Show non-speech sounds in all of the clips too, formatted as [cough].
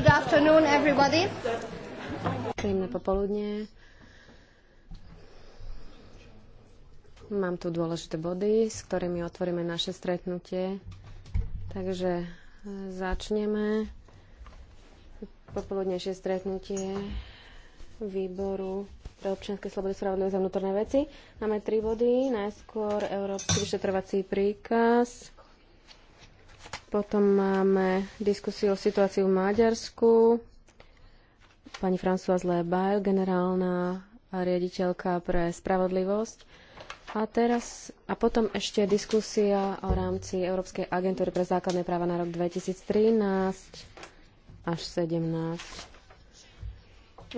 Good afternoon, everybody. Príjemné popoludne. Mám tu dôležité body, s ktorými otvoríme naše stretnutie. Takže e, začneme popoludnejšie stretnutie výboru pre občianske slobody, spravodlivé a vnútorné veci. Máme tri body. Najskôr Európsky vyšetrovací príkaz, potom máme diskusiu o situácii v Maďarsku. Pani Françoise Lebail, generálna riaditeľka pre spravodlivosť. A teraz, a potom ešte diskusia o rámci Európskej agentúry pre základné práva na rok 2013 až 17.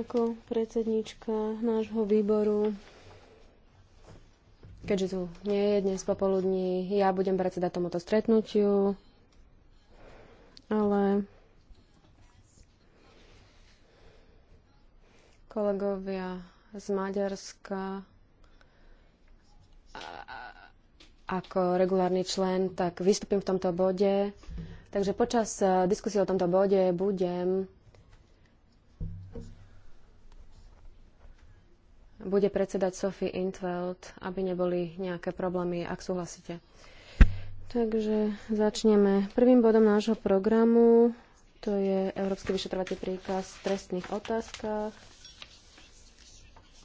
Ako predsednička nášho výboru, keďže tu nie je dnes popoludní, ja budem predseda tomuto stretnutiu ale kolegovia z Maďarska ako regulárny člen, tak vystúpim v tomto bode. Takže počas e, diskusie o tomto bode budem bude predsedať Sophie Intveld, aby neboli nejaké problémy, ak súhlasíte. Takže začneme prvým bodom nášho programu. To je Európsky vyšetrovací príkaz v trestných otázkach.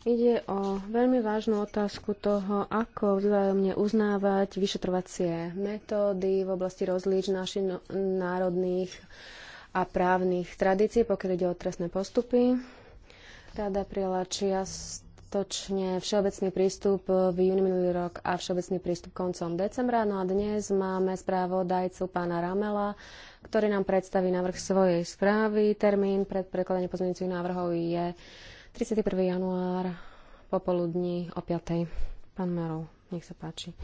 Ide o veľmi vážnu otázku toho, ako vzájomne uznávať vyšetrovacie metódy v oblasti rozlíč našich no- národných a právnych tradícií, pokiaľ ide o trestné postupy. Rada prijala čiast čiastočne všeobecný prístup v júni minulý rok a všeobecný prístup koncom decembra. No a dnes máme správo dajcu pána Ramela, ktorý nám predstaví návrh svojej správy. Termín pred prekladanie pozmeňujúcich návrhov je 31. január popoludní o 5. Pán Merov, nech sa páči.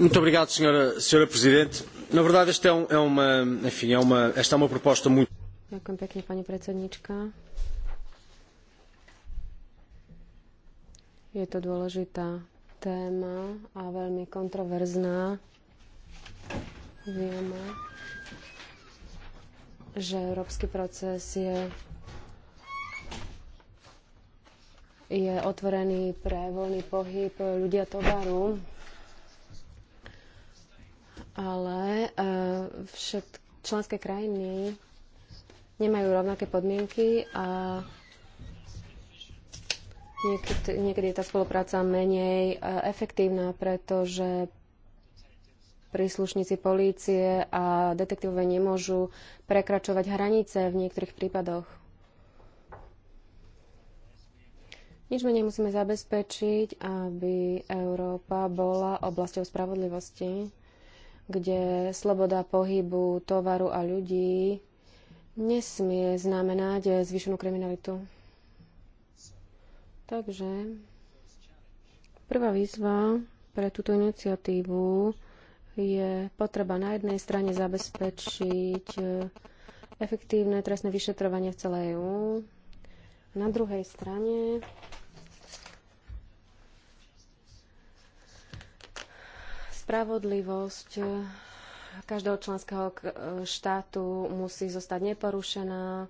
Muito obrigado, senhora, senhora Presidente. Na verdade, este é, um, é uma, enfim, é uma, esta é uma proposta muito Ďakujem pekne, pani predsednička. Je to dôležitá téma a veľmi kontroverzná. Vieme, že európsky proces je, je otvorený pre voľný pohyb ľudia tovaru, ale e, eh, všetky členské krajiny nemajú rovnaké podmienky a niekedy, niekedy je tá spolupráca menej e, efektívna, pretože príslušníci polície a detektívové nemôžu prekračovať hranice v niektorých prípadoch. Nič menej musíme zabezpečiť, aby Európa bola oblasťou spravodlivosti, kde sloboda pohybu tovaru a ľudí nesmie znamenať eh, zvýšenú kriminalitu. Takže prvá výzva pre túto iniciatívu je potreba na jednej strane zabezpečiť eh, efektívne trestné vyšetrovanie v celej EU. Na druhej strane spravodlivosť eh, každého členského štátu musí zostať neporušená,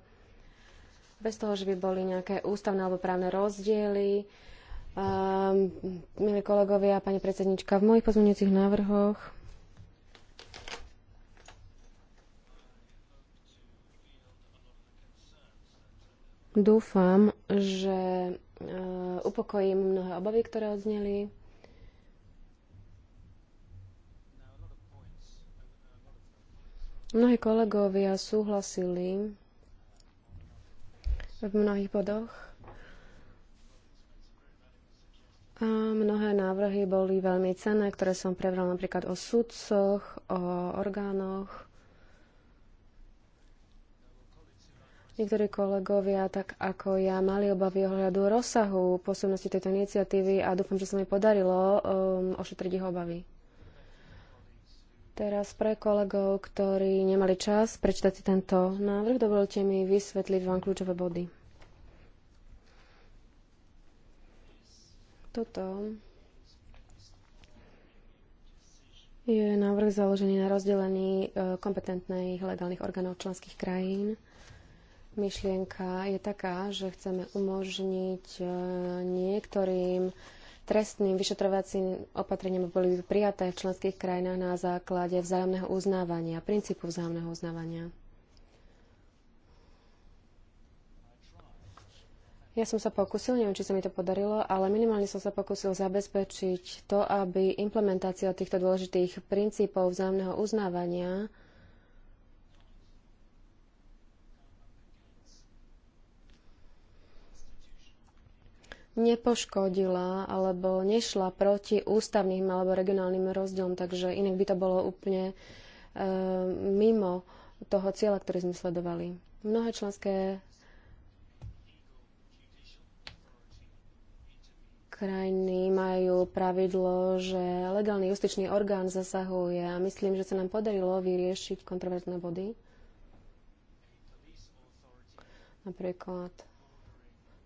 bez toho, že by boli nejaké ústavné alebo právne rozdiely. Um, milí kolegovia, pani predsednička, v mojich pozmeňujúcich návrhoch dúfam, že uh, e, upokojím mnohé obavy, ktoré odzneli. Mnohí kolegovia súhlasili v mnohých bodoch a mnohé návrhy boli veľmi cenné, ktoré som prebral napríklad o sudcoch, o orgánoch. Niektorí kolegovia, tak ako ja, mali obavy ohľadu rozsahu posunosti tejto iniciatívy a dúfam, že sa mi podarilo um, ošetriť ich obavy. Teraz pre kolegov, ktorí nemali čas prečítať si tento návrh, dovolte mi vysvetliť vám kľúčové body. Toto je návrh založený na rozdelení e, kompetentných legálnych orgánov členských krajín. Myšlienka je taká, že chceme umožniť e, niektorým trestným vyšetrovacím opatreniam boli prijaté v členských krajinách na základe vzájomného uznávania, princípu vzájomného uznávania. Ja som sa pokusil, neviem, či sa mi to podarilo, ale minimálne som sa pokusil zabezpečiť to, aby implementácia týchto dôležitých princípov vzájomného uznávania nepoškodila alebo nešla proti ústavným alebo regionálnym rozdielom, takže inak by to bolo úplne e, mimo toho cieľa, ktorý sme sledovali. Mnohé členské krajiny majú pravidlo, že legálny justičný orgán zasahuje a myslím, že sa nám podarilo vyriešiť kontroverzné body. Napríklad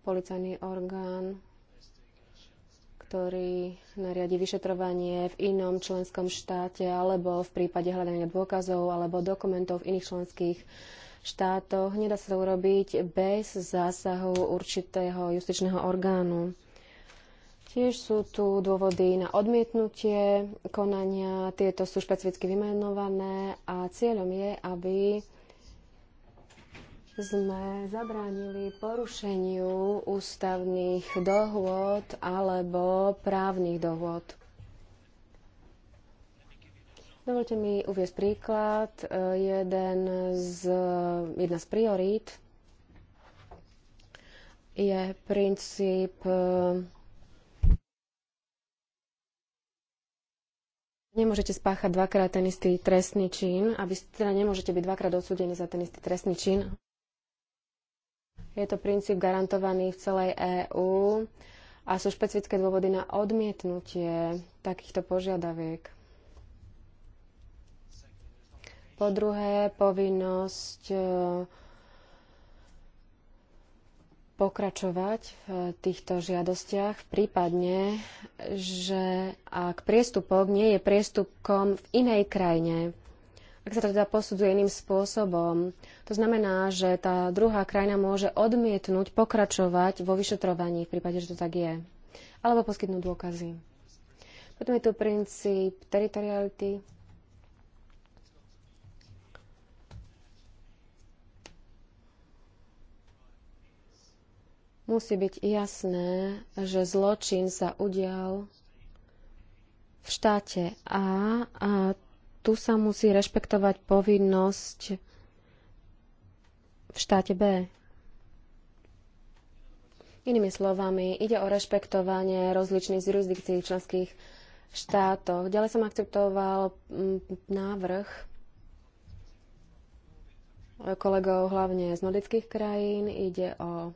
policajný orgán, ktorý nariadi vyšetrovanie v inom členskom štáte alebo v prípade hľadania dôkazov alebo dokumentov v iných členských štátoch. Nedá sa to urobiť bez zásahu určitého justičného orgánu. Tiež sú tu dôvody na odmietnutie konania. Tieto sú špecificky vymenované a cieľom je, aby sme zabránili porušeniu ústavných dohôd alebo právnych dohôd. Dovolte mi uviezť príklad. Jeden z, jedna z priorít je princíp e, Nemôžete spáchať dvakrát ten istý trestný čin, aby teda nemôžete byť dvakrát odsúdení za ten istý trestný čin. Je to princíp garantovaný v celej EÚ a sú špecifické dôvody na odmietnutie takýchto požiadaviek. Po druhé, povinnosť e, pokračovať v týchto žiadostiach, prípadne, že ak priestupok nie je priestupkom v inej krajine, ak sa to teda posudzuje iným spôsobom. To znamená, že tá druhá krajina môže odmietnúť pokračovať vo vyšetrovaní v prípade, že to tak je. Alebo poskytnúť dôkazy. Potom je tu princíp teritoriality. Musí byť jasné, že zločin sa udial v štáte A a tu sa musí rešpektovať povinnosť v štáte B. Inými slovami, ide o rešpektovanie rozličných jurisdikcií členských štátoch. Ďalej som akceptoval návrh kolegov hlavne z nordických krajín. Ide o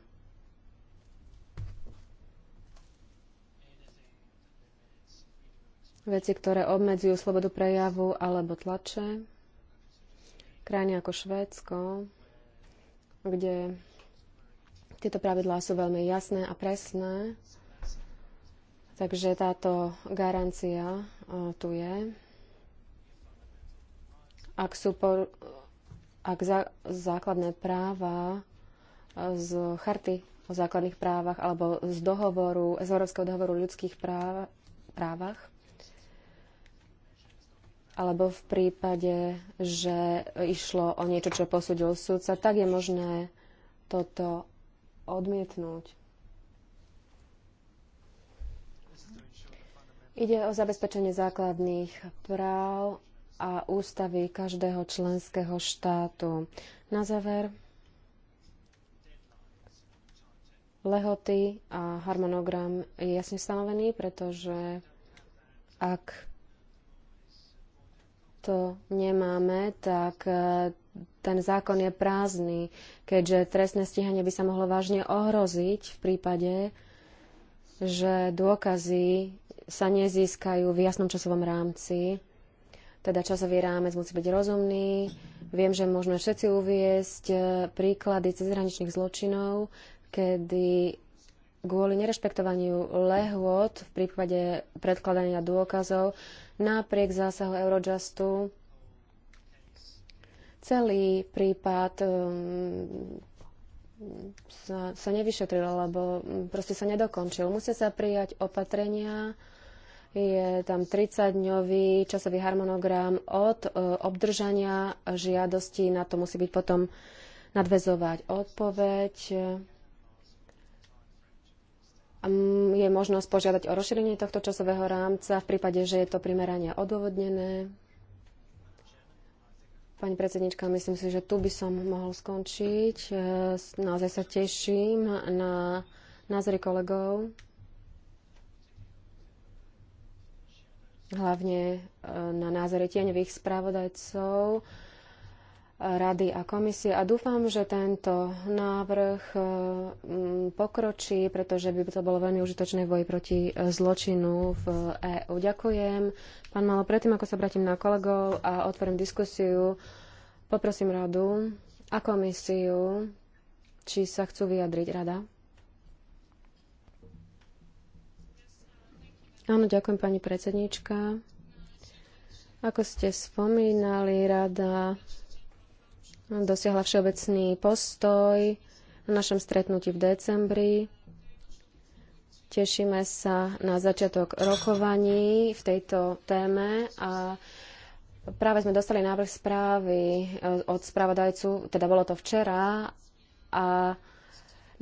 veci, ktoré obmedzujú slobodu prejavu alebo tlače. Krajiny ako Švédsko, kde tieto pravidlá sú veľmi jasné a presné. Takže táto garancia o, tu je. Ak sú por, ak za, základné práva z charty o základných právach alebo z dohovoru, z Európskeho dohovoru o ľudských práv, právach alebo v prípade, že išlo o niečo, čo posúdil súdca, tak je možné toto odmietnúť. Ide o zabezpečenie základných práv a ústavy každého členského štátu. Na záver, lehoty a harmonogram je jasne stanovený, pretože ak to nemáme, tak e, ten zákon je prázdny, keďže trestné stíhanie by sa mohlo vážne ohroziť v prípade, že dôkazy sa nezískajú v jasnom časovom rámci. Teda časový rámec musí byť rozumný. Viem, že môžeme všetci uviesť e, príklady cezhraničných zločinov, kedy kvôli nerešpektovaniu lehôd v prípade predkladania dôkazov napriek zásahu Eurojustu celý prípad um, sa, sa nevyšetril, alebo proste sa nedokončil. Musia sa prijať opatrenia, je tam 30-dňový časový harmonogram od e, obdržania žiadosti, na to musí byť potom nadvezovať odpoveď. Mm, je možnosť požiadať o rozšírenie tohto časového rámca v prípade, že je to primerane odôvodnené. Pani predsednička, myslím si, že tu by som mohol skončiť. E, naozaj sa teším na názory kolegov. Hlavne e, na názory tieňových správodajcov rady a komisie a dúfam, že tento návrh e, pokročí, pretože by to bolo veľmi užitočné v boji proti e, zločinu v EÚ. E ďakujem. Pán Malo, predtým ako sa vrátim na kolegov a otvorím diskusiu, poprosím radu a komisiu, či sa chcú vyjadriť rada. Áno, ďakujem pani predsedníčka. Ako ste spomínali, rada dosiahla všeobecný postoj na našom stretnutí v decembri. Tešíme sa na začiatok rokovaní v tejto téme a práve sme dostali návrh správy e, od spravodajcu, teda bolo to včera a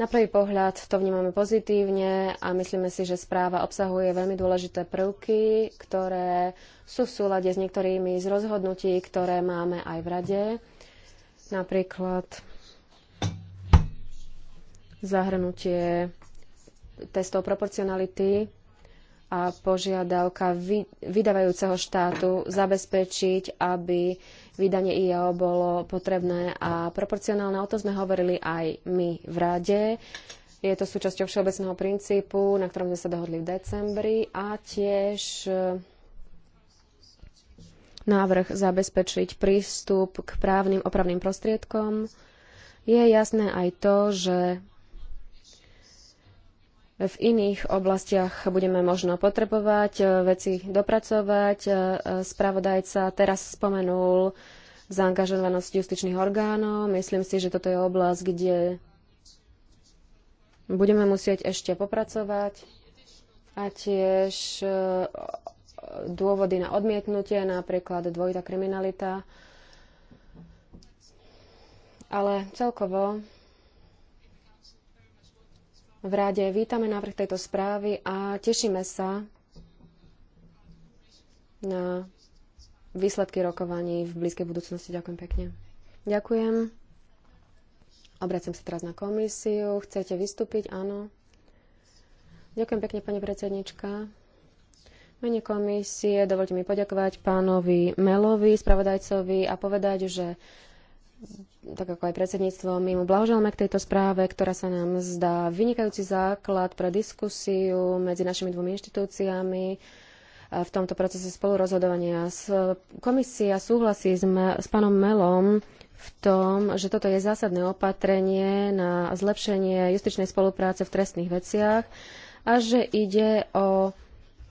na prvý pohľad to vnímame pozitívne a myslíme si, že správa obsahuje veľmi dôležité prvky, ktoré sú v súlade s niektorými z rozhodnutí, ktoré máme aj v Rade Napríklad zahrnutie testov proporcionality a požiadavka vydávajúceho štátu zabezpečiť, aby vydanie IAO bolo potrebné a proporcionálne. O to sme hovorili aj my v Rade. Je to súčasťou všeobecného princípu, na ktorom sme sa dohodli v decembri a tiež návrh zabezpečiť prístup k právnym opravným prostriedkom. Je jasné aj to, že v iných oblastiach budeme možno potrebovať e, veci dopracovať. E, e, spravodajca teraz spomenul zaangažovanosť justičných orgánov. Myslím si, že toto je oblasť, kde budeme musieť ešte popracovať a tiež dôvody na odmietnutie, napríklad dvojitá kriminalita. Ale celkovo v rade vítame návrh tejto správy a tešíme sa na výsledky rokovaní v blízkej budúcnosti. Ďakujem pekne. Ďakujem. Obracem sa teraz na komisiu. Chcete vystúpiť? Áno. Ďakujem pekne, pani predsednička mene komisie dovolte mi poďakovať pánovi Melovi, spravodajcovi a povedať, že tak ako aj predsedníctvo, my mu blahoželáme k tejto správe, ktorá sa nám zdá vynikajúci základ pre diskusiu medzi našimi dvomi inštitúciami v tomto procese spolurozhodovania. Komisia súhlasí s, s pánom Melom v tom, že toto je zásadné opatrenie na zlepšenie justičnej spolupráce v trestných veciach a že ide o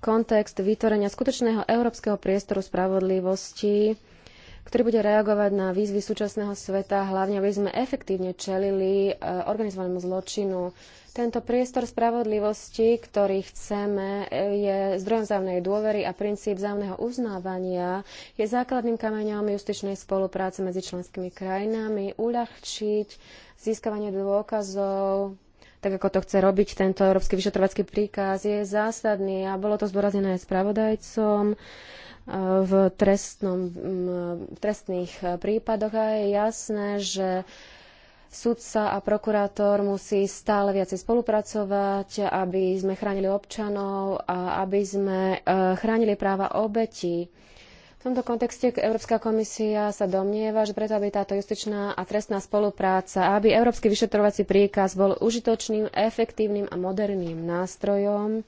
kontext vytvorenia skutočného európskeho priestoru spravodlivosti, ktorý bude reagovať na výzvy súčasného sveta, hlavne aby sme efektívne čelili eh, organizovanému zločinu. Tento priestor spravodlivosti, ktorý chceme, eh, je zdrojom vzájomnej dôvery a princíp vzájomného uznávania, je základným kameňom justičnej spolupráce medzi členskými krajinami, uľahčiť získavanie dôkazov tak ako to chce robiť tento európsky vyšetrovacký príkaz, je zásadný a bolo to zdôraznené aj spravodajcom e, v, trestnom, v trestných e, prípadoch a je jasné, že sudca a prokurátor musí stále viacej spolupracovať, aby sme chránili občanov a aby sme e, chránili práva obetí v tomto kontexte Európska komisia sa domnieva, že preto, aby táto justičná a trestná spolupráca, aby Európsky vyšetrovací príkaz bol užitočným, efektívnym a moderným nástrojom,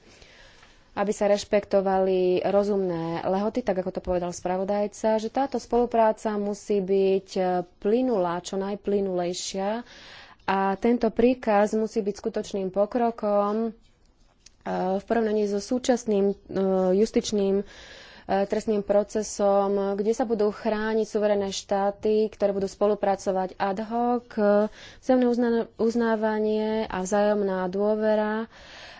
aby sa rešpektovali rozumné lehoty, tak ako to povedal spravodajca, že táto spolupráca musí byť e, plynulá, čo najplynulejšia a tento príkaz musí byť skutočným pokrokom e, v porovnaní so súčasným e, justičným E, trestným procesom, kde sa budú chrániť suverené štáty, ktoré budú spolupracovať ad hoc, vzájomné uznávanie a vzájomná dôvera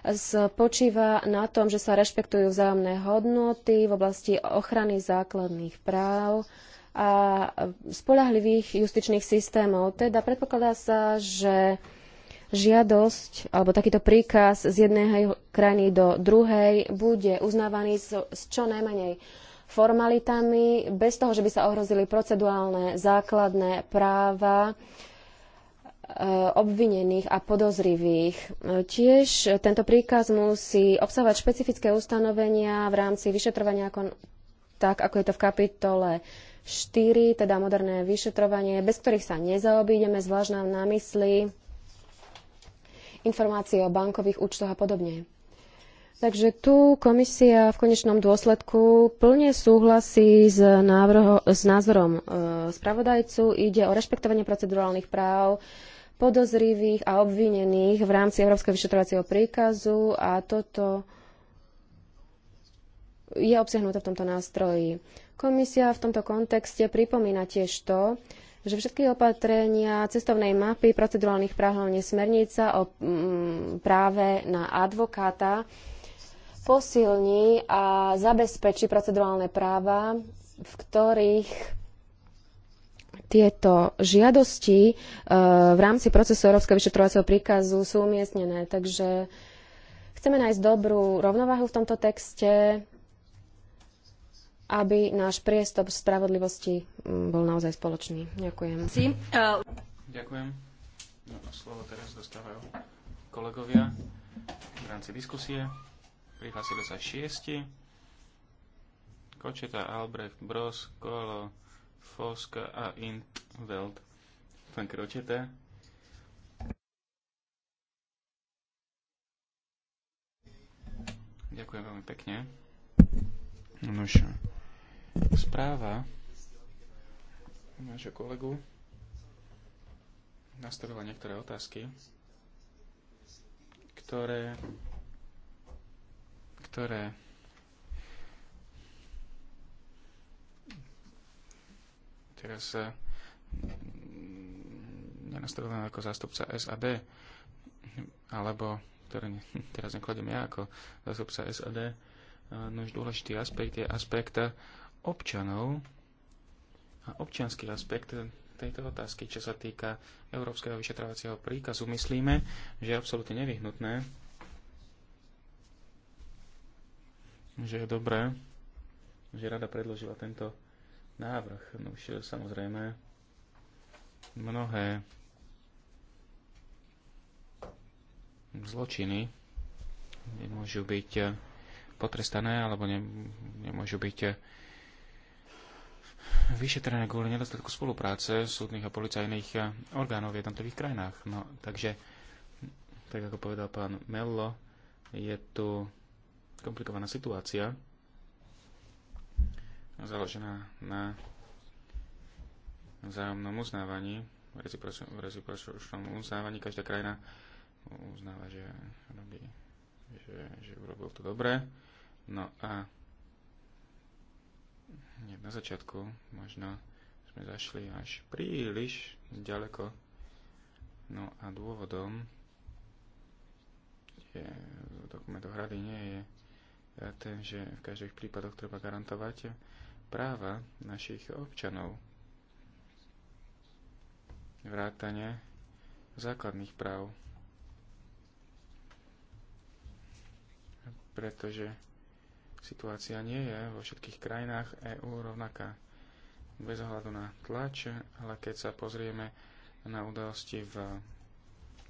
spočíva na tom, že sa rešpektujú vzájomné hodnoty v oblasti ochrany základných práv a e, spolahlivých justičných systémov. Teda predpokladá sa, že žiadosť alebo takýto príkaz z jednej krajiny do druhej bude uznávaný s, s čo najmenej formalitami, bez toho, že by sa ohrozili procedurálne základné práva e, obvinených a podozrivých. E, tiež tento príkaz musí obsahovať špecifické ustanovenia v rámci vyšetrovania ako, tak, ako je to v kapitole 4, teda moderné vyšetrovanie, bez ktorých sa nezaobídeme, zvlášť nám na mysli informácie o bankových účtoch a podobne. Takže tu komisia v konečnom dôsledku plne súhlasí s, návrho, s názorom e, spravodajcu. Ide o rešpektovanie procedurálnych práv podozrivých a obvinených v rámci Európskeho vyšetrovacieho príkazu a toto je obsiahnuté v tomto nástroji. Komisia v tomto kontexte pripomína tiež to, že všetky opatrenia cestovnej mapy, procedurálnych práv, hlavne smernica o mm, práve na advokáta, posilní a zabezpečí procedurálne práva, v ktorých tieto žiadosti e, v rámci procesu Európskeho vyšetrovacieho príkazu sú umiestnené. Takže chceme nájsť dobrú rovnováhu v tomto texte aby náš priestor spravodlivosti mm, bol naozaj spoločný. Ďakujem. E, Ďakujem. No, slovo teraz dostávajú kolegovia v rámci diskusie. Prihlásili sa šiesti. Kočeta, Albrecht, Bros, Kolo, Foska a Intveld. Pán Kročeta. Ďakujem veľmi pekne. No, sure. Správa nášho kolegu nastavila niektoré otázky, ktoré, ktoré teraz eh, nenastavil ako zástupca SAD, alebo ktoré ne, [laughs] teraz nekladem ja ako zástupca SAD, eh, no už dôležitý aspekt je aspekt eh, občanov a občianský aspekt tejto otázky, čo sa týka Európskeho vyšetrovacieho príkazu, myslíme, že je absolútne nevyhnutné, že je dobré, že rada predložila tento návrh. No už e, samozrejme mnohé zločiny nemôžu byť e, potrestané alebo ne, nemôžu byť e, vyšetrené kvôli nedostatku spolupráce súdnych a policajných orgánov v jednotlivých krajinách. No, takže, tak ako povedal pán Mello, je tu komplikovaná situácia, založená na vzájomnom uznávaní, v recipročnom uznávaní. Každá krajina uznáva, že, robí, že, že urobil to dobré. No a hneď na začiatku. Možno sme zašli až príliš ďaleko. No a dôvodom je v dokumentoch rady nie je ten, že v každých prípadoch treba garantovať práva našich občanov. Vrátane základných práv. Pretože Situácia nie je vo všetkých krajinách EÚ rovnaká. Bez ohľadu na tlač, ale keď sa pozrieme na udalosti v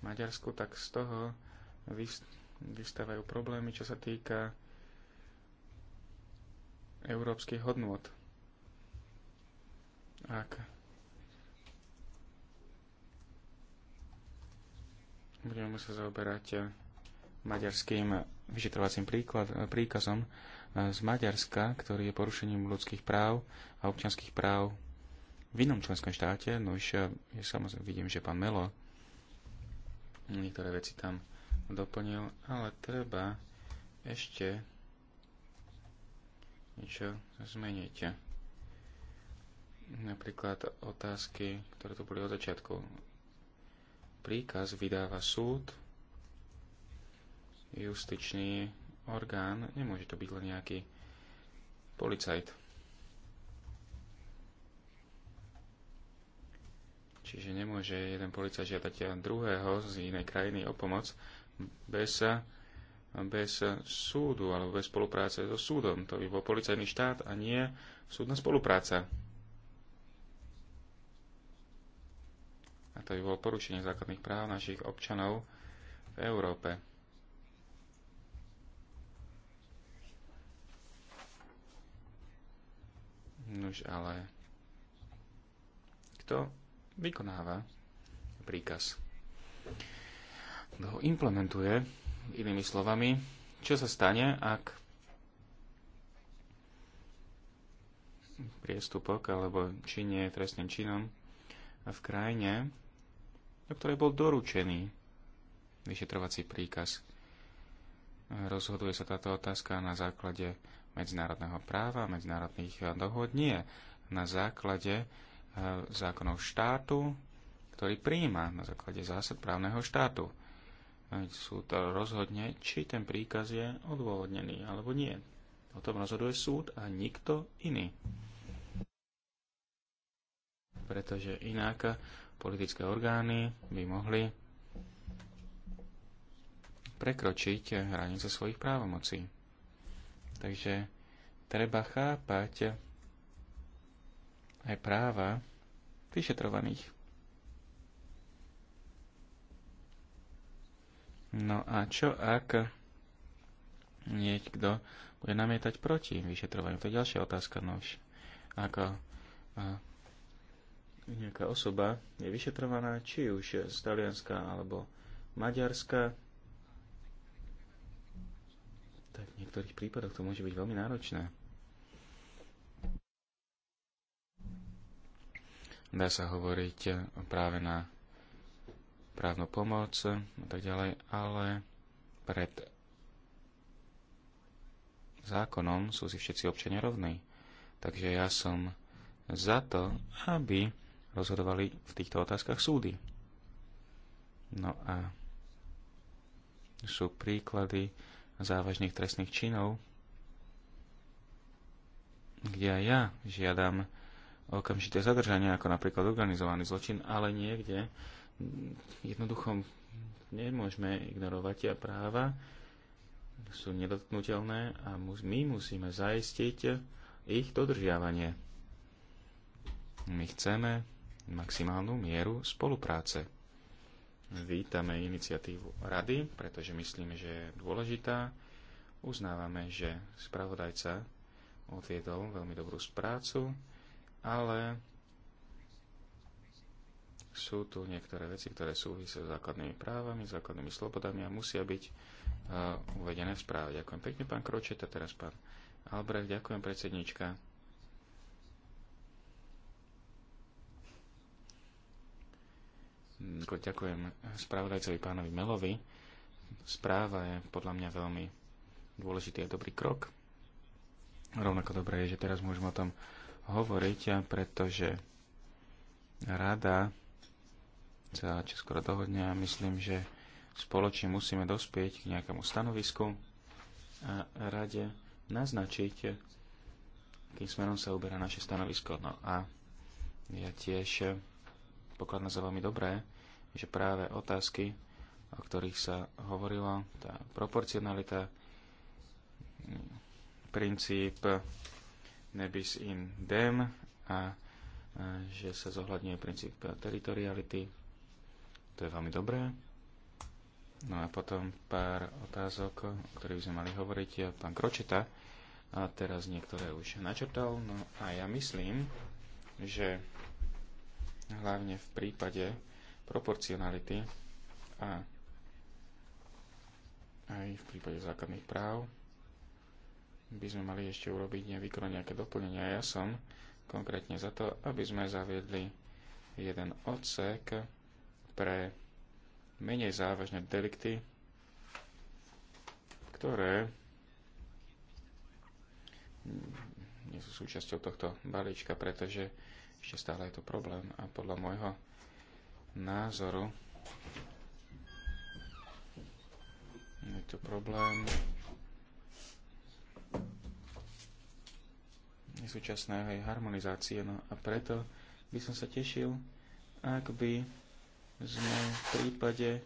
Maďarsku, tak z toho vystávajú problémy, čo sa týka európskych hodnôt. Ak budeme sa zaoberať maďarským vyšetrovacím príkazom, z Maďarska, ktorý je porušením ľudských práv a občianských práv v inom členskom štáte. No už ja samozrejme vidím, že pán Melo niektoré veci tam doplnil, ale treba ešte niečo zmeniť. Napríklad otázky, ktoré tu boli od začiatku. Príkaz vydáva súd, justičný orgán, nemôže to byť len nejaký policajt. Čiže nemôže jeden policajt žiadať druhého z inej krajiny o pomoc bez, bez súdu alebo bez spolupráce so súdom. To by bol policajný štát a nie súdna spolupráca. A to by bolo porušenie základných práv našich občanov v Európe. Nož ale kto vykonáva príkaz? Kto ho implementuje? Inými slovami, čo sa stane, ak priestupok alebo nie je trestným činom v krajine, do ktorej bol doručený vyšetrovací príkaz. Rozhoduje sa táto otázka na základe medzinárodného práva, medzinárodných eh, dohod. Nie. Na základe eh, zákonov štátu, ktorý príjima na základe zásad právneho štátu. Sú to rozhodne, či ten príkaz je odôvodnený alebo nie. O tom rozhoduje súd a nikto iný. Pretože inak eh, politické orgány by mohli prekročiť hranice svojich právomocí. Takže treba chápať aj práva vyšetrovaných. No a čo ak niekto bude namietať proti vyšetrovaniu? To je ďalšia otázka. No už ako a, nejaká osoba je vyšetrovaná, či už z Talianska alebo Maďarska, tak v niektorých prípadoch to môže byť veľmi náročné. Dá sa hovoriť práve na právnu pomoc a tak ďalej, ale pred zákonom sú si všetci občania rovní. Takže ja som za to, aby rozhodovali v týchto otázkach súdy. No a sú príklady závažných trestných činov, kde aj ja žiadam okamžité zadržanie, ako napríklad organizovaný zločin, ale niekde jednoducho nemôžeme ignorovať a práva sú nedotknutelné a my musíme zaistiť ich dodržiavanie. My chceme maximálnu mieru spolupráce. Vítame iniciatívu rady, pretože myslíme, že je dôležitá. Uznávame, že spravodajca odviedol veľmi dobrú sprácu, ale sú tu niektoré veci, ktoré súvisia s základnými právami, základnými slobodami a musia byť uh, uvedené v správe. Ďakujem pekne, pán Kročeta, teraz pán Albrecht, ďakujem predsednička. Hm, ďakujem spravodajcovi pánovi Melovi. Správa je podľa mňa veľmi dôležitý a dobrý krok. Rovnako dobré je, že teraz môžeme o tom hovoriť, pretože rada sa čoskoro dohodne a myslím, že spoločne musíme dospieť k nejakému stanovisku a rade naznačiť, akým smerom sa uberá naše stanovisko. No a ja tiež pokladám za veľmi dobré, že práve otázky, o ktorých sa hovorilo, tá proporcionalita, princíp nebis in dem a, a že sa zohľadňuje princíp teritoriality. To je veľmi dobré. No a potom pár otázok, o ktorých sme mali hovoriť pán Kročeta a teraz niektoré už načrtal. No a ja myslím, že hlavne v prípade proporcionality a aj v prípade základných práv by sme mali ešte urobiť nevykonať nejaké doplnenia. Ja som konkrétne za to, aby sme zaviedli jeden odsek pre menej závažné delikty, ktoré nie sú súčasťou tohto balíčka, pretože ešte stále je to problém a podľa môjho názoru je to problém súčasnej harmonizácie. No a preto by som sa tešil, ak by sme v prípade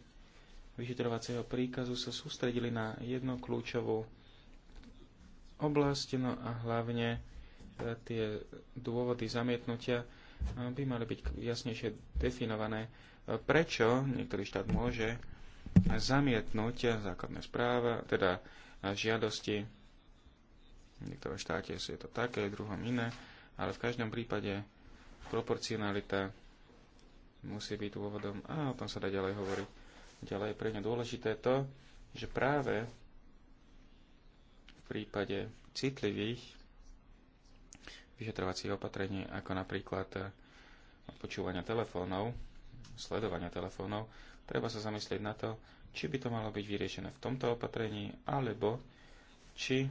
vyšetrovacieho príkazu sa sústredili na jednu kľúčovú oblasť, no a hlavne tie dôvody zamietnutia e, by mali byť jasnejšie definované, e, prečo niektorý štát môže zamietnúť základné správa, teda žiadosti. V niektorom štáte je to také, v druhom iné, ale v každom prípade proporcionalita musí byť dôvodom a o tom sa dá ďalej hovoriť. Ďalej pre ňa dôležité to, že práve v prípade citlivých vyšetrovacie opatrenie, ako napríklad eh, počúvania telefónov, sledovania telefónov, treba sa zamyslieť na to, či by to malo byť vyriešené v tomto opatrení, alebo či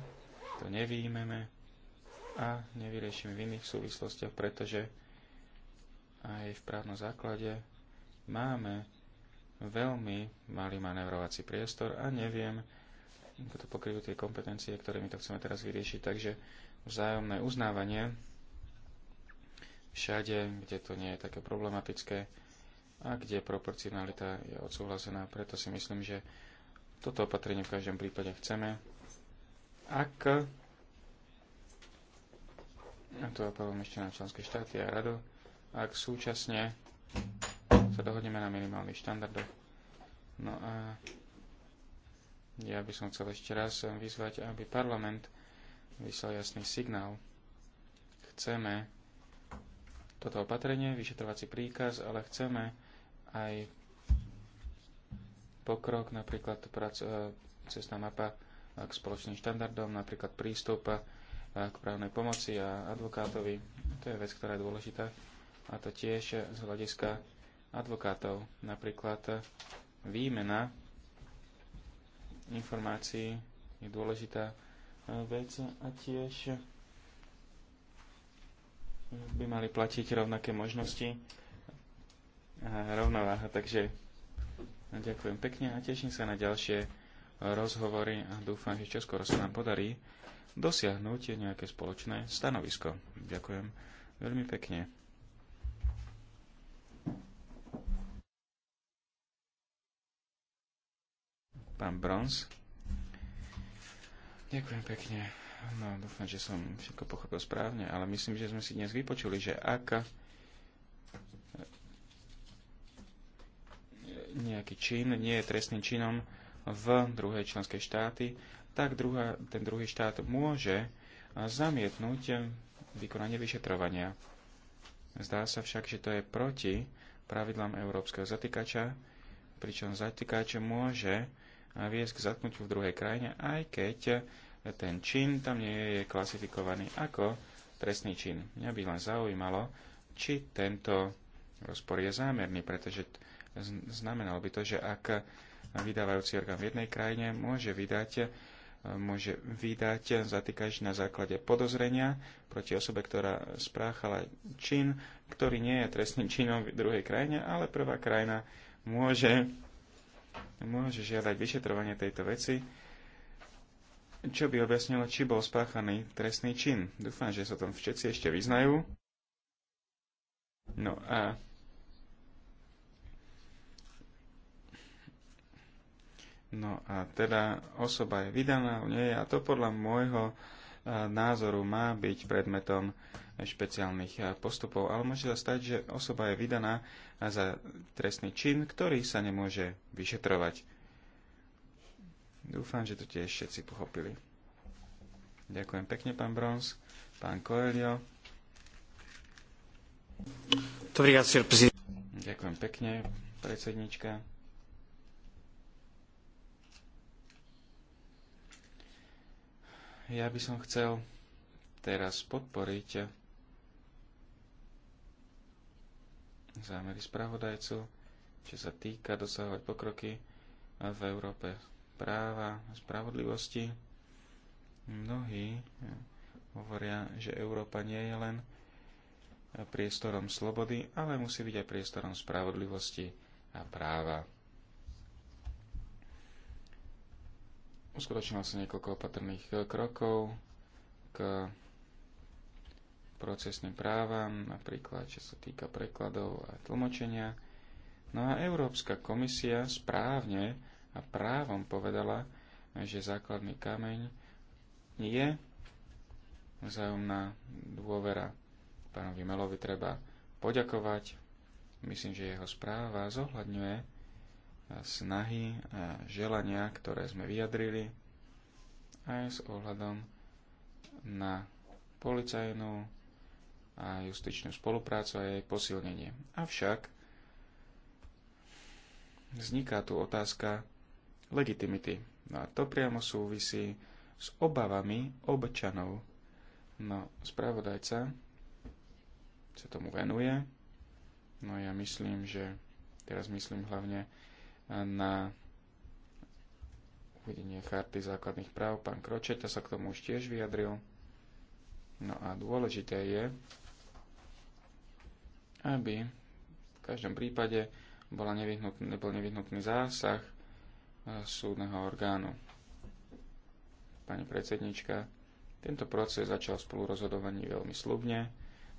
to nevýjmeme a nevyriešime v iných súvislostiach, pretože aj v právnom základe máme veľmi malý manevrovací priestor a neviem, ako to pokryjú tie kompetencie, my to chceme teraz vyriešiť. Takže vzájomné uznávanie všade, kde to nie je také problematické a kde proporcionalita je odsúhlasená. Preto si myslím, že toto opatrenie v každom prípade chceme. Ak a tu apelujem ešte na členské štáty a rado, ak súčasne sa dohodneme na minimálnych štandardoch. No a ja by som chcel ešte raz vyzvať, aby parlament vyslal jasný signál. Chceme toto opatrenie, vyšetrovací príkaz, ale chceme aj pokrok, napríklad prac, e, cestná mapa k spoločným štandardom, napríklad prístup e, k právnej pomoci a advokátovi. To je vec, ktorá je dôležitá. A to tiež z hľadiska advokátov. Napríklad výmena informácií je dôležitá vec a tiež by mali platiť rovnaké možnosti a rovnováha. Takže ďakujem pekne a teším sa na ďalšie rozhovory a dúfam, že čoskoro sa nám podarí dosiahnuť nejaké spoločné stanovisko. Ďakujem veľmi pekne. Pán Brons. Ďakujem pekne. No, dúfam, že som všetko pochopil správne, ale myslím, že sme si dnes vypočuli, že ak e, nejaký čin nie je trestným činom v druhej členskej štáty, tak druhá, ten druhý štát môže e, zamietnúť e, vykonanie vyšetrovania. Zdá sa však, že to je proti pravidlám európskeho zatýkača, pričom zatýkač môže viesť k zatknutiu v druhej krajine, aj keď ten čin tam nie je klasifikovaný ako trestný čin. Mňa by len zaujímalo, či tento rozpor je zámerný, pretože znamenalo by to, že ak vydávajúci orgán v jednej krajine môže vydať e, môže vydať zatýkač na základe podozrenia proti osobe, ktorá spráchala čin, ktorý nie je trestným činom v druhej krajine, ale prvá krajina môže môže žiadať vyšetrovanie tejto veci, čo by objasnilo, či bol spáchaný trestný čin. Dúfam, že sa tom všetci ešte vyznajú. No a No a teda osoba je vydaná, nie je a to podľa môjho e, názoru má byť predmetom špeciálnych eh, postupov, ale môže sa stať, že osoba je vydaná eh, za trestný čin, ktorý sa nemôže vyšetrovať. Dúfam, že to tiež všetci pochopili. Ďakujem pekne, pán Brons, pán Coelho. Ďakujem pekne, predsednička. Ja by som chcel teraz podporiť zámery spravodajcu, čo sa týka dosahovať pokroky v Európe práva, a spravodlivosti. Mnohí hovoria, že Európa nie je len priestorom slobody, ale musí byť aj priestorom spravodlivosti a práva. Uskutočnilo sa niekoľko opatrných krokov k procesným právam, napríklad čo sa týka prekladov a tlmočenia. No a Európska komisia správne a právom povedala, že základný kameň je vzájomná dôvera. Pánovi Melovi treba poďakovať. Myslím, že jeho správa zohľadňuje snahy a želania, ktoré sme vyjadrili aj s ohľadom na policajnú a justičnú spoluprácu a jej posilnenie. Avšak vzniká tu otázka legitimity. No a to priamo súvisí s obavami občanov. No, spravodajca sa tomu venuje. No ja myslím, že teraz myslím hlavne na uvedenie charty základných práv. Pán Kročeta sa k tomu už tiež vyjadril. No a dôležité je, aby v každom prípade bola nevyhnutný, bol nevyhnutný zásah e, súdneho orgánu. Pani predsednička, tento proces začal spolurozhodovaní veľmi slubne,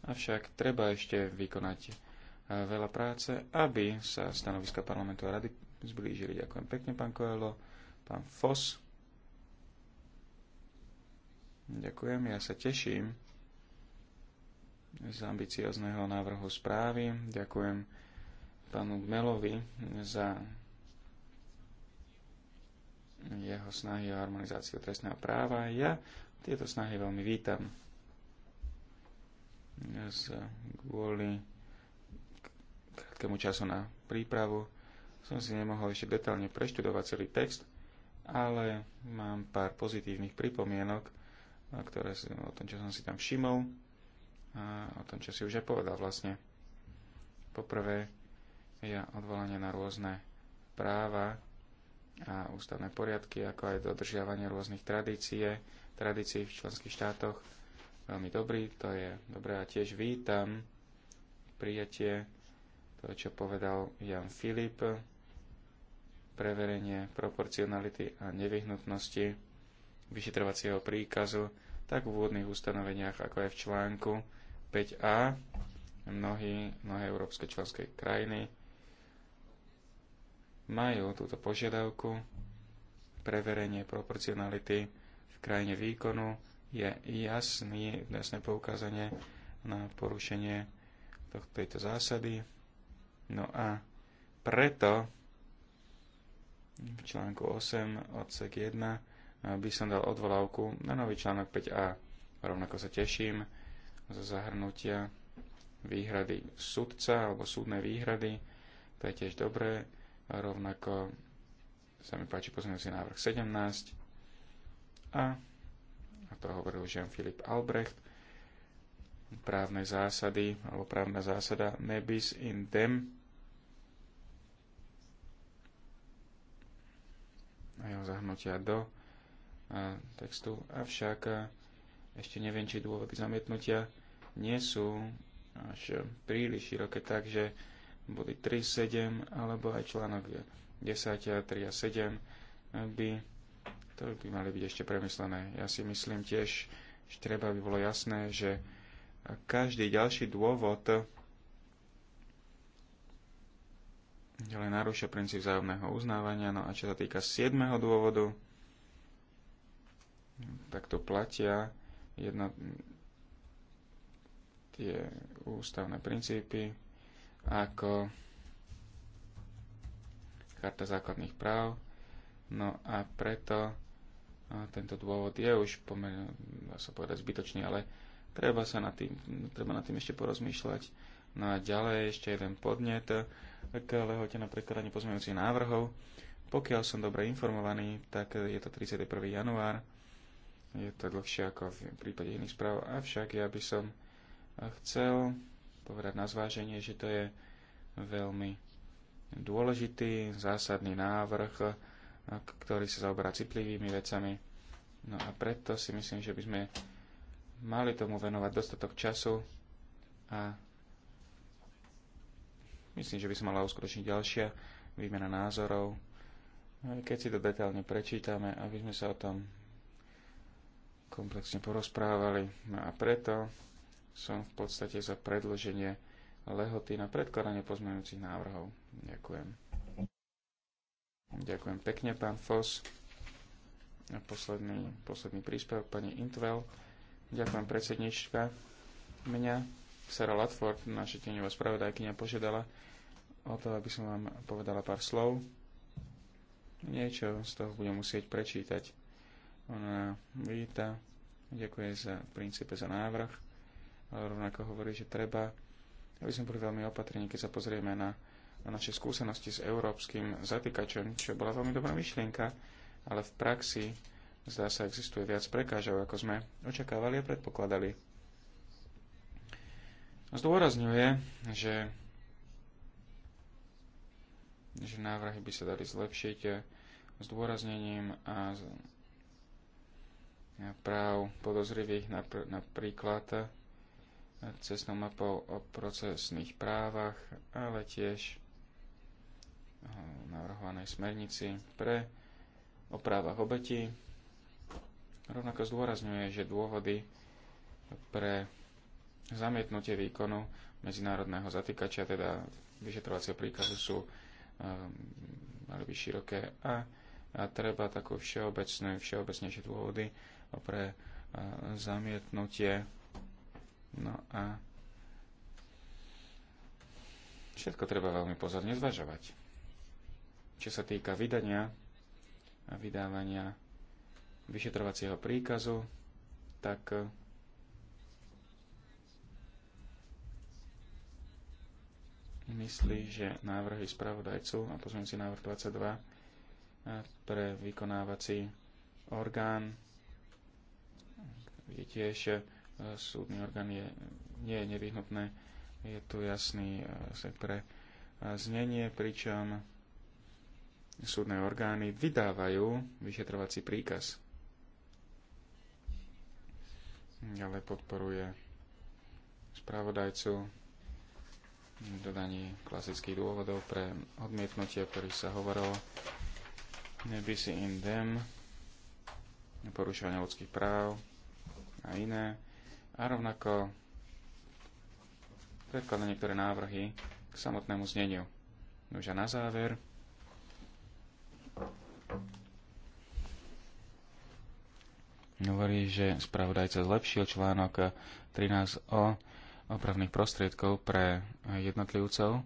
avšak treba ešte vykonať e, veľa práce, aby sa stanoviska parlamentu a rady zblížili. Ďakujem pekne, pán Koelo, pán Fos. Ďakujem, ja sa teším z ambiciozného návrhu správy. Ďakujem pánu gmelovi za jeho snahy o harmonizáciu trestného práva. Ja tieto snahy veľmi vítam. Z kvôli krátkému času na prípravu som si nemohol ešte detálne preštudovať celý text, ale mám pár pozitívnych pripomienok, ktoré, o tom, čo som si tam všimol o tom, čo si už aj povedal vlastne. Poprvé, ja odvolanie na rôzne práva a ústavné poriadky, ako aj dodržiavanie rôznych tradície, tradícií v členských štátoch. Veľmi dobrý, to je dobré a tiež vítam prijatie toho, čo povedal Jan Filip, preverenie proporcionality a nevyhnutnosti vyšetrovacieho príkazu, tak v úvodných ustanoveniach, ako aj v článku 5a. Mnohí, mnohé európske členské krajiny majú túto požiadavku. Preverenie proporcionality v krajine výkonu je jasný, jasné poukázanie na porušenie tohto, tejto zásady. No a preto v článku 8 odsek 1 by som dal odvolávku na nový článok 5a. Rovnako sa teším zahrnutia výhrady sudca alebo súdne výhrady. To je tiež dobré. Rovnako sa mi páči pozmeňujúci návrh 17. A, a to hovoril jean Filip Albrecht, právne zásady, alebo právna zásada nebis in dem. A jeho zahrnutia do a textu. Avšak ešte neviem, či dôvody zamietnutia nie sú až príliš široké, takže body 3, 7 alebo aj článok 10 a 3 a 7 by to by mali byť ešte premyslené. Ja si myslím tiež, že treba by bolo jasné, že každý ďalší dôvod ďalej narúša princíp vzájomného uznávania. No a čo sa týka 7. dôvodu, tak to platia jedna, tie ústavné princípy ako Charta základných práv. No a preto a tento dôvod je už pomerne, dá sa povedať, zbytočný, ale treba sa nad tým, treba nad tým ešte porozmýšľať. No a ďalej ešte jeden podnet k lehote na prekladanie pozmeňujúcich návrhov. Pokiaľ som dobre informovaný, tak je to 31. január je to dlhšie ako v prípade iných správ, avšak ja by som chcel povedať na zváženie, že to je veľmi dôležitý, zásadný návrh, ktorý sa zaoberá citlivými vecami. No a preto si myslím, že by sme mali tomu venovať dostatok času a myslím, že by sa mala uskutočniť ďalšia výmena názorov, keď si to detailne prečítame, aby sme sa o tom komplexne porozprávali. No a preto som v podstate za predloženie lehoty na predkladanie pozmeňujúcich návrhov. Ďakujem. Ďakujem pekne, pán Fos. A posledný, posledný príspevok pani Intvel. Ďakujem, predsednička. Mňa Sara Latford, naša teňová spravodajkynia, požiadala o to, aby som vám povedala pár slov. Niečo z toho budem musieť prečítať. Ona víta, ďakuje za princípe za návrh, ale rovnako hovorí, že treba, aby sme boli veľmi opatrní, keď sa pozrieme na, na naše skúsenosti s európskym zatýkačom, čo bola veľmi dobrá myšlienka, ale v praxi zdá sa existuje viac prekážov, ako sme očakávali a predpokladali. Zdôrazňuje, že, že návrhy by sa dali zlepšiť zdôraznením a práv podozrivých napríklad e, cestnou mapou o procesných právach, ale tiež e, navrhovanej smernici pre o právach obetí. Rovnako zdôrazňuje, že dôvody pre zamietnutie výkonu medzinárodného zatýkača, teda vyšetrovacieho príkazu, sú um, mali široké a, a treba takú všeobecné, všeobecnejšie dôvody pre zamietnutie. No a všetko treba veľmi pozorne zvažovať. Čo sa týka vydania a vydávania vyšetrovacieho príkazu, tak e, myslí, že návrhy spravodajcu a pozmeňujúci návrh 22 e, pre vykonávací orgán kde tiež e, súdny orgán je, nie je nevyhnutné. Je tu jasný pre e, znenie, pričom súdne orgány vydávajú vyšetrovací príkaz. Ale podporuje spravodajcu dodaní klasických dôvodov pre odmietnutie, ktorý sa hovorilo. Nebisi in dem, porušovanie ľudských práv, a iné. A rovnako predkladá niektoré návrhy k samotnému zneniu. Už a na záver hovorí, že spravodajca zlepšil článok 13 o opravných prostriedkov pre jednotlivcov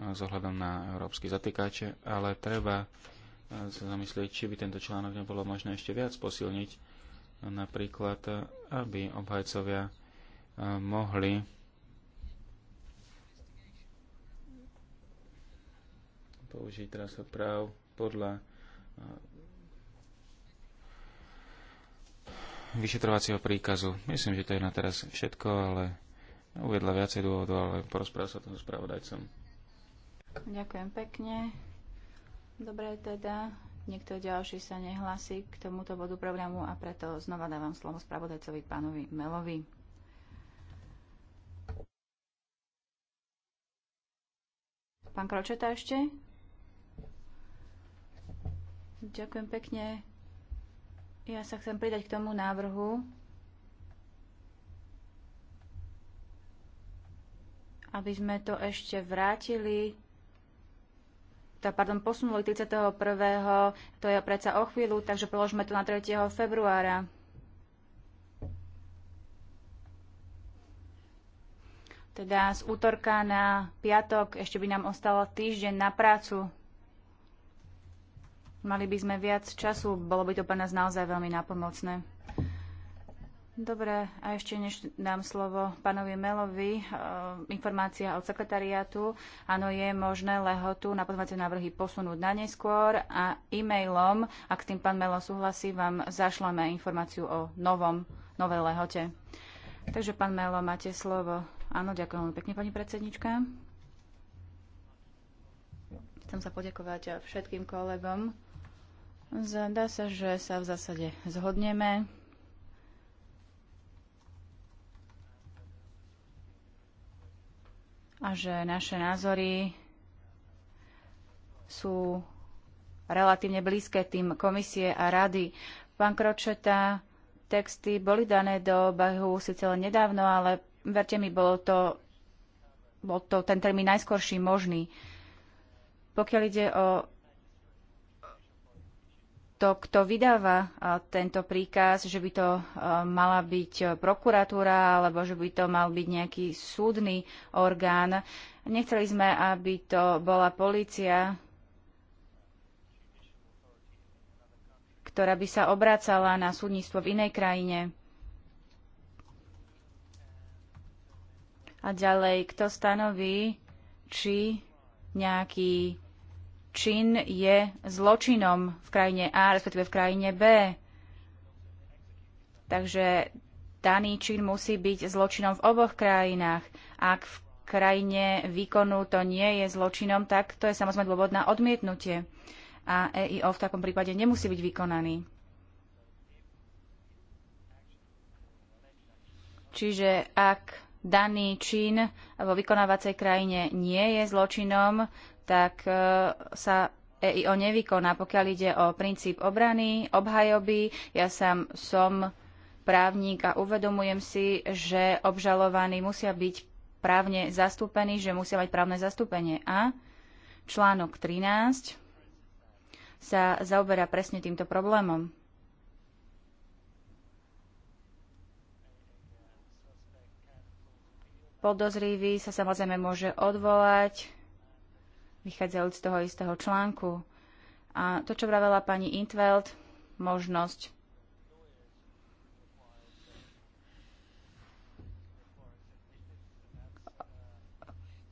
s ohľadom na európsky zatýkače, ale treba sa zamyslieť, či by tento článok nebolo možné ešte viac posilniť napríklad, aby obhajcovia eh, mohli použiť transfer práv podľa eh, vyšetrovacieho príkazu. Myslím, že to je na teraz všetko, ale uvedla viacej dôvodov, ale porozpráva sa tomu spravodajcom. Ďakujem pekne. Dobre teda, Niekto ďalší sa nehlási k tomuto bodu programu a preto znova dávam slovo spravodajcovi pánovi Melovi. Pán Kročeta ešte? Ďakujem pekne. Ja sa chcem pridať k tomu návrhu, aby sme to ešte vrátili pardon, posunuli 31. To je predsa o chvíľu, takže položme to na 3. februára. Teda z útorka na piatok ešte by nám ostalo týždeň na prácu. Mali by sme viac času, bolo by to pre nás naozaj veľmi napomocné. Dobre, a ešte než dám slovo pánovi Melovi, eh, informácia od sekretariátu. Áno, je možné lehotu na pozvacie návrhy posunúť na neskôr a e-mailom, ak s tým pán Melo súhlasí, vám zašleme informáciu o novom, novej lehote. Takže pán Melo, máte slovo. Áno, ďakujem veľmi pekne, pani predsednička. Chcem sa poďakovať všetkým kolegom. Zdá sa, že sa v zásade zhodneme a že naše názory sú relatívne blízke tým komisie a rady. Pán Kročeta, texty boli dané do obahu síce len nedávno, ale verte mi, bolo to, bol to ten termín najskorší možný. Pokiaľ ide o to, kto vydáva tento príkaz, že by to mala byť prokuratúra alebo že by to mal byť nejaký súdny orgán. Nechceli sme, aby to bola policia, ktorá by sa obracala na súdnictvo v inej krajine. A ďalej, kto stanoví, či nejaký čin je zločinom v krajine A, respektíve v krajine B. Takže daný čin musí byť zločinom v oboch krajinách. Ak v krajine výkonu to nie je zločinom, tak to je samozrejme dôvod na odmietnutie. A EIO v takom prípade nemusí byť vykonaný. Čiže ak daný čin vo vykonávacej krajine nie je zločinom, tak e, sa EIO nevykoná. Pokiaľ ide o princíp obrany, obhajoby, ja sám som právnik a uvedomujem si, že obžalovaní musia byť právne zastúpení, že musia mať právne zastúpenie. A článok 13 sa zaoberá presne týmto problémom. podozrivý sa samozrejme môže odvolať, vychádzajúc z toho istého článku. A to, čo vravela pani Intveld, možnosť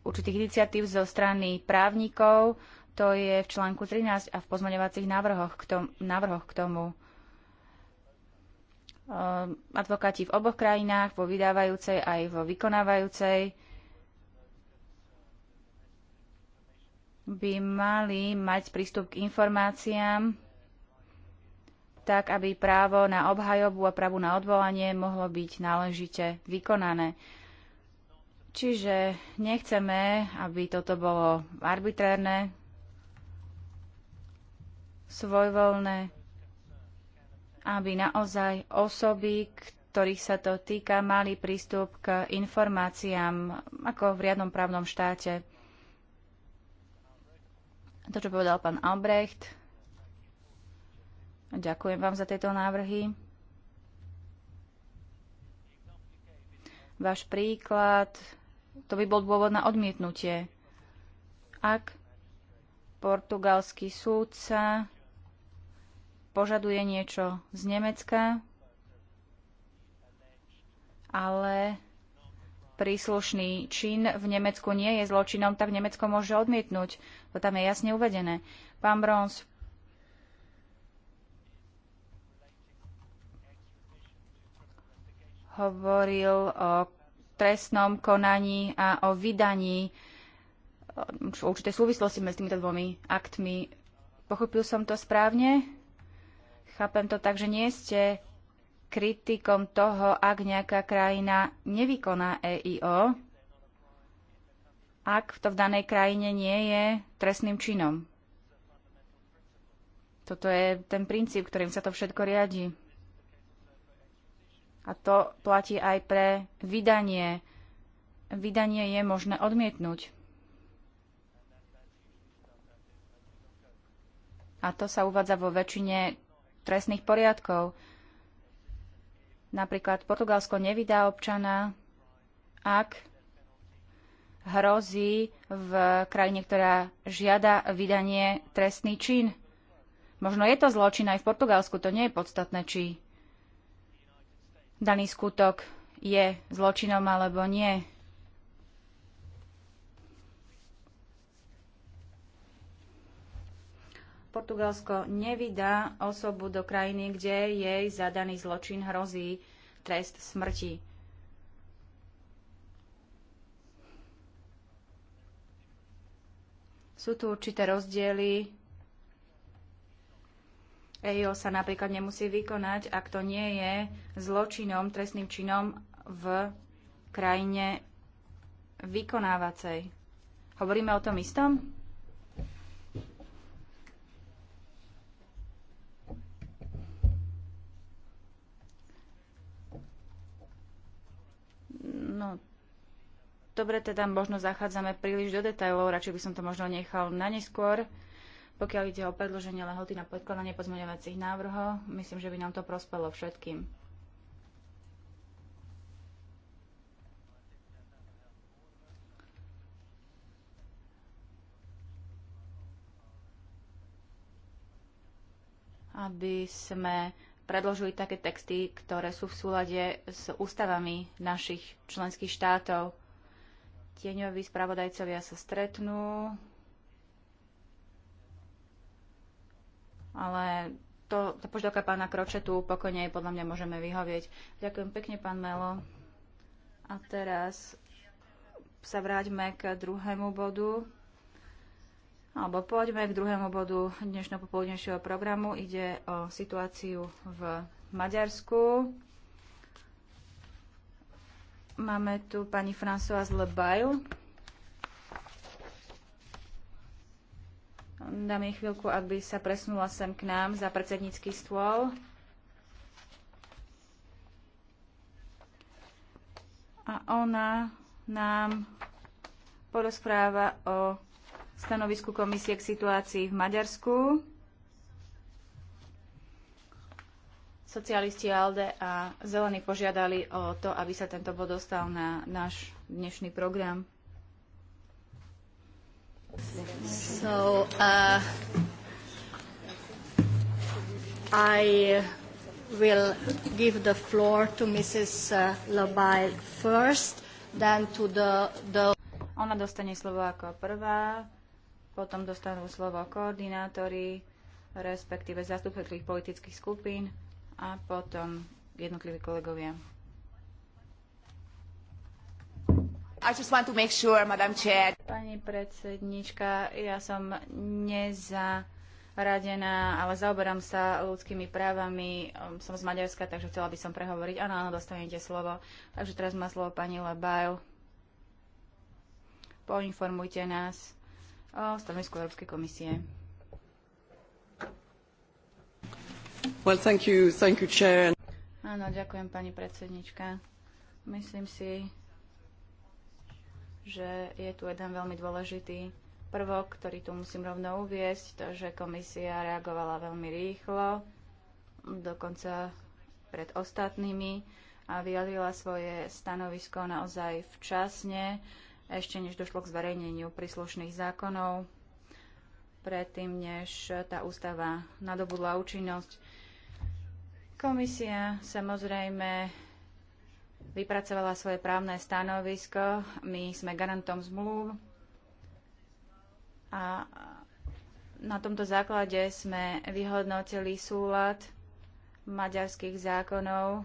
určitých iniciatív zo strany právnikov, to je v článku 13 a v pozmaňovacích návrhoch k, návrhoch k tomu. Eh, advokáti v oboch krajinách, vo vydávajúcej aj vo vykonávajúcej, by mali mať prístup k informáciám, tak aby právo na obhajobu a právo na odvolanie mohlo byť náležite vykonané. Čiže nechceme, aby toto bolo arbitrérne, svojvoľné, aby naozaj osoby, ktorých sa to týka, mali prístup k informáciám ako v riadnom právnom štáte. To, čo povedal pán Albrecht, ďakujem vám za tieto návrhy. Váš príklad, to by bol dôvod na odmietnutie. Ak portugalský súdca požaduje niečo z Nemecka, ale príslušný čin v Nemecku nie je zločinom, tak Nemecko môže odmietnúť. To tam je jasne uvedené. Pán Brons, hovoril o trestnom konaní a o vydaní v určitej súvislosti medzi týmito dvomi aktmi. Pochopil som to správne? Chápem to tak, že nie ste kritikom toho, ak nejaká krajina nevykoná EIO, ak to v danej krajine nie je trestným činom. Toto je ten princíp, ktorým sa to všetko riadi. A to platí aj pre vydanie. Vydanie je možné odmietnúť. A to sa uvádza vo väčšine trestných poriadkov. Napríklad Portugalsko nevydá občana, ak hrozí v krajine, ktorá žiada vydanie trestný čin. Možno je to zločin aj v Portugalsku, to nie je podstatné, či daný skutok je zločinom alebo nie. Portugalsko nevydá osobu do krajiny, kde jej zadaný zločin hrozí trest smrti. Sú tu určité rozdiely. EIO sa napríklad nemusí vykonať, ak to nie je zločinom, trestným činom v krajine vykonávacej. Hovoríme o tom istom? No, dobre, teda možno zachádzame príliš do detajlov, radšej by som to možno nechal na neskôr. Pokiaľ ide o predloženie lehoty na podkladanie pozmeňovacích návrhov, myslím, že by nám to prospelo všetkým. aby sme predložili také texty, ktoré sú v súlade s ústavami našich členských štátov. Tieňoví spravodajcovia sa stretnú, ale to, to požiadavka pána Kročetu pokojne podľa mňa môžeme vyhovieť. Ďakujem pekne, pán Melo. A teraz sa vráťme k druhému bodu alebo poďme k druhému bodu dnešného popoludnejšieho programu. Ide o situáciu v Maďarsku. Máme tu pani Françoise Lebail. Dám jej chvíľku, aby sa presunula sem k nám za predsednícky stôl. A ona nám porozpráva o stanovisku komisie k situácii v Maďarsku. Socialisti ALDE a Zelení požiadali o to, aby sa tento bod dostal na náš dnešný program. So, uh, I will give the floor to Mrs. Uh, Labile first, then to the, the... Ona dostane slovo ako prvá, potom dostanú slovo koordinátori, respektíve zastupiteľi politických skupín a potom jednotliví kolegovia. Sure, Pani predsednička, ja som nezaradená, ale zaoberám sa ľudskými právami. Um, som z Maďarska, takže chcela by som prehovoriť. Áno, áno, dostanete slovo. Takže teraz má slovo pani Lebajl. Poinformujte nás o stanovisku Európskej komisie. Well, thank you, thank you, chair. Áno, ďakujem pani predsednička. Myslím si, že je tu jeden veľmi dôležitý prvok, ktorý tu musím rovno uviesť, to, že komisia reagovala veľmi rýchlo, dokonca pred ostatnými a vyjadrila svoje stanovisko naozaj včasne ešte než došlo k zverejneniu príslušných zákonov, predtým než tá ústava nadobudla účinnosť. Komisia samozrejme vypracovala svoje právne stanovisko. My sme garantom zmluv a na tomto základe sme vyhodnotili súlad maďarských zákonov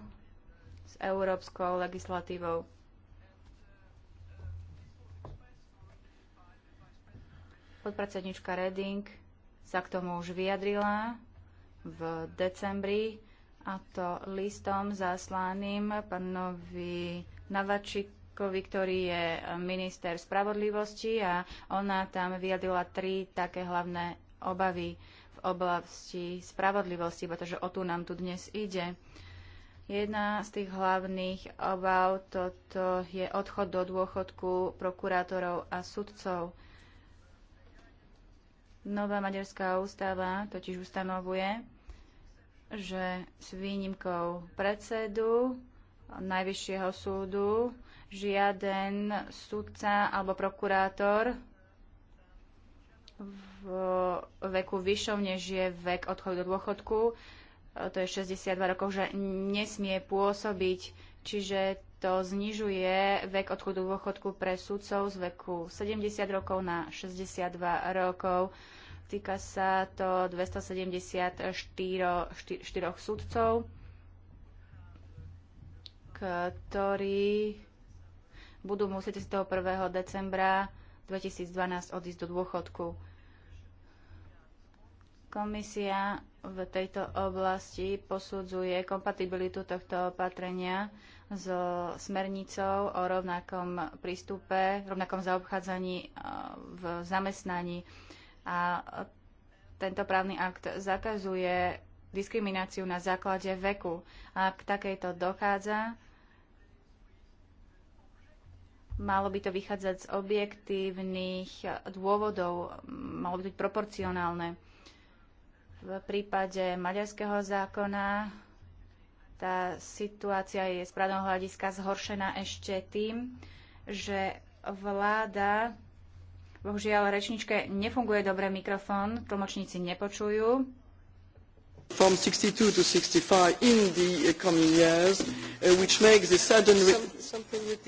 s európskou legislatívou. Podpredsednička Reding sa k tomu už vyjadrila v decembri a to listom zaslaným pánovi Navačikovi, ktorý je minister spravodlivosti a ona tam vyjadrila tri také hlavné obavy v oblasti spravodlivosti, pretože o tu nám tu dnes ide. Jedna z tých hlavných obav toto je odchod do dôchodku prokurátorov a sudcov. Nová maďarská ústava totiž ustanovuje, že s výnimkou predsedu Najvyššieho súdu žiaden sudca alebo prokurátor v veku vyššom, než je vek odchodu do dôchodku, to je 62 rokov, že nesmie pôsobiť. Čiže to znižuje vek odchodu dôchodku pre sudcov z veku 70 rokov na 62 rokov. Týka sa to 274 štyroch sudcov, ktorí budú musieť z toho 1. decembra 2012 odísť do dôchodku. Komisia v tejto oblasti posudzuje kompatibilitu tohto opatrenia so smernicou o rovnakom prístupe, rovnakom zaobchádzaní eh, v zamestnaní. A tento právny akt zakazuje diskrimináciu na základe veku. A k takejto dochádza, malo by to vychádzať z objektívnych dôvodov, malo by to byť proporcionálne. V prípade maďarského zákona tá situácia je z právneho hľadiska zhoršená ešte tým, že vláda, bohužiaľ rečničke nefunguje dobre mikrofón, tlmočníci nepočujú. From 62 to 65 in the coming years, uh, which makes sudden... Yeah,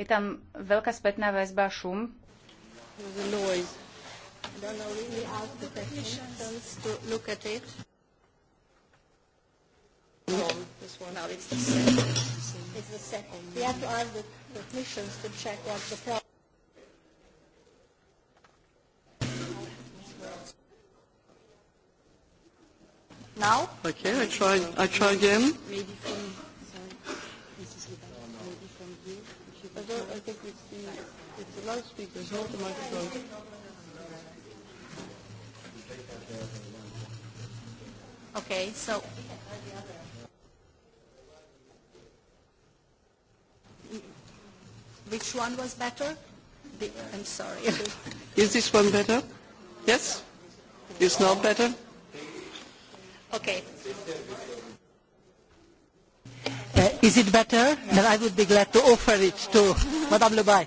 Je tam veľká spätná väzba, šum the laws. And I'll really ask the technicians to look at it. No, this one now, it's the second. It's the second. We have to ask the technicians to check what the problem Now? Okay, I try, I try again. Maybe from, sorry, Mrs. Maybe from here. I think it's the... It's the loudspeakers. Hold the microphone. Okay, so. Which one was better? The, I'm sorry. [laughs] Is this one better? Yes? It's not better? Okay. Uh, is it better? Then I would be glad to offer it to Madame Lebay.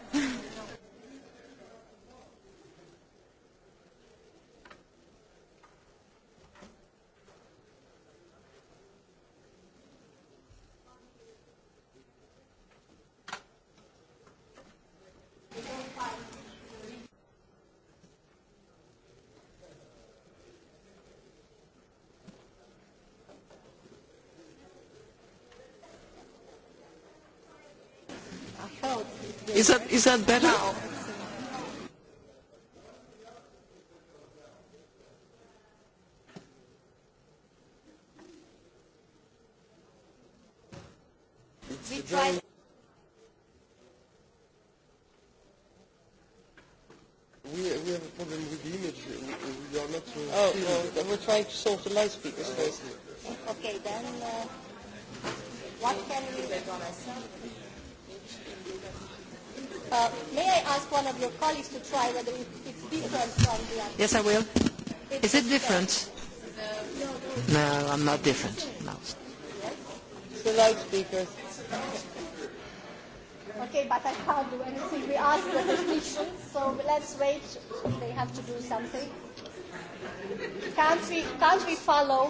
Is that better? We try. We, we have a problem with the image. We, we are not. Sure. Uh, oh, well, we're trying to solve the speakers first. Okay, then uh, what can we do? Uh, may I ask one of your colleagues to try whether it's different from the other? Yes, I will. It's Is it different? different? No, no, no, I'm not different. No. Yes. It's the loudspeaker. Okay, but I can't do anything. We asked the technicians, so let's wait. They have to do something. Can't we, can't we follow?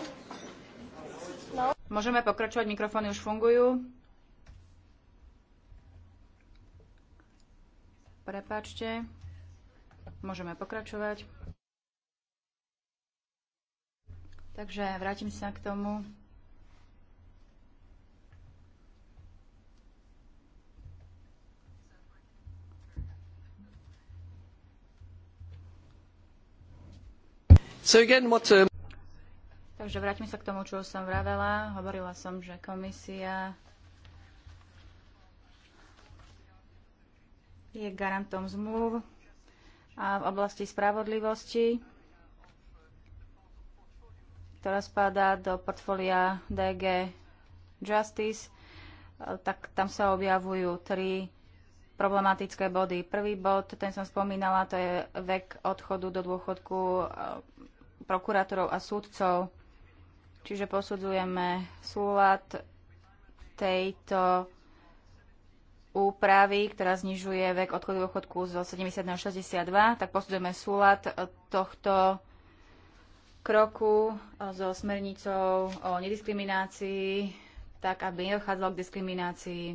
No? Môžeme pokračovať, mikrofóny už fungujú. Prepačte. Môžeme pokračovať. Takže vrátim sa k tomu, So again, what, um... Takže vrátim sa k tomu, čo som vravela. Hovorila som, že komisia je garantom zmluv a v oblasti spravodlivosti, ktorá spadá do portfólia DG Justice, tak tam sa objavujú tri problematické body. Prvý bod, ten som spomínala, to je vek odchodu do dôchodku eh, prokurátorov a súdcov. Čiže posudzujeme súlad tejto úpravy, ktorá znižuje vek odchodu dôchodku zo 70 na 62, tak posudujeme súlad tohto kroku e, so smernicou o nediskriminácii, tak aby nedochádzalo k diskriminácii.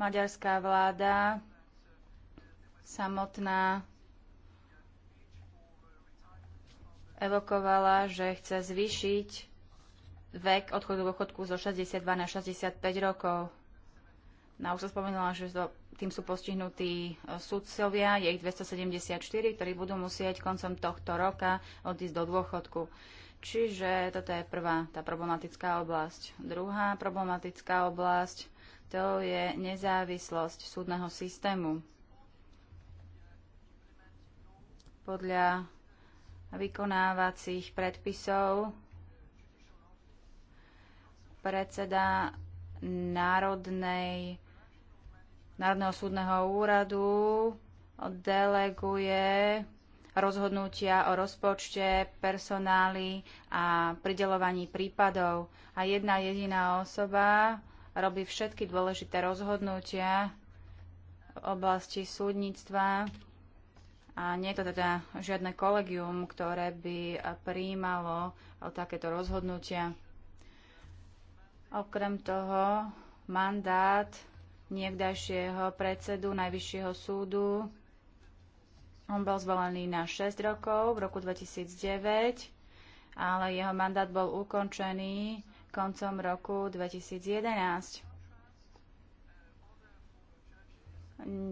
Maďarská vláda samotná evokovala, že chce zvýšiť vek odchodu dôchodku zo 62 na 65 rokov. No už sa spomenula, že tým sú postihnutí e, sudcovia, je ich 274, ktorí budú musieť koncom tohto roka odísť do dôchodku. Čiže toto je prvá tá problematická oblasť. Druhá problematická oblasť to je nezávislosť súdneho systému. Podľa vykonávacích predpisov predseda Národnej Národného súdneho úradu deleguje rozhodnutia o rozpočte, personáli a pridelovaní prípadov. A jedna jediná osoba robí všetky dôležité rozhodnutia v oblasti súdnictva. A nie je to teda žiadne kolegium, ktoré by prijímalo takéto rozhodnutia. Okrem toho mandát niekdajšieho predsedu Najvyššieho súdu. On bol zvolený na 6 rokov v roku 2009, ale jeho mandát bol ukončený koncom roku 2011.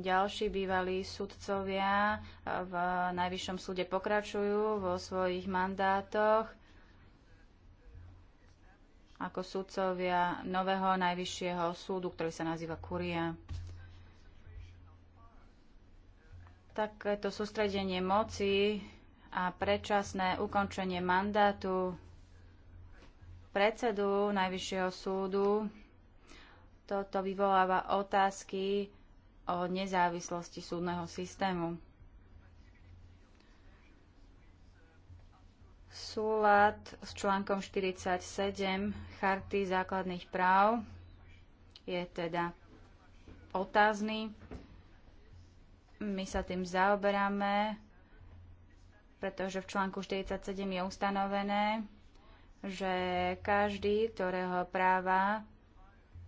Ďalší bývalí sudcovia v Najvyššom súde pokračujú vo svojich mandátoch ako sudcovia nového najvyššieho súdu, ktorý sa nazýva Kuria. Takéto sústredenie moci a predčasné ukončenie mandátu predsedu Najvyššieho súdu toto vyvoláva otázky o nezávislosti súdneho systému. súlad s článkom 47 Charty základných práv je teda otázny. My sa tým zaoberáme, pretože v článku 47 je ustanovené, že každý, ktorého práva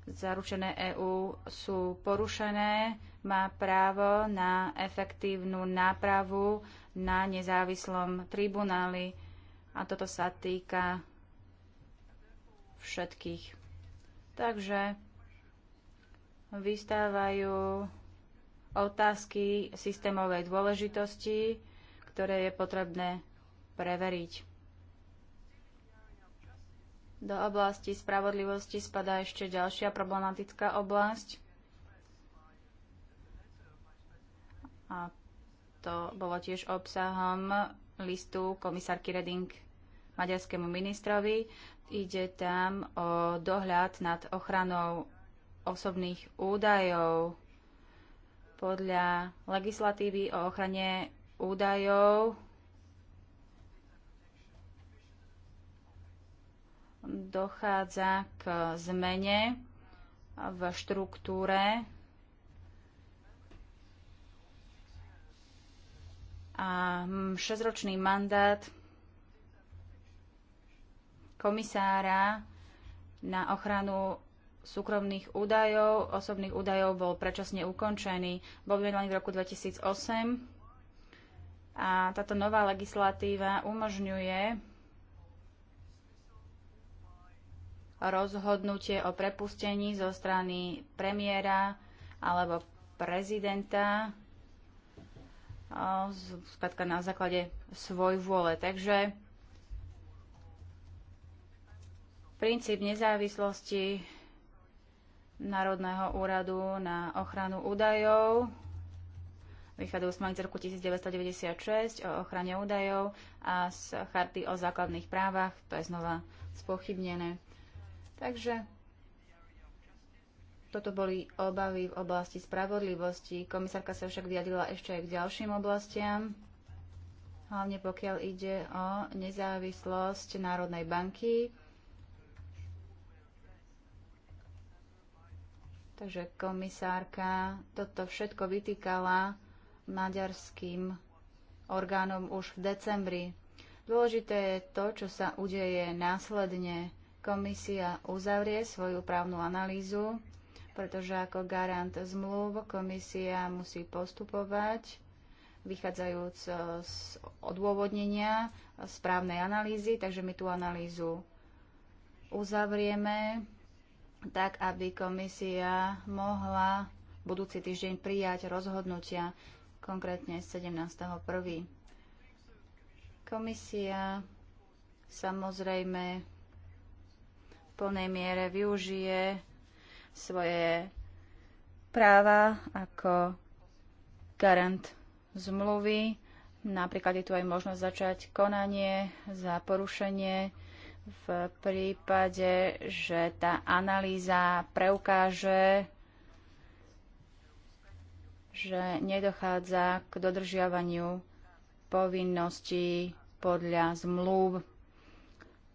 zaručené EÚ sú porušené, má právo na efektívnu nápravu na nezávislom tribunáli a toto sa týka všetkých. Takže vystávajú otázky systémovej dôležitosti, ktoré je potrebné preveriť. Do oblasti spravodlivosti spadá ešte ďalšia problematická oblasť. A to bolo tiež obsahom listu komisárky Reding maďarskému ministrovi. Ide tam o dohľad nad ochranou osobných údajov podľa legislatívy o ochrane údajov dochádza k zmene v štruktúre a mm, šesťročný mandát komisára na ochranu súkromných údajov, osobných údajov bol predčasne ukončený. Bol vymenovaný v roku 2008 a táto nová legislatíva umožňuje rozhodnutie o prepustení zo strany premiéra alebo prezidenta skladka na základe svoj vôle. Takže princíp nezávislosti Národného úradu na ochranu údajov. Vychádzajú z roku 1996 o ochrane údajov a z charty o základných právach. To je znova spochybnené. Takže toto boli obavy v oblasti spravodlivosti. Komisárka sa však vyjadrila ešte aj k ďalším oblastiam, hlavne pokiaľ ide o nezávislosť Národnej banky Takže komisárka toto všetko vytýkala maďarským orgánom už v decembri. Dôležité je to, čo sa udeje následne. Komisia uzavrie svoju právnu analýzu, pretože ako garant zmluv komisia musí postupovať vychádzajúc e, z odôvodnenia správnej analýzy, takže my tú analýzu uzavrieme tak aby komisia mohla budúci týždeň prijať rozhodnutia, konkrétne 17.1. Komisia samozrejme v plnej miere využije svoje práva ako garant zmluvy. Napríklad je tu aj možnosť začať konanie za porušenie v prípade, že tá analýza preukáže, že nedochádza k dodržiavaniu povinností podľa zmluv,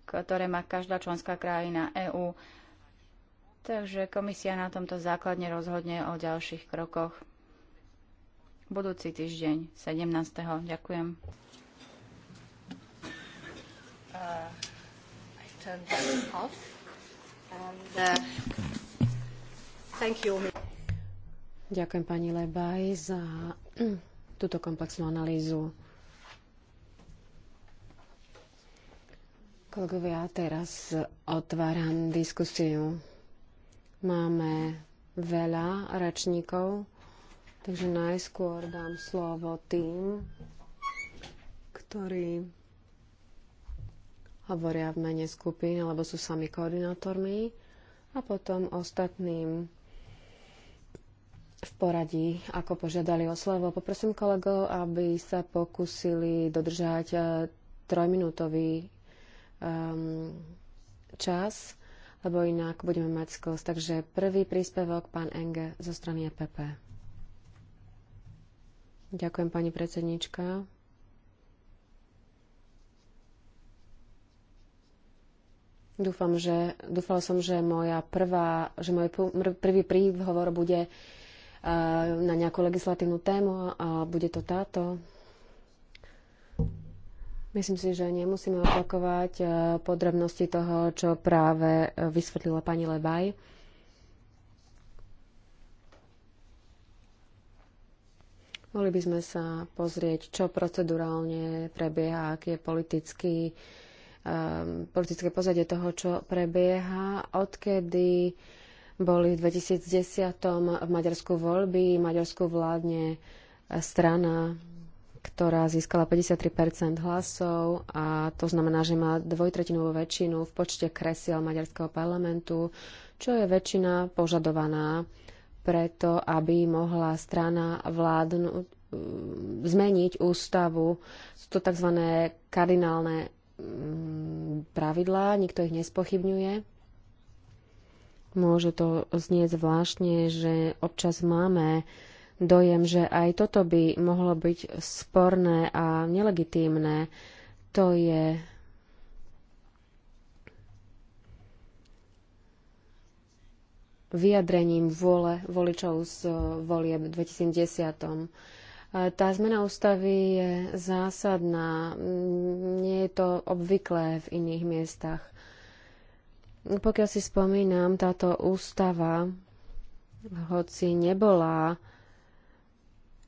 ktoré má každá členská krajina EÚ. Takže komisia na tomto základne rozhodne o ďalších krokoch. Budúci týždeň, 17. Ďakujem. Uh turn that off. And, uh, thank you. Ďakujem pani Lebaj za mm, túto komplexnú analýzu. Kolegovia, teraz otváram diskusiu. Máme veľa rečníkov, takže najskôr dám slovo tým, ktorí hovoria v mene skupín alebo sú sami koordinátormi a potom ostatným v poradí, ako požiadali o slovo. Poprosím kolegov, aby sa pokúsili dodržať e, trojminútový um, čas, lebo inak budeme mať skos. Takže prvý príspevok, pán Enge, zo strany EPP. Ďakujem, pani predsednička. Dúfam, že, dúfala som, že moja prvá, že môj prvý príhovor bude eh, na nejakú legislatívnu tému a bude to táto. Myslím si, že nemusíme opakovať eh, podrobnosti toho, čo práve eh, vysvetlila pani Lebaj. Mohli by sme sa pozrieť, čo procedurálne prebieha, aký je politický uh, Ehm, politické pozadie toho, čo prebieha, odkedy boli v 2010 v Maďarsku voľby, Maďarsku vládne strana, ktorá získala 53 hlasov a to znamená, že má dvojtretinovú väčšinu v počte kresiel maďarského parlamentu, čo je väčšina požadovaná preto, aby mohla strana vládnu, zmeniť ústavu. Sú to tzv. kardinálne Mm, pravidlá, nikto ich nespochybňuje. Môže to znieť zvláštne, že občas máme dojem, že aj toto by mohlo byť sporné a nelegitímne. To je vyjadrením vôle voličov z volieb v 2010. Tá zmena ústavy je zásadná. Nie je to obvyklé v iných miestach. Pokiaľ si spomínam, táto ústava, hoci nebola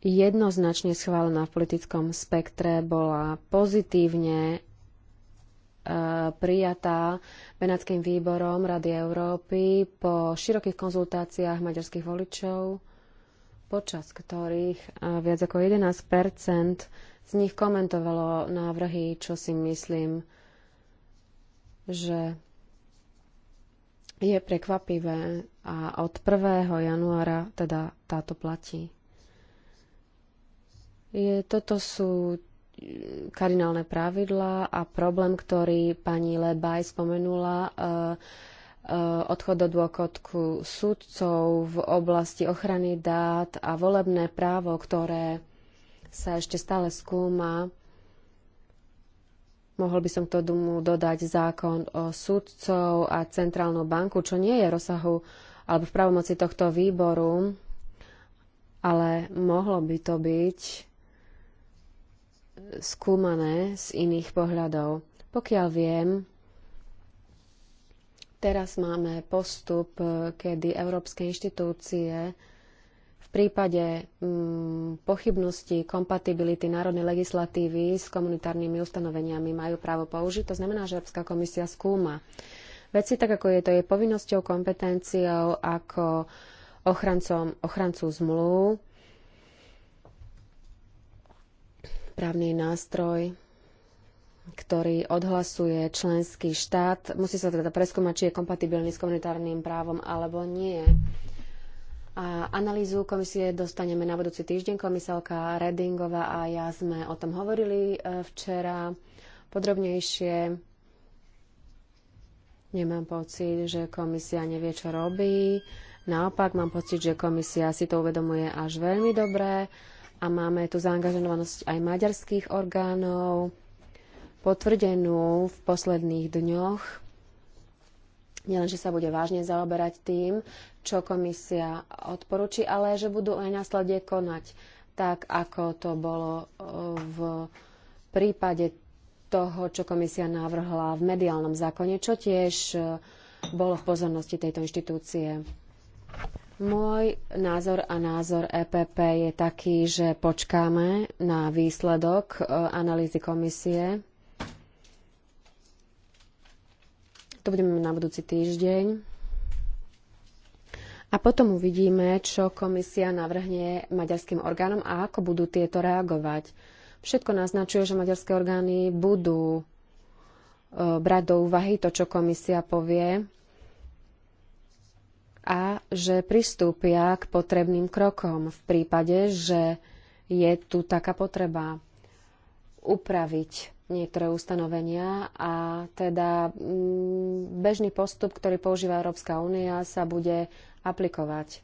jednoznačne schválená v politickom spektre, bola pozitívne e, prijatá Benátským výborom Rady Európy po širokých konzultáciách maďarských voličov počas ktorých viac ako 11 z nich komentovalo návrhy, čo si myslím, že je prekvapivé a od 1. januára teda táto platí. Je, toto sú mm, kardinálne pravidlá a problém, ktorý pani Lebaj spomenula, Uh, Eh, odchod do dôchodku sudcov v oblasti ochrany dát a volebné právo, ktoré sa ešte stále skúma. Mohol by som k tomu dodať zákon o sudcov a centrálnu banku, čo nie je rozsahu alebo v pravomoci tohto výboru, ale mohlo by to byť skúmané z iných pohľadov. Pokiaľ viem, Teraz máme postup, eh, kedy európske inštitúcie v prípade mm, pochybnosti kompatibility národnej legislatívy s komunitárnymi ustanoveniami majú právo použiť. To znamená, že Európska komisia skúma veci tak, ako je to jej povinnosťou, kompetenciou, ako ochrancom, ochrancu zmluv, právny nástroj ktorý odhlasuje členský štát. Musí sa teda preskúmať, či je kompatibilný s komunitárnym právom alebo nie. A analýzu komisie dostaneme na budúci týždeň. Komisálka Redingová a ja sme o tom hovorili e, včera podrobnejšie. Nemám pocit, že komisia nevie, čo robí. Naopak mám pocit, že komisia si to uvedomuje až veľmi dobre a máme tu zaangažovanosť aj maďarských orgánov potvrdenú v posledných dňoch. Nielen, že sa bude vážne zaoberať tým, čo komisia odporúči, ale že budú aj následne konať tak, ako to bolo e, v prípade toho, čo komisia navrhla v mediálnom zákone, čo tiež e, bolo v pozornosti tejto inštitúcie. Môj názor a názor EPP je taký, že počkáme na výsledok e, analýzy komisie To budeme na budúci týždeň. A potom uvidíme, čo komisia navrhne maďarským orgánom a ako budú tieto reagovať. Všetko naznačuje, že maďarské orgány budú e, brať do úvahy to, čo komisia povie a že pristúpia k potrebným krokom v prípade, že je tu taká potreba upraviť niektoré ustanovenia a teda mm, bežný postup, ktorý používa Európska únia, sa bude aplikovať.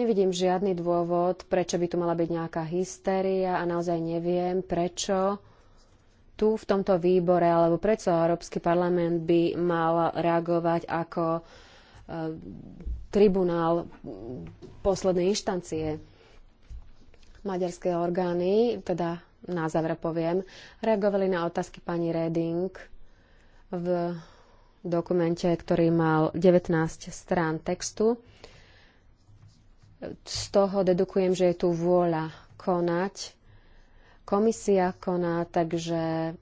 Nevidím žiadny dôvod, prečo by tu mala byť nejaká hystéria a naozaj neviem, prečo tu v tomto výbore alebo prečo Európsky parlament by mal reagovať ako e, tribunál poslednej inštancie. Maďarské orgány, teda na záver poviem, reagovali na otázky pani Reding v dokumente, ktorý mal 19 strán textu. Z toho dedukujem, že je tu vôľa konať. Komisia koná, takže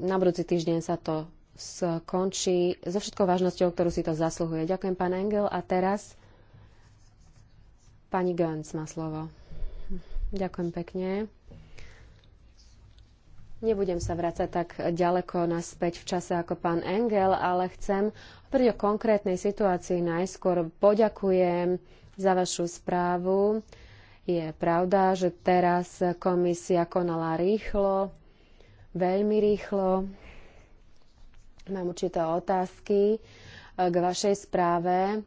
na budúci týždeň sa to skončí so všetkou vážnosťou, ktorú si to zasluhuje. Ďakujem, pán Engel. A teraz pani Gönc má slovo. Hm, ďakujem pekne. Nebudem sa vrácať tak ďaleko naspäť v čase ako pán Engel, ale chcem pri o konkrétnej situácii najskôr poďakujem za vašu správu. Je pravda, že teraz komisia konala rýchlo, veľmi rýchlo. Mám určité otázky k vašej správe.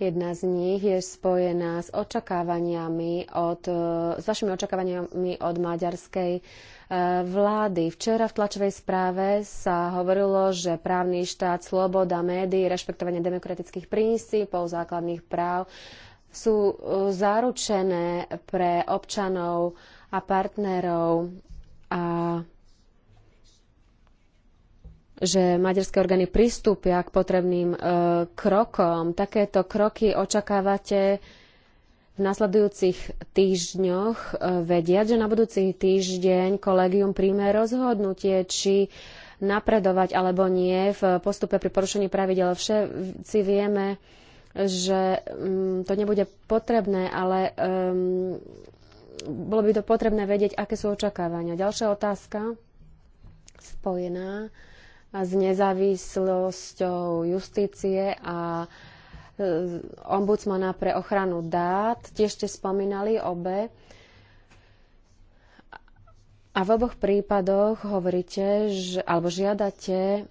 Jedna z nich je spojená s očakávaniami od, e, s vašimi očakávaniami od maďarskej e, vlády. Včera v tlačovej správe sa hovorilo, že právny štát, sloboda médií, rešpektovanie demokratických princípov, základných práv sú e, zaručené pre občanov a partnerov a že maďarské orgány pristúpia k potrebným e, krokom. Takéto kroky očakávate v nasledujúcich týždňoch e, vediať, že na budúci týždeň kolegium príjme rozhodnutie, či napredovať alebo nie v postupe pri porušení pravidel. Všetci vieme, že um, to nebude potrebné, ale um, bolo by to potrebné vedieť, aké sú očakávania. Ďalšia otázka spojená s nezávislosťou justície a e, ombudsmana pre ochranu dát. Tiež ste spomínali obe. A v oboch prípadoch hovoríte, že, alebo žiadate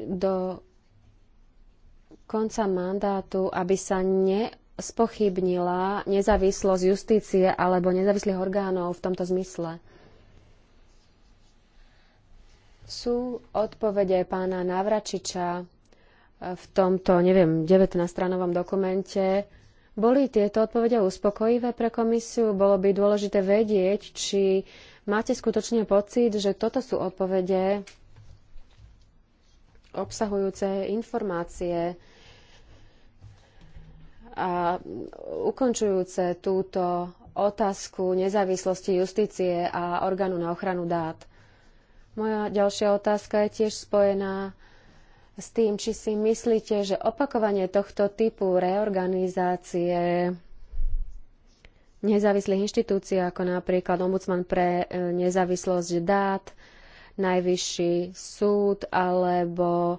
do konca mandátu, aby sa nespochybnila nezávislosť justície alebo nezávislých orgánov v tomto zmysle sú odpovede pána Navračiča e, v tomto, neviem, 19-stranovom dokumente. Boli tieto odpovede uspokojivé pre komisiu? Bolo by dôležité vedieť, či máte skutočne pocit, že toto sú odpovede obsahujúce informácie a ukončujúce túto otázku nezávislosti justície a orgánu na ochranu dát. Moja ďalšia otázka je tiež spojená s tým, či si myslíte, že opakovanie tohto typu reorganizácie nezávislých inštitúcií, ako napríklad ombudsman pre e, nezávislosť dát, najvyšší súd alebo e,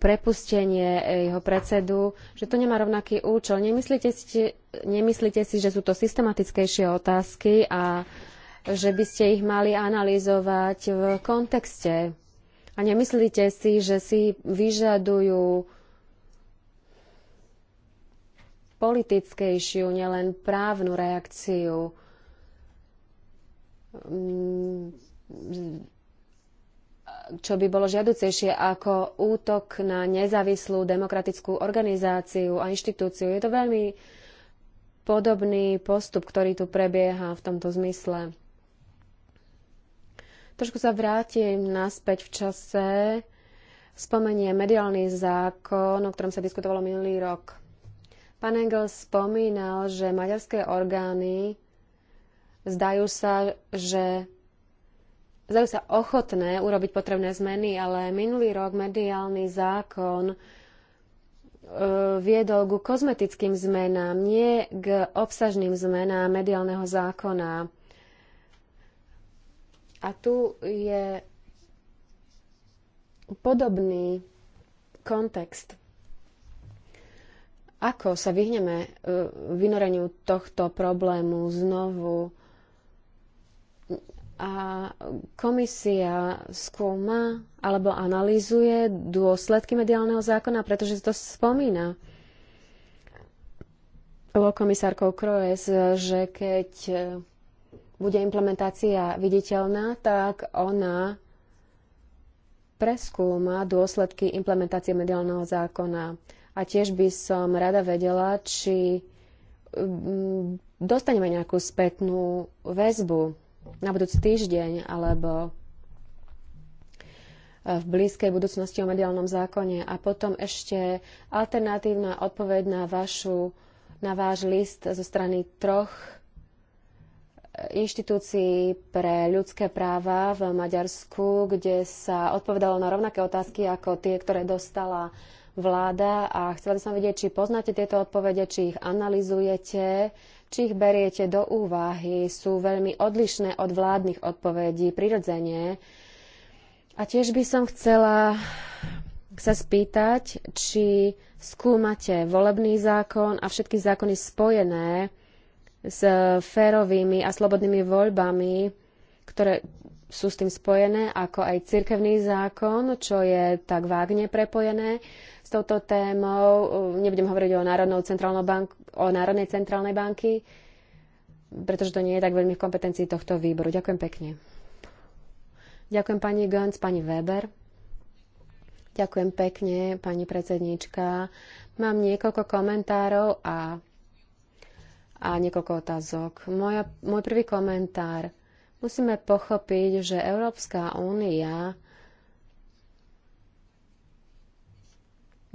prepustenie jeho predsedu, že to nemá rovnaký účel. Nemyslíte si, nemyslíte si že sú to systematickejšie otázky a že by ste ich mali analyzovať v kontexte. A nemyslíte si, že si vyžadujú politickejšiu, nielen právnu reakciu mm, čo by bolo žiaducejšie ako útok na nezávislú demokratickú organizáciu a inštitúciu. Je to veľmi podobný postup, ktorý tu prebieha v tomto zmysle. Trošku sa vrátim naspäť v čase. Spomenie mediálny zákon, o ktorom sa diskutovalo minulý rok. Pán Engel spomínal, že maďarské orgány zdajú sa, že zdajú sa ochotné urobiť potrebné zmeny, ale minulý rok mediálny zákon e, viedol ku kozmetickým zmenám, nie k obsažným zmenám mediálneho zákona. A tu je podobný kontext. Ako sa vyhneme e, vynoreniu tohto problému znovu? A komisia skúma alebo analýzuje dôsledky mediálneho zákona, pretože to spomína komisárkou Kroes, že keď e, bude implementácia viditeľná, tak ona preskúma dôsledky implementácie mediálneho zákona. A tiež by som rada vedela, či mm, dostaneme nejakú spätnú väzbu na budúci týždeň alebo e, v blízkej budúcnosti o mediálnom zákone. A potom ešte alternatívna odpoveď na, vašu, na váš list zo strany troch inštitúcii pre ľudské práva v Maďarsku, kde sa odpovedalo na rovnaké otázky ako tie, ktoré dostala vláda a chcela by som vedieť, či poznáte tieto odpovede, či ich analizujete, či ich beriete do úvahy, sú veľmi odlišné od vládnych odpovedí prirodzene. A tiež by som chcela sa spýtať, či skúmate volebný zákon a všetky zákony spojené s férovými a slobodnými voľbami, ktoré sú s tým spojené, ako aj cirkevný zákon, čo je tak vágne prepojené s touto témou. Nebudem hovoriť o, Národnou bank- o Národnej centrálnej banky, pretože to nie je tak veľmi v kompetencii tohto výboru. Ďakujem pekne. Ďakujem pani Gönc, pani Weber. Ďakujem pekne, pani predsednička. Mám niekoľko komentárov a a niekoľko otázok. Moja, môj prvý komentár. Musíme pochopiť, že Európska únia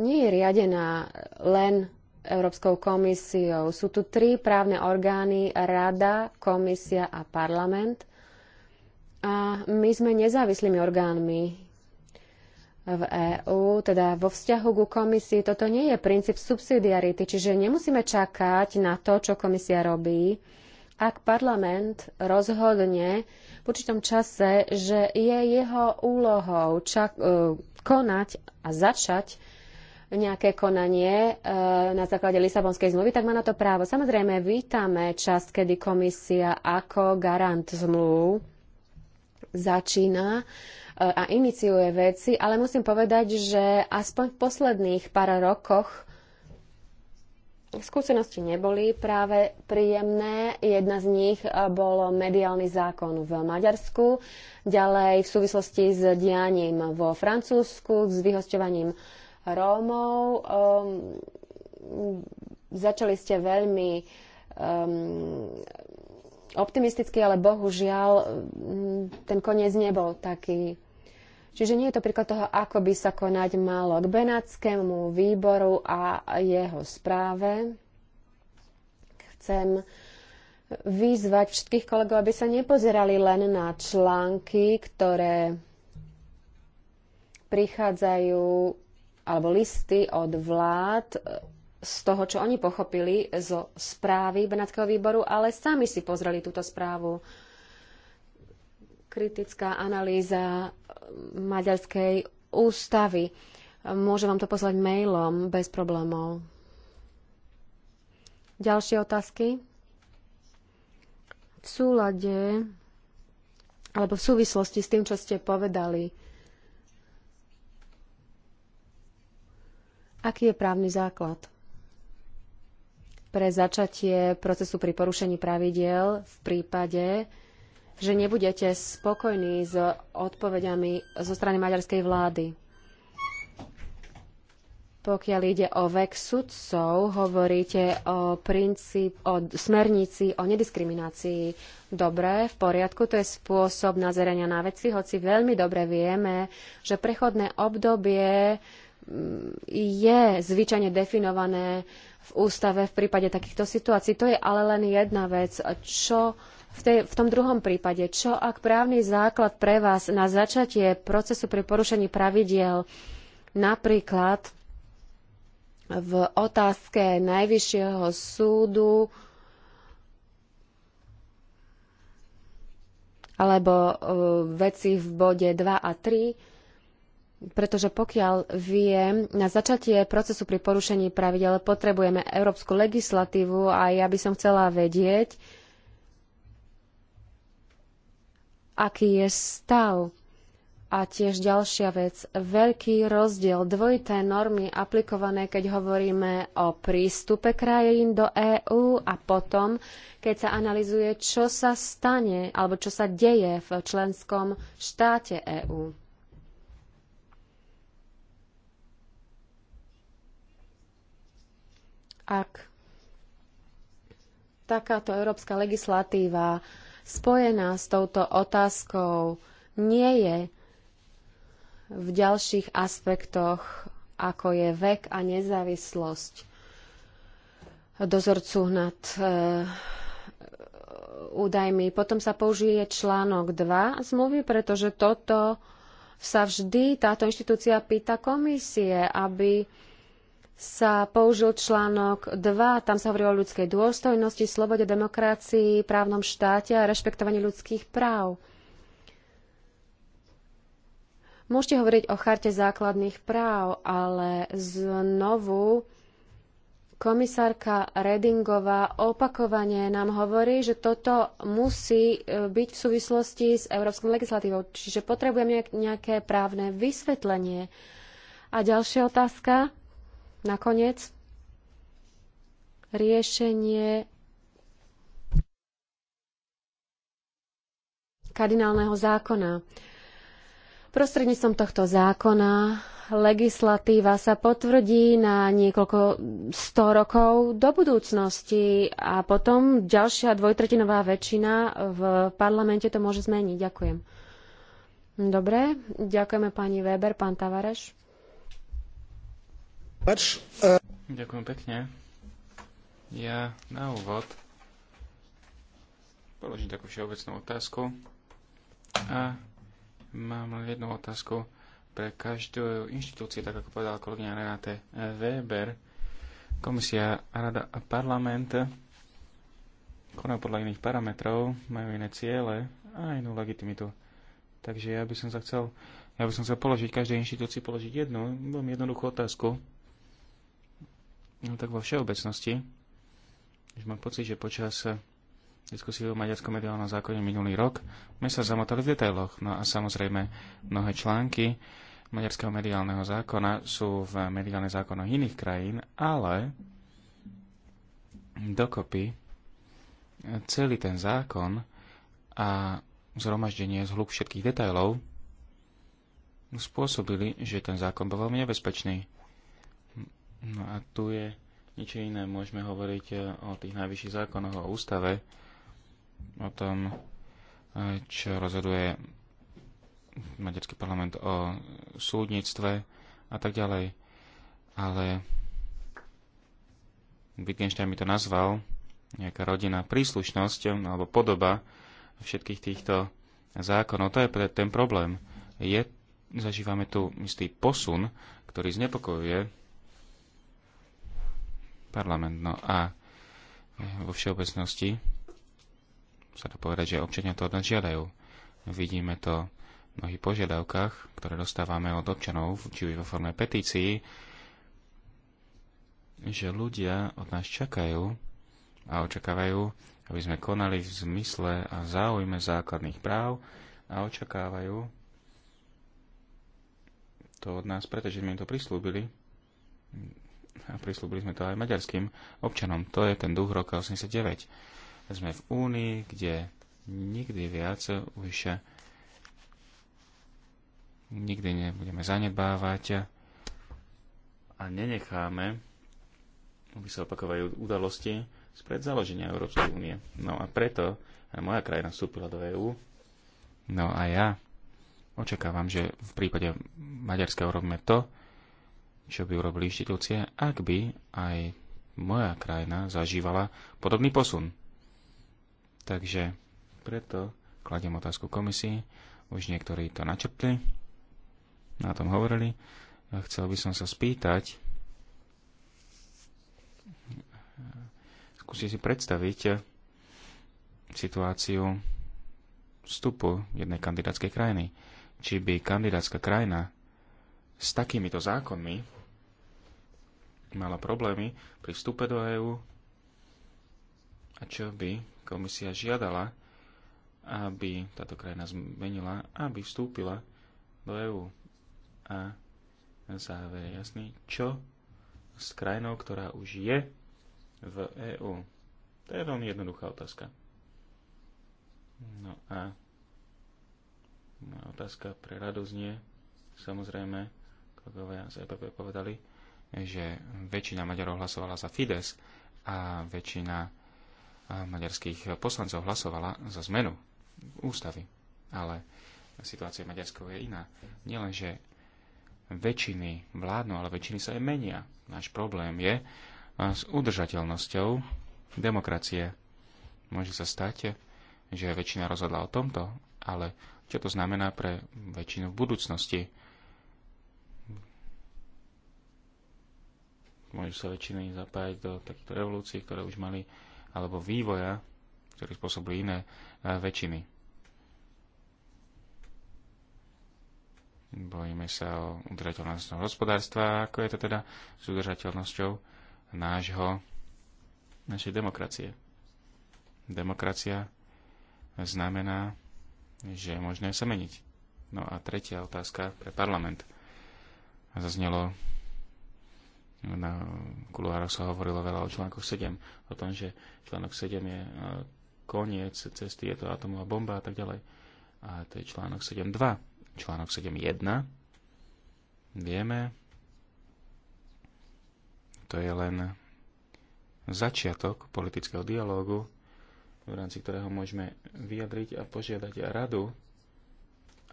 nie je riadená len Európskou komisiou. Sú tu tri právne orgány, Rada, Komisia a Parlament. A my sme nezávislými orgánmi v EÚ, teda vo vzťahu ku komisii. Toto nie je princíp subsidiarity, čiže nemusíme čakať na to, čo komisia robí. Ak parlament rozhodne v určitom čase, že je jeho úlohou čak, uh, konať a začať nejaké konanie e, na základe Lisabonskej zmluvy, tak má na to právo. Samozrejme, vítame čas, kedy komisia ako garant zmluv začína Eh, a iniciuje veci, ale musím povedať, že aspoň v posledných pár rokoch skúsenosti neboli práve príjemné. Jedna z nich eh, bol mediálny zákon v Maďarsku, ďalej v súvislosti s dianím vo Francúzsku, s vyhosťovaním Rómov. Um, začali ste veľmi um, optimisticky, ale bohužiaľ um, ten koniec nebol taký Čiže nie je to príklad toho, ako by sa konať malo k Benátskému výboru a jeho správe. Chcem vyzvať všetkých kolegov, aby sa nepozerali len na články, ktoré prichádzajú, alebo listy od vlád z toho, čo oni pochopili zo správy Benátskeho výboru, ale sami si pozreli túto správu kritická analýza eh, maďarskej ústavy. Môžem vám to poslať mailom bez problémov. Ďalšie otázky? V súlade alebo v súvislosti s tým, čo ste povedali, aký je právny základ pre začatie procesu pri porušení pravidiel v prípade, že nebudete spokojní s odpovediami zo strany maďarskej vlády. Pokiaľ ide o vek sudcov, hovoríte o, princíp, o smernici o nediskriminácii. Dobre, v poriadku, to je spôsob nazerania na veci, hoci veľmi dobre vieme, že prechodné obdobie mm, je zvyčajne definované v ústave v prípade takýchto situácií. To je ale len jedna vec. Čo v, tej, v tom druhom prípade, čo ak právny základ pre vás na začatie procesu pri porušení pravidiel napríklad v otázke Najvyššieho súdu alebo e, veci v bode 2 a 3, pretože pokiaľ viem, na začatie procesu pri porušení pravidel potrebujeme európsku legislatívu a ja by som chcela vedieť, aký je stav. A tiež ďalšia vec, veľký rozdiel, dvojité normy aplikované, keď hovoríme o prístupe krajín do EÚ a potom, keď sa analizuje, čo sa stane alebo čo sa deje v členskom štáte EÚ. Ak takáto európska legislatíva spojená s touto otázkou nie je v ďalších aspektoch, ako je vek a nezávislosť dozorcu nad e, údajmi. Potom sa použije článok 2 zmluvy, pretože toto sa vždy táto inštitúcia pýta komisie, aby sa použil článok 2, tam sa hovorí o ľudskej dôstojnosti, slobode, demokracii, právnom štáte a rešpektovaní ľudských práv. Môžete hovoriť o charte základných práv, ale znovu komisárka Redingová opakovane nám hovorí, že toto musí e, byť v súvislosti s európskou legislatívou. Čiže potrebujeme nejaké právne vysvetlenie. A ďalšia otázka. Nakoniec riešenie kardinálneho zákona. Prostredníctvom tohto zákona legislatíva sa potvrdí na niekoľko sto rokov do budúcnosti a potom ďalšia dvojtretinová väčšina v parlamente to môže zmeniť. Ďakujem. Dobre, ďakujeme pani Weber, pán Tavareš. E, Ďakujem pekne. Ja na úvod položím takú všeobecnú otázku a mám len jednu otázku pre každú inštitúciu, tak ako povedala kolegyňa Renate Weber. Komisia, rada a parlament konajú podľa iných parametrov, majú iné ciele a inú legitimitu. Takže ja by som sa chcel, ja by som chcel položiť každej inštitúcii položiť jednu, veľmi jednoduchú otázku No tak vo všeobecnosti, už mám pocit, že počas diskusie o maďarskom mediálnom zákone minulý rok sme sa zamotali v detailoch. No a samozrejme mnohé články maďarského mediálneho zákona sú v mediálnych zákonoch iných krajín, ale dokopy celý ten zákon a zhromaždenie zhluk všetkých detajlov spôsobili, že ten zákon bol veľmi nebezpečný No a tu je nič iné. Môžeme hovoriť eh, o tých najvyšších zákonoch, o ústave, o tom, eh, čo rozhoduje maďarský parlament o súdnictve a tak ďalej. Ale Wittgenstein mi to nazval nejaká rodina príslušnosť eh, alebo podoba všetkých týchto zákonov. To je ten problém. Je, zažívame tu istý posun, ktorý znepokojuje parlament. No a e, vo všeobecnosti sa dá povedať, že občania to od nás žiadajú. Vidíme to v mnohých požiadavkách, ktoré dostávame od občanov, či už vo forme petícií, že ľudia od nás čakajú a očakávajú, aby sme konali v zmysle a záujme základných práv a očakávajú to od nás, pretože sme im to prislúbili a prislúbili sme to aj maďarským občanom. To je ten duch roka 89. Sme v Únii, kde nikdy viac už nikdy nebudeme zanebávať a nenecháme, aby sa opakovali udalosti spred založenia Európskej únie. No a preto aj moja krajina vstúpila do EÚ. No a ja očakávam, že v prípade Maďarska urobíme to, čo by urobili inštitúcie, ak by aj moja krajina zažívala podobný posun. Takže preto kladiem otázku komisii, už niektorí to načrtli, na tom hovorili. Chcel by som sa spýtať, skúsi si predstaviť situáciu vstupu jednej kandidátskej krajiny. Či by kandidátska krajina s takýmito zákonmi mala problémy pri vstupe do EÚ a čo by komisia žiadala, aby táto krajina zmenila, aby vstúpila do EÚ. A záver je jasný, čo s krajinou, ktorá už je v EÚ. To je veľmi jednoduchá otázka. No a otázka pre radosť nie. Samozrejme, kolegovia z EPP povedali, že väčšina Maďarov hlasovala za Fides a väčšina maďarských poslancov hlasovala za zmenu ústavy. Ale situácia Maďarskou je iná. Nielen, že väčšiny vládnu, ale väčšiny sa aj menia. Náš problém je s udržateľnosťou demokracie. Môže sa stať, že väčšina rozhodla o tomto, ale čo to znamená pre väčšinu v budúcnosti? môžu sa väčšiny zapájať do takýchto revolúcií, ktoré už mali, alebo vývoja, ktorý spôsobujú iné e, väčšiny. Bojíme sa o udržateľnosť hospodárstva, ako je to teda s udržateľnosťou nášho, našej demokracie. Demokracia znamená, že je možné sa meniť. No a tretia otázka pre parlament. Zaznelo na kuloároch sa hovorilo veľa o článku 7, o tom, že článok 7 je e, koniec cesty, je to atomová bomba a tak ďalej. A to je článok 7.2. Článok 7.1 vieme, to je len začiatok politického dialógu, v rámci ktorého môžeme vyjadriť a požiadať radu,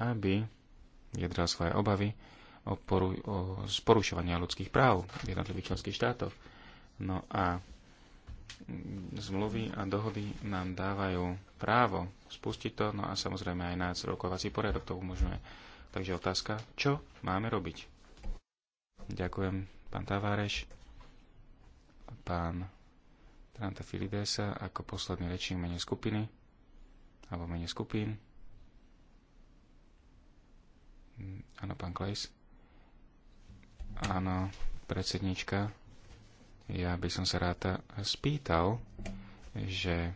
aby vyjadral svoje obavy o, poru, o porušovania ľudských práv v jednotlivých členských štátoch. No a zmluvy a dohody nám dávajú právo spustiť to, no a samozrejme aj nás rokovací poriadok to umožňuje. Takže otázka, čo máme robiť? Ďakujem, pán Tavareš, pán Tranta Filidesa ako posledný rečník mene skupiny, alebo mene skupín. Áno, pán Klejs. Áno, predsednička, ja by som sa rád spýtal, že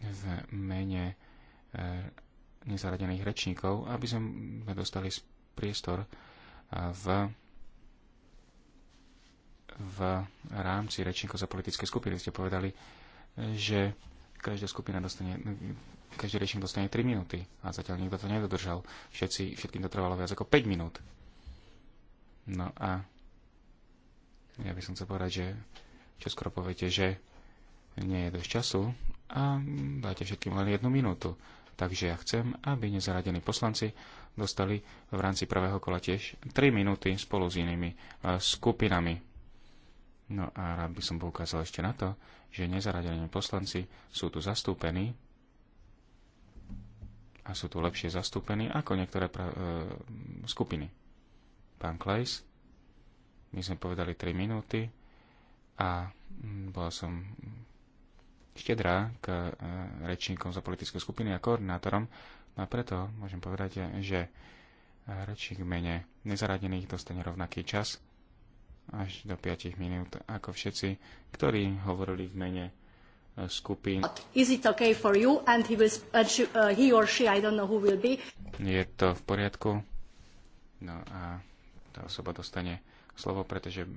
v mene e, nezaradených rečníkov, aby sme dostali priestor e, v, v rámci rečníkov za politické skupiny. Ste povedali, že každá skupina dostane každý rečník dostane 3 minúty a zatiaľ nikto to nedodržal. Všetci, všetkým to trvalo viac ako 5 minút. No a ja by som chcel povedať, že čo skoro poviete, že nie je dosť času a dáte všetkým len jednu minútu. Takže ja chcem, aby nezaradení poslanci dostali v rámci prvého kola tiež 3 minúty spolu s inými e, skupinami. No a rád by som poukázal ešte na to, že nezaradení poslanci sú tu zastúpení a sú tu lepšie zastúpení ako niektoré pra- e, skupiny. Pán Klejs, my sme povedali 3 minúty a mm, bola som štedrá k e, rečníkom za politické skupiny a koordinátorom, no a preto môžem povedať, že e, rečník mene nezaradených dostane rovnaký čas až do 5 minút ako všetci, ktorí hovorili v mene Eh, skupín. Uh, uh, Je to v poriadku? No a tá osoba dostane slovo, pretože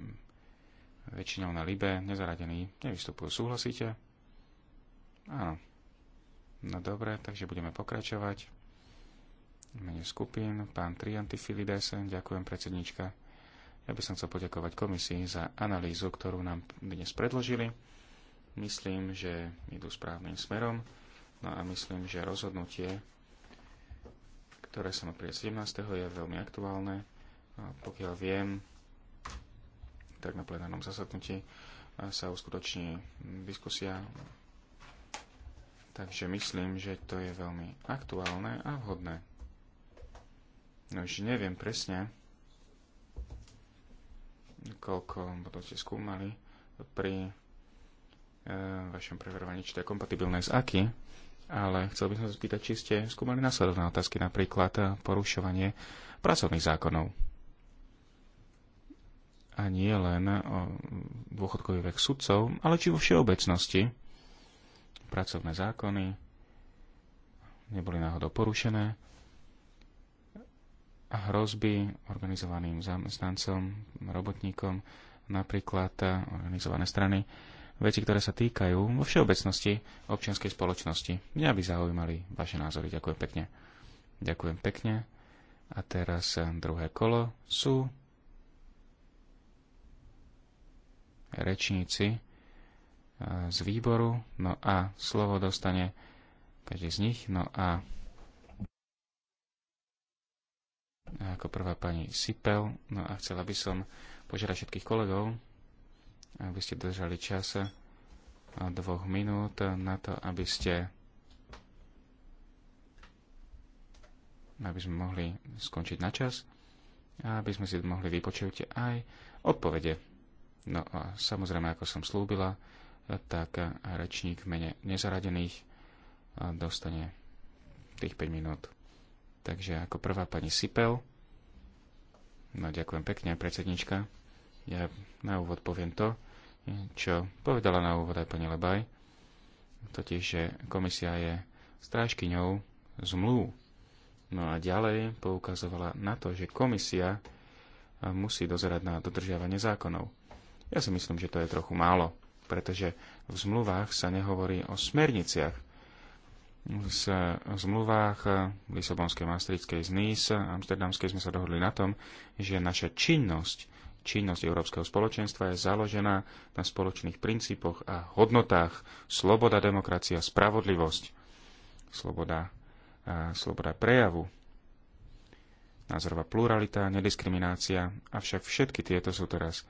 väčšinou na Libe nezaradení nevystupujú. Súhlasíte? Áno. No dobre, takže budeme pokračovať. Mene skupín, pán Triantifilides, ďakujem predsednička. Ja by som chcel poďakovať komisii za analýzu, ktorú nám dnes predložili Myslím, že idú správnym smerom. No a myslím, že rozhodnutie, ktoré sa má 17. je veľmi aktuálne. A pokiaľ viem, tak na plenárnom zasadnutí sa uskutoční diskusia. Takže myslím, že to je veľmi aktuálne a vhodné. No už neviem presne, koľko budú ste skúmali pri Eh, vašom preverovaní, či to je kompatibilné s aký, ale chcel by som sa spýtať, či ste skúmali následovné otázky, napríklad eh, porušovanie pracovných zákonov. A nie len eh, o dôchodkový vek sudcov, ale či vo všeobecnosti pracovné zákony neboli náhodou porušené a hrozby organizovaným zamestnancom, robotníkom, napríklad organizované strany veci, ktoré sa týkajú vo všeobecnosti občianskej spoločnosti. Mňa by zaujímali vaše názory. Ďakujem pekne. Ďakujem pekne. A teraz eh, druhé kolo sú rečníci eh, z výboru. No a slovo dostane každý z nich. No a ako prvá pani Sipel. No a chcela by som požiadať všetkých kolegov, aby ste držali čas dvoch minút na to, aby ste aby sme mohli skončiť na čas a aby sme si mohli vypočuť aj odpovede. No a samozrejme, ako som slúbila, tak rečník mene nezaradených dostane tých 5 minút. Takže ako prvá pani Sipel. No ďakujem pekne, predsednička. Ja na úvod poviem to, čo povedala na úvod aj pani Lebaj, totiž, že komisia je strážkyňou zmluv. No a ďalej poukazovala na to, že komisia musí dozerať na dodržiavanie zákonov. Ja si myslím, že to je trochu málo, pretože v zmluvách sa nehovorí o smerniciach. V zmluvách Lisabonskej, Maastrichtskej z Nice, Amsterdamskej sme sa dohodli na tom, že naša činnosť Činnosť Európskeho spoločenstva je založená na spoločných princípoch a hodnotách sloboda, demokracia, spravodlivosť, sloboda, a sloboda prejavu, názorová pluralita, nediskriminácia, avšak všetky tieto sú teraz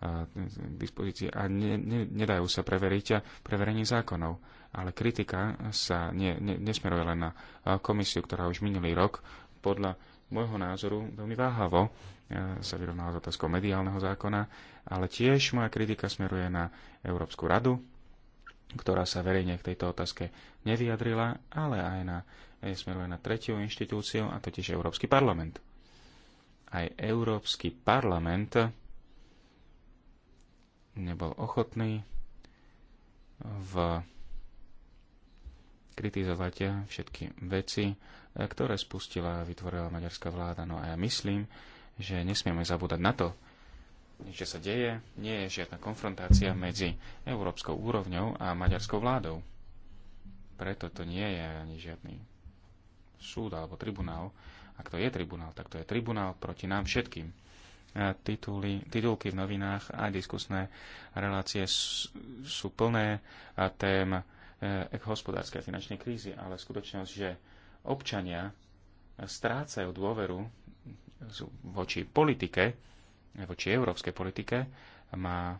v dispozícii a ne, ne, nedajú sa preveriť a preverení zákonov. Ale kritika sa ne, ne, nesmeruje len na komisiu, ktorá už minulý rok podľa môjho názoru veľmi váhavo ja sa vyrovnala s otázkou mediálneho zákona, ale tiež moja kritika smeruje na Európsku radu, ktorá sa verejne k tejto otázke nevyjadrila, ale aj na, e, smeruje na tretiu inštitúciu, a totiž Európsky parlament. Aj Európsky parlament nebol ochotný v kritizovať všetky veci, e, ktoré spustila a vytvorila maďarská vláda. No a ja myslím, že nesmieme zabúdať na to, že sa deje, nie je žiadna konfrontácia medzi európskou úrovňou a maďarskou vládou. Preto to nie je ani žiadny súd alebo tribunál. Ak to je tribunál, tak to je tribunál proti nám všetkým. Tituly, titulky v novinách a diskusné relácie sú plné a tém e, eh, hospodárskej a finančnej krízy, ale skutočnosť, že občania strácajú dôveru voči politike, voči európskej politike, má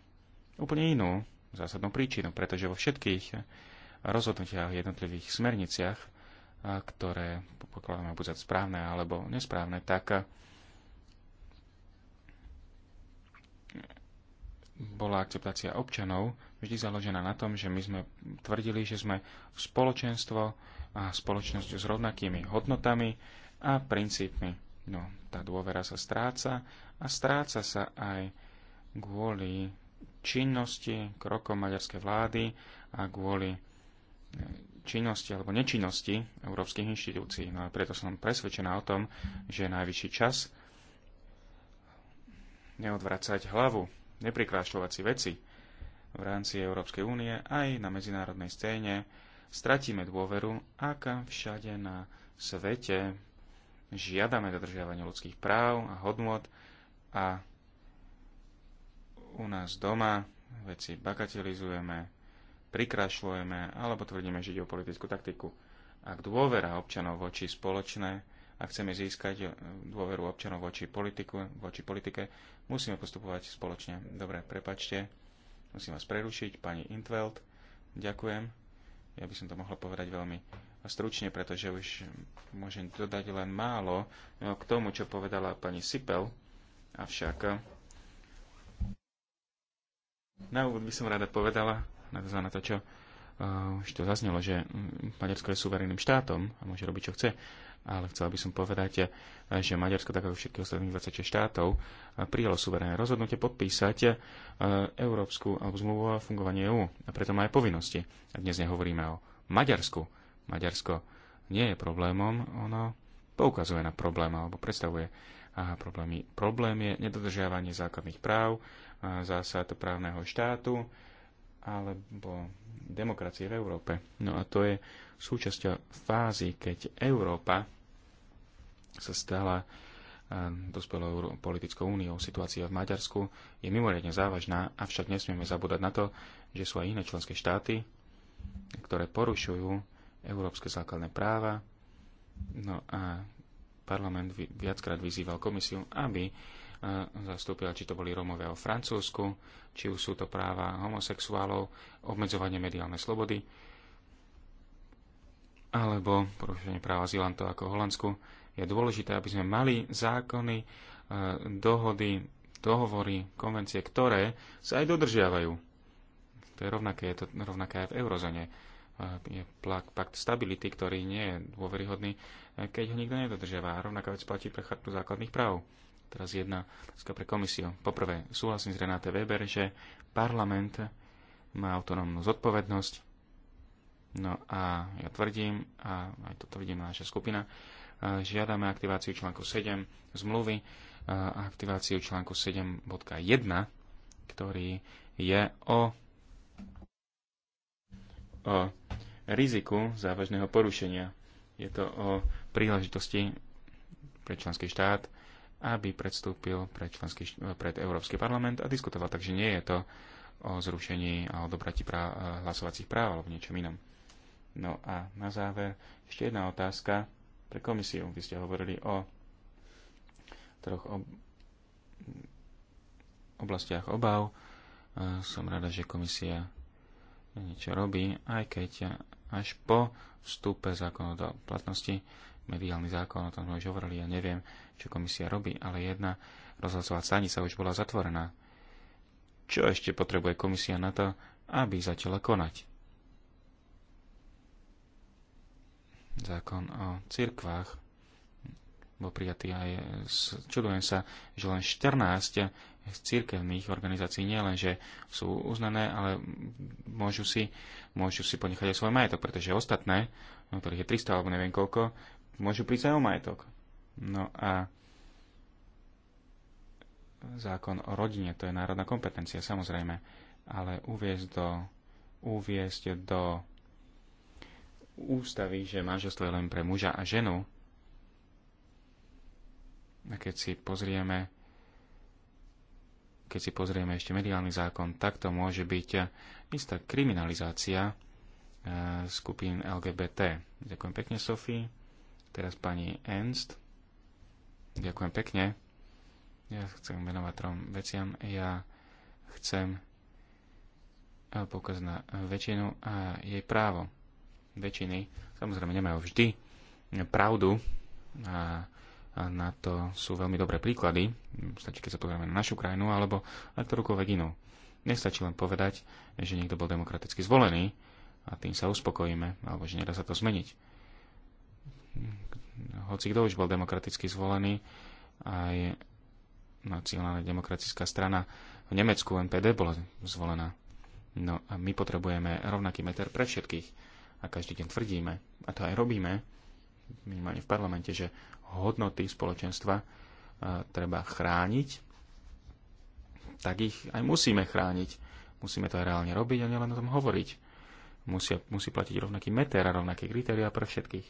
úplne inú zásadnú príčinu, pretože vo všetkých rozhodnutiach jednotlivých smerniciach, ktoré pokladáme buď za správne alebo nesprávne, tak bola akceptácia občanov vždy založená na tom, že my sme tvrdili, že sme spoločenstvo a spoločnosť s rovnakými hodnotami a princípmi. No, tá dôvera sa stráca a stráca sa aj kvôli činnosti, krokom maďarskej vlády a kvôli e, činnosti alebo nečinnosti európskych inštitúcií. No a preto som presvedčená o tom, že je najvyšší čas neodvracať hlavu, neprikrášľovať si veci v rámci Európskej únie aj na medzinárodnej scéne. Stratíme dôveru, ak všade na svete žiadame dodržiavanie ľudských práv a hodnot a u nás doma veci bagatelizujeme, prikrašľujeme alebo tvrdíme, že ide o politickú taktiku. Ak dôvera občanov voči spoločné, ak chceme získať dôveru občanov voči, politiku, voči politike, musíme postupovať spoločne. Dobre, prepačte, musím vás prerušiť. Pani Intveld, ďakujem. Ja by som to mohla povedať veľmi stručne, pretože už môžem dodať len málo no, k tomu, čo povedala pani Sipel. Avšak na úvod by som rada povedala, nadozva na to, čo uh, už to zaznelo, že hm, Maďarsko je suverenným štátom a môže robiť, čo chce, ale chcela by som povedať, eh, že Maďarsko, tak ako všetkých ostatných 26 štátov, eh, prijalo suverénne rozhodnutie podpísať európsku alebo zmluvu o fungovaní EÚ a preto má aj povinnosti. A dnes nehovoríme o Maďarsku, Maďarsko nie je problémom, ono poukazuje na problém alebo predstavuje aha, problémy. Problém je nedodržiavanie základných práv, zásad právneho štátu alebo demokracie v Európe. No a to je súčasťou fázy, keď Európa sa stala ehm, dospelou politickou úniou. Situácia v Maďarsku je mimoriadne závažná, avšak nesmieme zabúdať na to, že sú aj iné členské štáty, ktoré porušujú európske základné práva. No a parlament viackrát vyzýval komisiu, aby e, zastúpila, či to boli Rómovia o Francúzsku, či už sú to práva homosexuálov, obmedzovanie mediálnej slobody, alebo porušenie práva Zilantov ako Holandsku. Je dôležité, aby sme mali zákony, e, dohody, dohovory, konvencie, ktoré sa aj dodržiavajú. To je rovnaké, je to rovnaké aj v eurozóne je pakt stability, ktorý nie je dôveryhodný, keď ho nikto nedodržiava. A rovnaká vec platí pre chartu základných práv. Teraz jedna pre komisiu. Poprvé, súhlasím s Renáte Weber, že parlament má autonómnu zodpovednosť. No a ja tvrdím, a aj toto vidím naša skupina, žiadame aktiváciu článku 7 zmluvy a aktiváciu článku 7.1, ktorý je o, o riziku závažného porušenia. Je to o príležitosti pre členský štát, aby predstúpil pred, členský, pred Európsky parlament a diskutoval. Takže nie je to o zrušení a dobrati práv, hlasovacích práv alebo niečom inom. No a na záver ešte jedna otázka pre komisiu. Vy ste hovorili o troch ob- oblastiach obav. E, som rada, že komisia niečo robí, aj keď až po vstupe zákonu do platnosti, mediálny zákon, o tom sme už hovorili, ja neviem, čo komisia robí, ale jedna rozhlasová stanica už bola zatvorená. Čo ešte potrebuje komisia na to, aby začala konať? Zákon o cirkvách bol prijatý aj, čudujem sa, že len 14 z církevných organizácií nie len, že sú uznané, ale môžu si, môžu si ponechať aj svoj majetok, pretože ostatné, no, ktorých je 300 alebo neviem koľko, môžu prísť aj o majetok. No a zákon o rodine, to je národná kompetencia, samozrejme, ale uviezť do, uviezť do ústavy, že manželstvo je len pre muža a ženu, a keď si pozrieme keď si pozrieme ešte mediálny zákon, tak to môže byť istá kriminalizácia e, skupín LGBT. Ďakujem pekne, Sofie. Teraz pani Ernst. Ďakujem pekne. Ja chcem venovať trom veciam. Ja chcem e, poukaz na väčšinu a jej právo. Väčšiny samozrejme nemajú vždy pravdu a a na to sú veľmi dobré príklady. Stačí, keď sa pozrieme na našu krajinu alebo na ktorúkoľvek inú. Nestačí len povedať, že niekto bol demokraticky zvolený a tým sa uspokojíme, alebo že nedá sa to zmeniť. Hoci kto už bol demokraticky zvolený, aj nacionálna demokratická strana v Nemecku NPD bola zvolená. No a my potrebujeme rovnaký meter pre všetkých. A každý deň tvrdíme, a to aj robíme, minimálne v parlamente, že hodnoty spoločenstva e, treba chrániť, tak ich aj musíme chrániť. Musíme to aj reálne robiť a nielen o tom hovoriť. Musí, musí platiť rovnaký meter a rovnaké kritéria pre všetkých.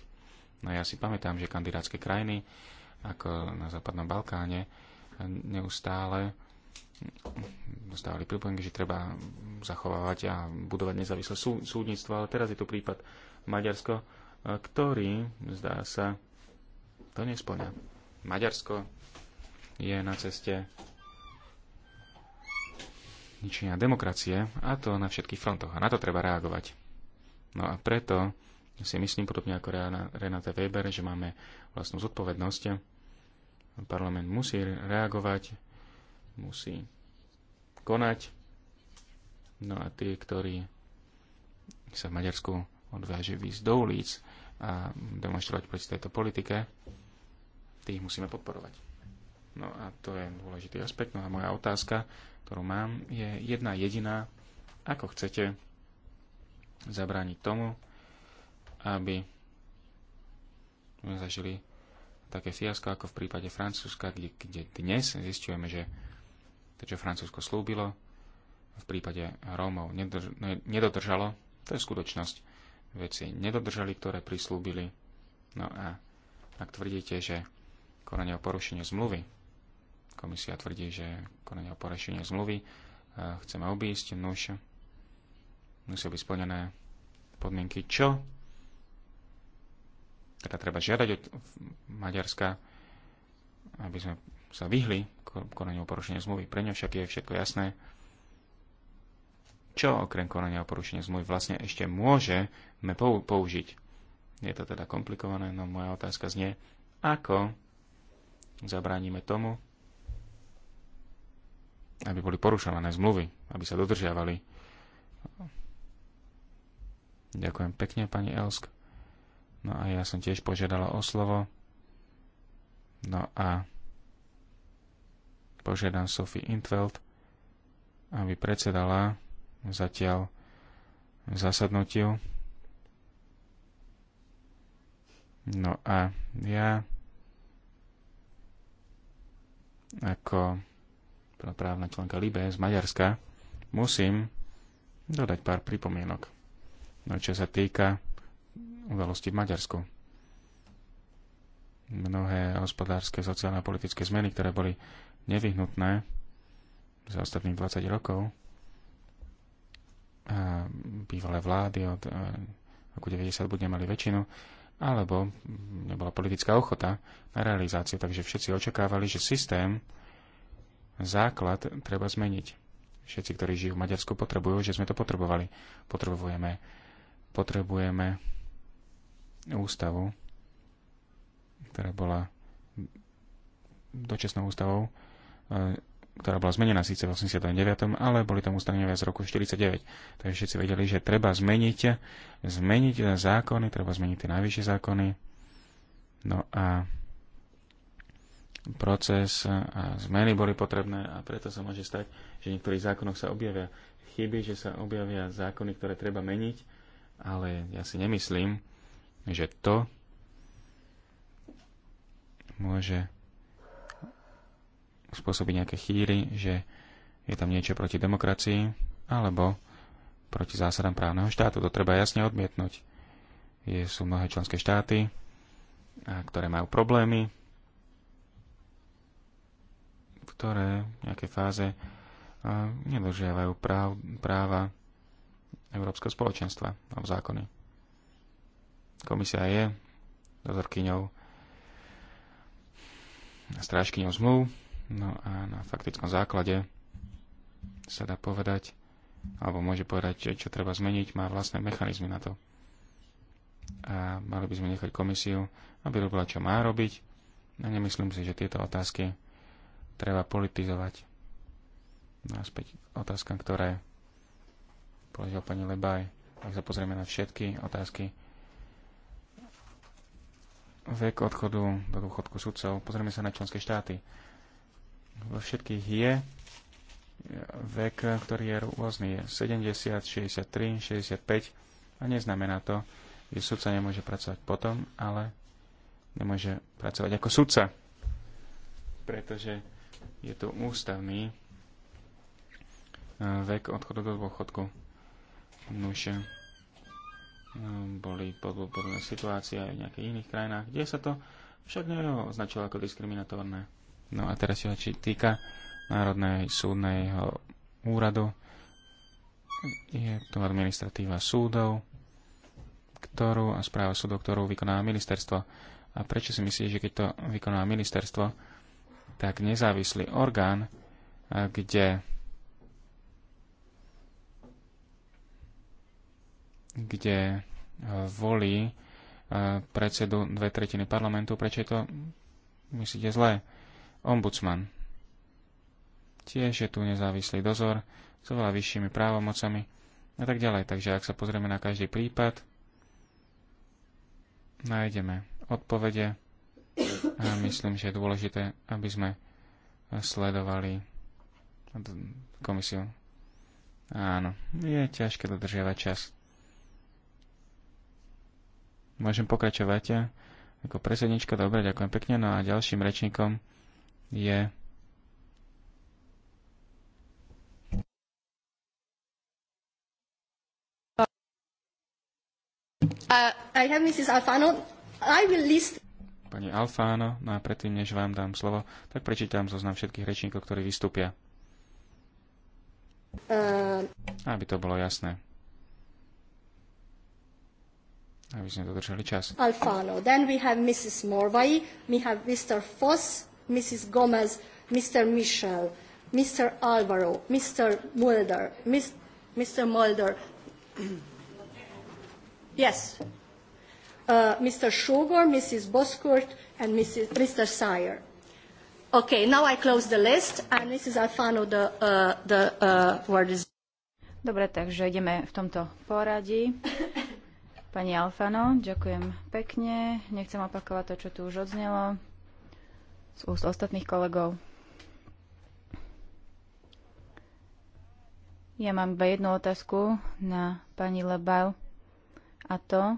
No ja si pamätám, že kandidátske krajiny, ako na Západnom Balkáne, neustále dostávali pripomienky, že treba zachovávať a budovať nezávislé súdnictvo, ale teraz je tu prípad Maďarsko, ktorý, zdá sa, to nesplňa. Maďarsko je na ceste ničenia demokracie a to na všetkých frontoch. A na to treba reagovať. No a preto si myslím, podobne ako Renata Weber, že máme vlastnú zodpovednosť. Parlament musí reagovať, musí konať. No a tí, ktorí sa v Maďarsku odvážia ísť do ulic a demonstrovať proti tejto politike, tých musíme podporovať. No a to je dôležitý aspekt. No a moja otázka, ktorú mám, je jedna jediná. Ako chcete zabrániť tomu, aby sme zažili také fiasko ako v prípade Francúzska, kde, kde dnes zistujeme, že to, čo Francúzsko slúbilo, v prípade Rómov nedodržalo. To je skutočnosť veci nedodržali, ktoré prislúbili. No a ak tvrdíte, že konanie o porušenie zmluvy, komisia tvrdí, že konanie o porušenie zmluvy e, chceme obísť, nuž musia byť splnené podmienky, čo teda treba žiadať od Maďarska, aby sme sa vyhli konaniu porušenia zmluvy. Pre ňa však je všetko jasné, čo okrem konania o porušení zmluv vlastne ešte môžeme použiť. Je to teda komplikované, no moja otázka znie, ako zabránime tomu, aby boli porušované zmluvy, aby sa dodržiavali. Ďakujem pekne, pani Elsk. No a ja som tiež požiadala o slovo. No a požiadam Sophie Intveld, aby predsedala zatiaľ zasadnutiu. No a ja ako právna členka Libe z Maďarska musím dodať pár pripomienok. No čo sa týka udalosti v Maďarsku. Mnohé hospodárske, sociálne a politické zmeny, ktoré boli nevyhnutné za ostatných 20 rokov, bývalé vlády od eh, roku 90 buď nemali väčšinu, alebo nebola politická ochota na realizáciu, takže všetci očakávali, že systém, základ treba zmeniť. Všetci, ktorí žijú v Maďarsku, potrebujú, že sme to potrebovali. Potrebujeme, potrebujeme ústavu, ktorá bola dočasnou ústavou eh, ktorá bola zmenená síce v 89., ale boli tam ustanovenia z roku 49. Takže všetci vedeli, že treba zmeniť, zmeniť zákony, treba zmeniť tie najvyššie zákony. No a proces a zmeny boli potrebné a preto sa môže stať, že v niektorých zákonoch sa objavia chyby, že sa objavia zákony, ktoré treba meniť, ale ja si nemyslím, že to môže spôsobí nejaké chýry, že je tam niečo proti demokracii alebo proti zásadám právneho štátu. To treba jasne odmietnúť. Je, sú mnohé členské štáty, a ktoré majú problémy, ktoré v nejakej fáze nedržiavajú práv, práva Európskeho spoločenstva alebo zákony. Komisia je dozorkyňou a strážkyňou zmluv No a na faktickom základe sa dá povedať, alebo môže povedať, čo, čo treba zmeniť, má vlastné mechanizmy na to. A mali by sme nechať komisiu, aby robila, čo má robiť. A nemyslím si, že tieto otázky treba politizovať. No späť otázka, ktoré položil pani Lebaj. Ak sa pozrieme na všetky otázky, vek odchodu do dôchodku sudcov, pozrieme sa na členské štáty vo všetkých je vek, ktorý je rôzny, je 70, 63, 65 a neznamená to, že sudca nemôže pracovať potom, ale nemôže pracovať ako sudca, pretože je tu ústavný e, vek odchodu do dôchodku. Nuž e, boli podobné situácie aj v nejakých iných krajinách, kde sa to však neoznačilo ako diskriminatórne. No a teraz sa týka Národnej súdneho úradu. Je tu administratíva súdov, ktorú a správa súdov, ktorú vykonáva ministerstvo. A prečo si myslíš, že keď to vykonáva ministerstvo, tak nezávislý orgán, kde kde e, volí e, predsedu dve tretiny parlamentu, prečo je to myslíte zlé? ombudsman. Tiež je tu nezávislý dozor s oveľa vyššími právomocami a tak ďalej. Takže ak sa pozrieme na každý prípad, nájdeme odpovede a myslím, že je dôležité, aby sme sledovali komisiu. Áno, je ťažké dodržiavať čas. Môžem pokračovať ako predsednička. Dobre, ďakujem pekne. No a ďalším rečníkom je Uh, I have Mrs. Alfano. I will list... Pani Alfáno, no a predtým, než vám dám slovo, tak prečítam zoznam všetkých rečníkov, ktorí vystúpia. Uh... Aby to bolo jasné. Aby sme dodržali čas. Alfano. Then we have Mrs. Morvai. we have Mr. Foss, Mrs. Gomez, Mr. Michel, Mr. Alvaro, Mr. Mulder, Ms. Mr. Mulder, [clears throat] yes, uh, Mr. Sugar, Mrs. Boskurt, and Mrs. Mr. Sire. Okay, now I close the list, and Mrs. Alfano, the, uh, the uh, word is... Dobre, takže ideme v tomto poradí. [laughs] Pani Alfano, ďakujem pekne. Nechcem opakovať to, čo tu už odznelo z úst ostatných kolegov. Ja mám iba jednu otázku na pani Lebal a to,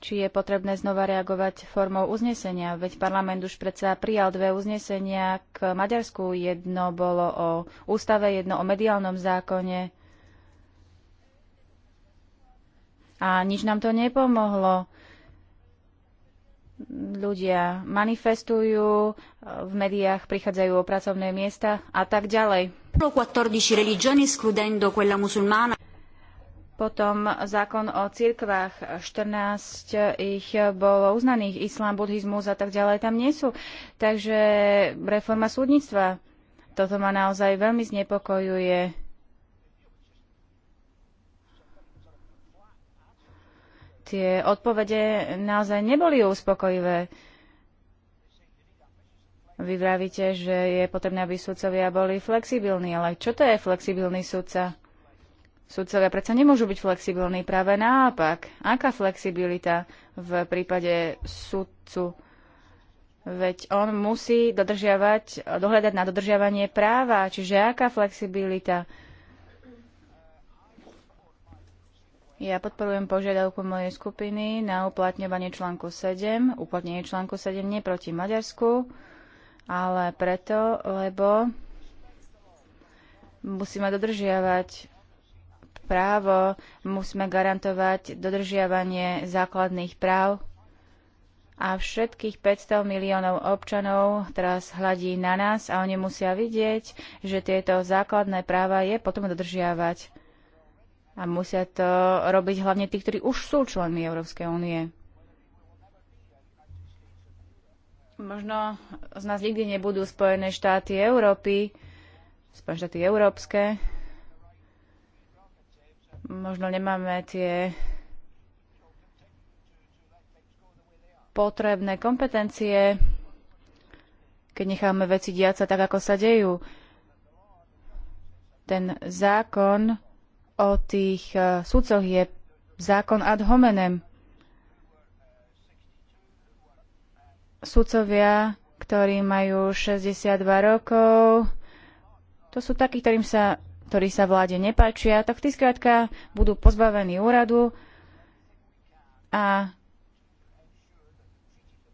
či je potrebné znova reagovať formou uznesenia. Veď parlament už predsa prijal dve uznesenia k Maďarsku. Jedno bolo o ústave, jedno o mediálnom zákone. A nič nám to nepomohlo ľudia manifestujú, e, v médiách prichádzajú o pracovné miesta a tak ďalej. Potom zákon o cirkvách, 14 ich bolo uznaných, islám, buddhizmus a tak ďalej tam nie sú. Takže reforma súdnictva, toto ma naozaj veľmi znepokojuje tie odpovede naozaj neboli uspokojivé. Vy vravíte, že je potrebné, aby sudcovia boli flexibilní, ale čo to je flexibilný sudca? Sudcovia predsa nemôžu byť flexibilní, práve naopak. Aká flexibilita v prípade sudcu? Veď on musí dodržiavať, dohľadať na dodržiavanie práva, čiže aká flexibilita? Ja podporujem požiadavku mojej skupiny na uplatňovanie článku 7, uplatnenie článku 7 nie proti Maďarsku, ale preto, lebo musíme dodržiavať právo, musíme garantovať dodržiavanie základných práv a všetkých 500 miliónov občanov teraz hladí na nás a oni musia vidieť, že tieto základné práva je potom dodržiavať. A musia to robiť hlavne tí, ktorí už sú členmi Európskej únie. Možno z nás nikdy nebudú Spojené štáty Európy, Spojené štáty Európske. Možno nemáme tie potrebné kompetencie, keď necháme veci diať sa tak, ako sa dejú. Ten zákon o tých e, sudcoch je zákon ad hominem. Sudcovia, ktorí majú 62 rokov, to sú takí, ktorým sa, ktorí sa vláde nepáčia, tak tí skrátka budú pozbavení úradu a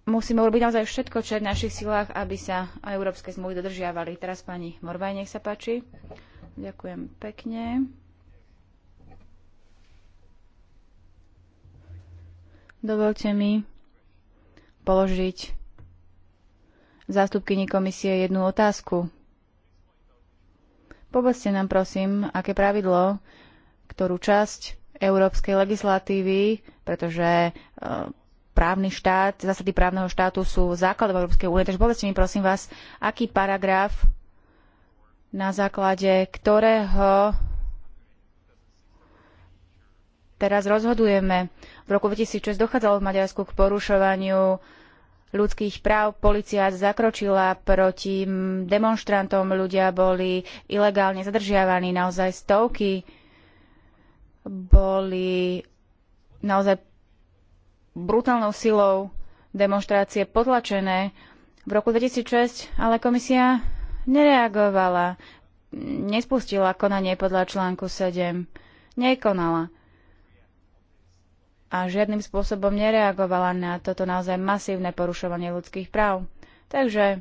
musíme urobiť naozaj všetko, čo je v našich silách, aby sa aj európske zmluvy dodržiavali. Teraz pani Morvaj, nech sa páči. Ďakujem pekne. Dovolte mi položiť zástupkyni komisie jednu otázku. Povedzte nám prosím, aké pravidlo, ktorú časť európskej legislatívy, pretože e, právny štát, zásady právneho štátu sú základom Európskej únie, takže povedzte mi prosím vás, aký paragraf na základe ktorého teraz rozhodujeme. V roku 2006 dochádzalo v Maďarsku k porušovaniu ľudských práv. Polícia zakročila proti demonštrantom, ľudia boli ilegálne zadržiavaní, naozaj stovky boli naozaj brutálnou silou demonstrácie potlačené. V roku 2006 ale komisia nereagovala, nespustila konanie podľa článku 7, nekonala a žiadnym spôsobom nereagovala na toto naozaj masívne porušovanie ľudských práv. Takže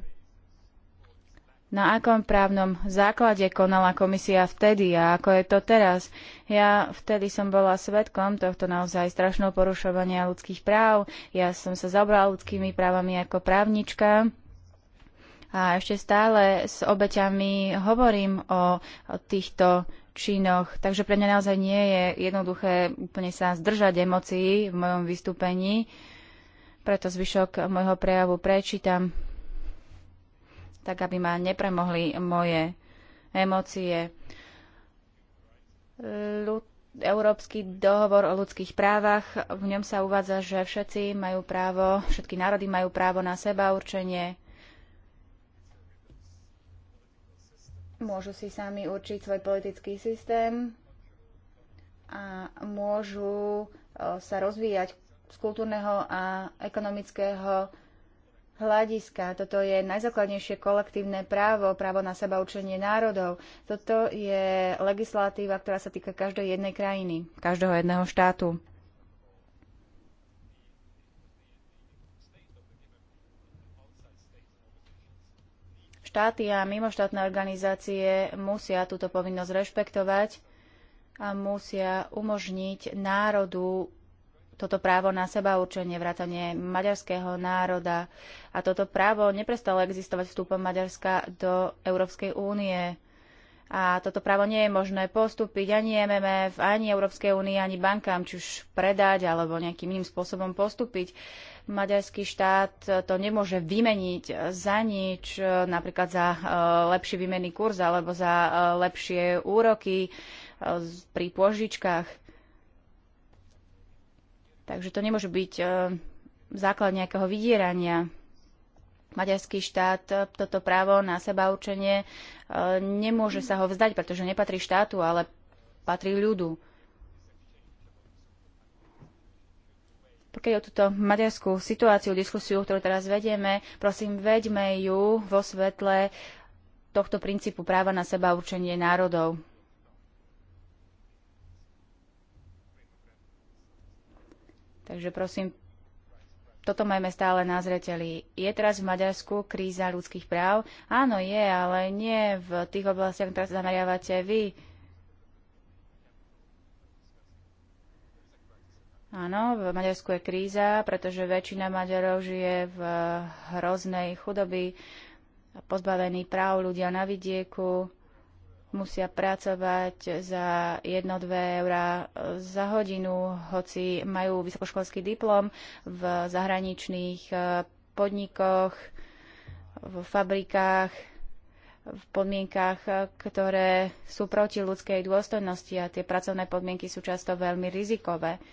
na akom právnom základe konala komisia vtedy a ako je to teraz? Ja vtedy som bola svetkom tohto naozaj strašného porušovania ľudských práv. Ja som sa zaobrala ľudskými právami ako právnička. A ešte stále s obeťami hovorím o, o týchto činoch. Takže pre mňa naozaj nie je jednoduché úplne sa zdržať emócií v mojom vystúpení, preto zvyšok môjho prejavu prečítam, tak aby ma nepremohli moje emócie. Európsky dohovor o ľudských právach. V ňom sa uvádza, že všetci majú právo, všetky národy majú právo na seba určenie, môžu si sami určiť svoj politický systém a môžu e, sa rozvíjať z kultúrneho a ekonomického hľadiska. Toto je najzákladnejšie kolektívne právo, právo na seba učenie národov. Toto je legislatíva, ktorá sa týka každej jednej krajiny, každého jedného štátu. Štáty a mimoštátne organizácie musia túto povinnosť rešpektovať a musia umožniť národu toto právo na seba určenie, vrátanie maďarského národa. A toto právo neprestalo existovať vstupom Maďarska do Európskej únie. A toto právo nie je možné postúpiť ani MMF, ani Európskej únie, ani bankám, či už predať alebo nejakým iným spôsobom postúpiť. Maďarský štát to nemôže vymeniť za nič, napríklad za e, lepší výmenný kurz alebo za e, lepšie úroky e, pri pôžičkách. Takže to nemôže byť základ nejakého vydierania maďarský štát toto právo na seba určenie nemôže sa ho vzdať, pretože nepatrí štátu, ale patrí ľudu. Pokiaľ o túto maďarskú situáciu, diskusiu, ktorú teraz vedieme, prosím, veďme ju vo svetle tohto princípu práva na seba určenie národov. Takže prosím, toto majme stále na zreteli. Je teraz v Maďarsku kríza ľudských práv? Áno, je, ale nie v tých oblastiach, ktoré sa zameriavate vy. Áno, v Maďarsku je kríza, pretože väčšina Maďarov žije v hroznej chudoby, pozbavení práv ľudia na vidieku, musia pracovať za 1-2 eurá za hodinu, hoci majú vysokoškolský diplom v zahraničných e, podnikoch, v fabrikách, v podmienkach, e, ktoré sú proti ľudskej dôstojnosti a tie pracovné podmienky sú často veľmi rizikové.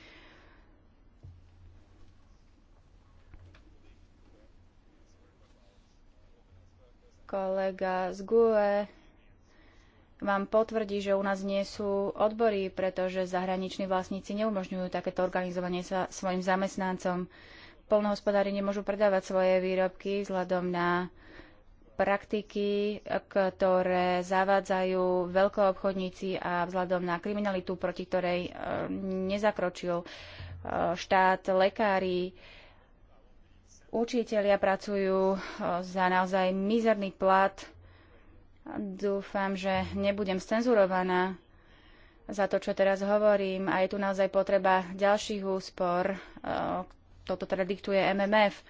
kolega z GUE vám potvrdí, že u nás nie sú odbory, pretože zahraniční vlastníci neumožňujú takéto organizovanie sa svojim zamestnancom. Polnohospodári nemôžu predávať svoje výrobky vzhľadom na praktiky, ktoré zavádzajú veľkoobchodníci a vzhľadom na kriminalitu, proti ktorej eh, nezakročil eh, štát, lekári, Učitelia pracujú e, za naozaj mizerný plat. Dúfam, že nebudem cenzurovaná za to, čo teraz hovorím. A je tu naozaj potreba ďalších úspor. E, toto teda diktuje MMF.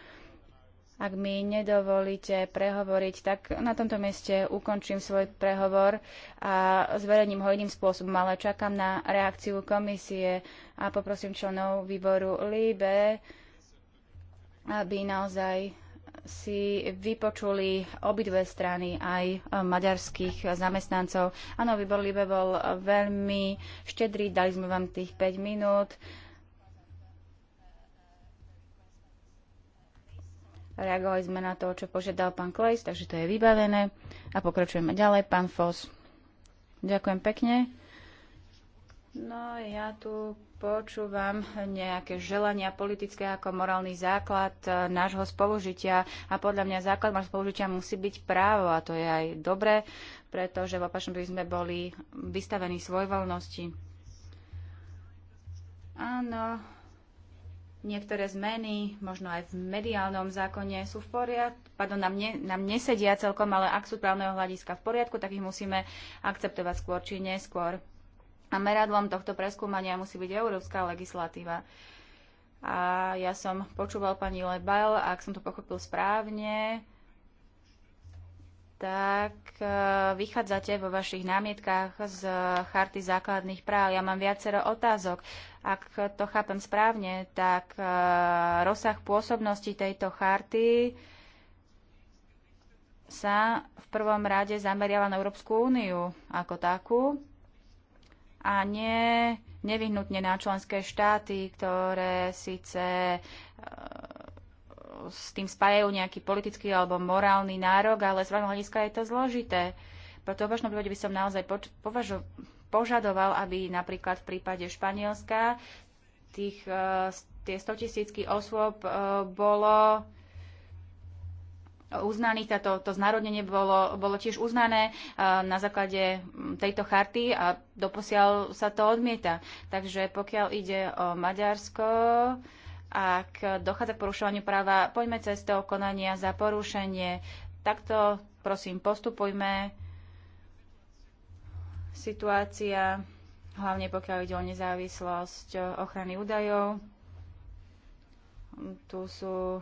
Ak mi nedovolíte prehovoriť, tak na tomto mieste ukončím svoj prehovor a zverejním ho iným spôsobom, ale čakám na reakciu komisie a poprosím členov výboru LIBE, aby naozaj si vypočuli obidve strany, aj eh, maďarských zamestnancov. Áno, výbor Libe bol veľmi štedrý, dali sme vám tých 5 minút. Reagovali sme na to, čo požiadal pán Klejs, takže to je vybavené. A pokračujeme ďalej. Pán Fos. Ďakujem pekne. No, ja tu počúvam nejaké želania politické ako morálny základ e, nášho spolužitia a podľa mňa základ nášho spolužitia musí byť právo a to je aj dobré, pretože v opačnom by sme boli vystavení svojvoľnosti. Áno, niektoré zmeny, možno aj v mediálnom zákone sú v poriadku, pardon, nám, ne, nám nesedia celkom, ale ak sú právneho hľadiska v poriadku, tak ich musíme akceptovať skôr či neskôr. A meradlom tohto preskúmania musí byť európska legislatíva. A ja som počúval pani Lebel, ak som to pochopil správne, tak e, vychádzate vo vašich námietkách z charty základných práv. Ja mám viacero otázok. Ak to chápem správne, tak e, rozsah pôsobnosti tejto charty sa v prvom rade zameriava na Európsku úniu ako takú a nie nevyhnutne na členské štáty, ktoré síce e, s tým spájajú nejaký politický alebo morálny nárok, ale z vášho hľadiska je to zložité. Preto v vašom by som naozaj považo- požadoval, aby napríklad v prípade Španielska tých, e, tie 100 tisícky osôb e, bolo uznaný, Táto, teda to znárodnenie bolo, bolo tiež uznané e, na základe tejto charty a doposiaľ sa to odmieta. Takže pokiaľ ide o Maďarsko, ak dochádza k porušovaniu práva, poďme cestou konania za porušenie. Takto, prosím, postupujme. Situácia, hlavne pokiaľ ide o nezávislosť ochrany údajov. Tu sú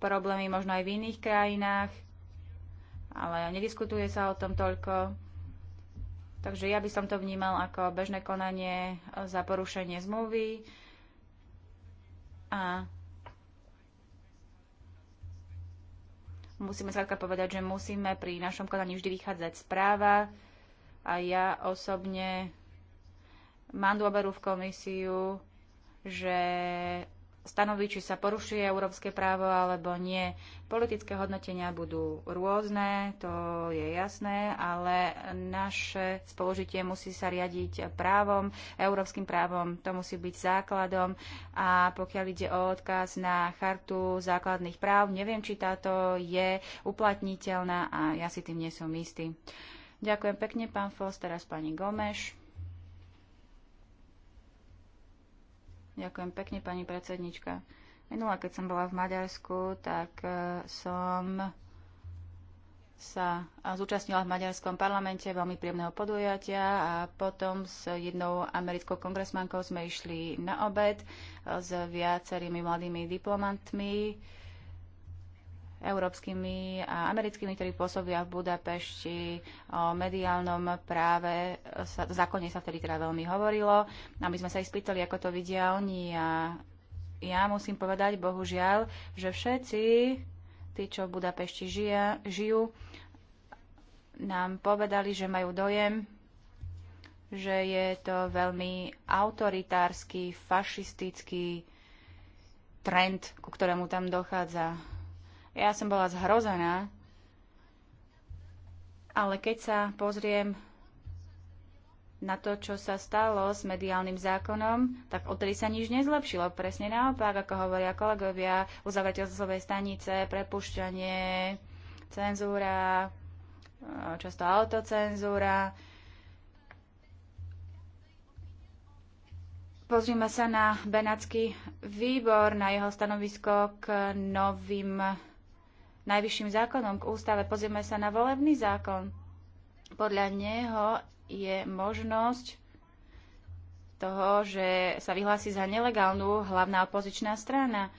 problémy možno aj v iných krajinách, ale nediskutuje sa o tom toľko. Takže ja by som to vnímal ako bežné konanie za porušenie zmluvy a musíme skrátka povedať, že musíme pri našom konaní vždy vychádzať z práva a ja osobne mám dôveru v komisiu, že stanoví, či sa porušuje európske právo alebo nie. Politické hodnotenia budú rôzne, to je jasné, ale naše spoložitie musí sa riadiť právom, európskym právom, to musí byť základom. A pokiaľ ide o odkaz na chartu základných práv, neviem, či táto je uplatniteľná a ja si tým nie som istý. Ďakujem pekne, pán Fos, teraz pani Gomeš. Ďakujem pekne, pani predsednička. Minula, keď som bola v Maďarsku, tak eh, som sa eh, zúčastnila v maďarskom parlamente veľmi príjemného podujatia a potom s jednou americkou kongresmankou sme išli na obed eh, s viacerými mladými diplomantmi európskymi a americkými, ktorí pôsobia v Budapešti. O mediálnom práve sa, zákone sa vtedy teda veľmi hovorilo. A my sme sa ich spýtali, ako to vidia oni. A ja musím povedať, bohužiaľ, že všetci tí, čo v Budapešti žia, žijú, nám povedali, že majú dojem, že je to veľmi autoritársky, fašistický trend, ku ktorému tam dochádza ja som bola zhrozená, ale keď sa pozriem na to, čo sa stalo s mediálnym zákonom, tak odtedy sa nič nezlepšilo. Presne naopak, ako hovoria kolegovia, uzavretie zlovej stanice, prepušťanie, cenzúra, často autocenzúra. Pozrime sa na Benacký výbor, na jeho stanovisko k novým najvyšším zákonom k ústave. Pozrieme sa na volebný zákon. Podľa neho je možnosť toho, že sa vyhlási za nelegálnu hlavná opozičná strana.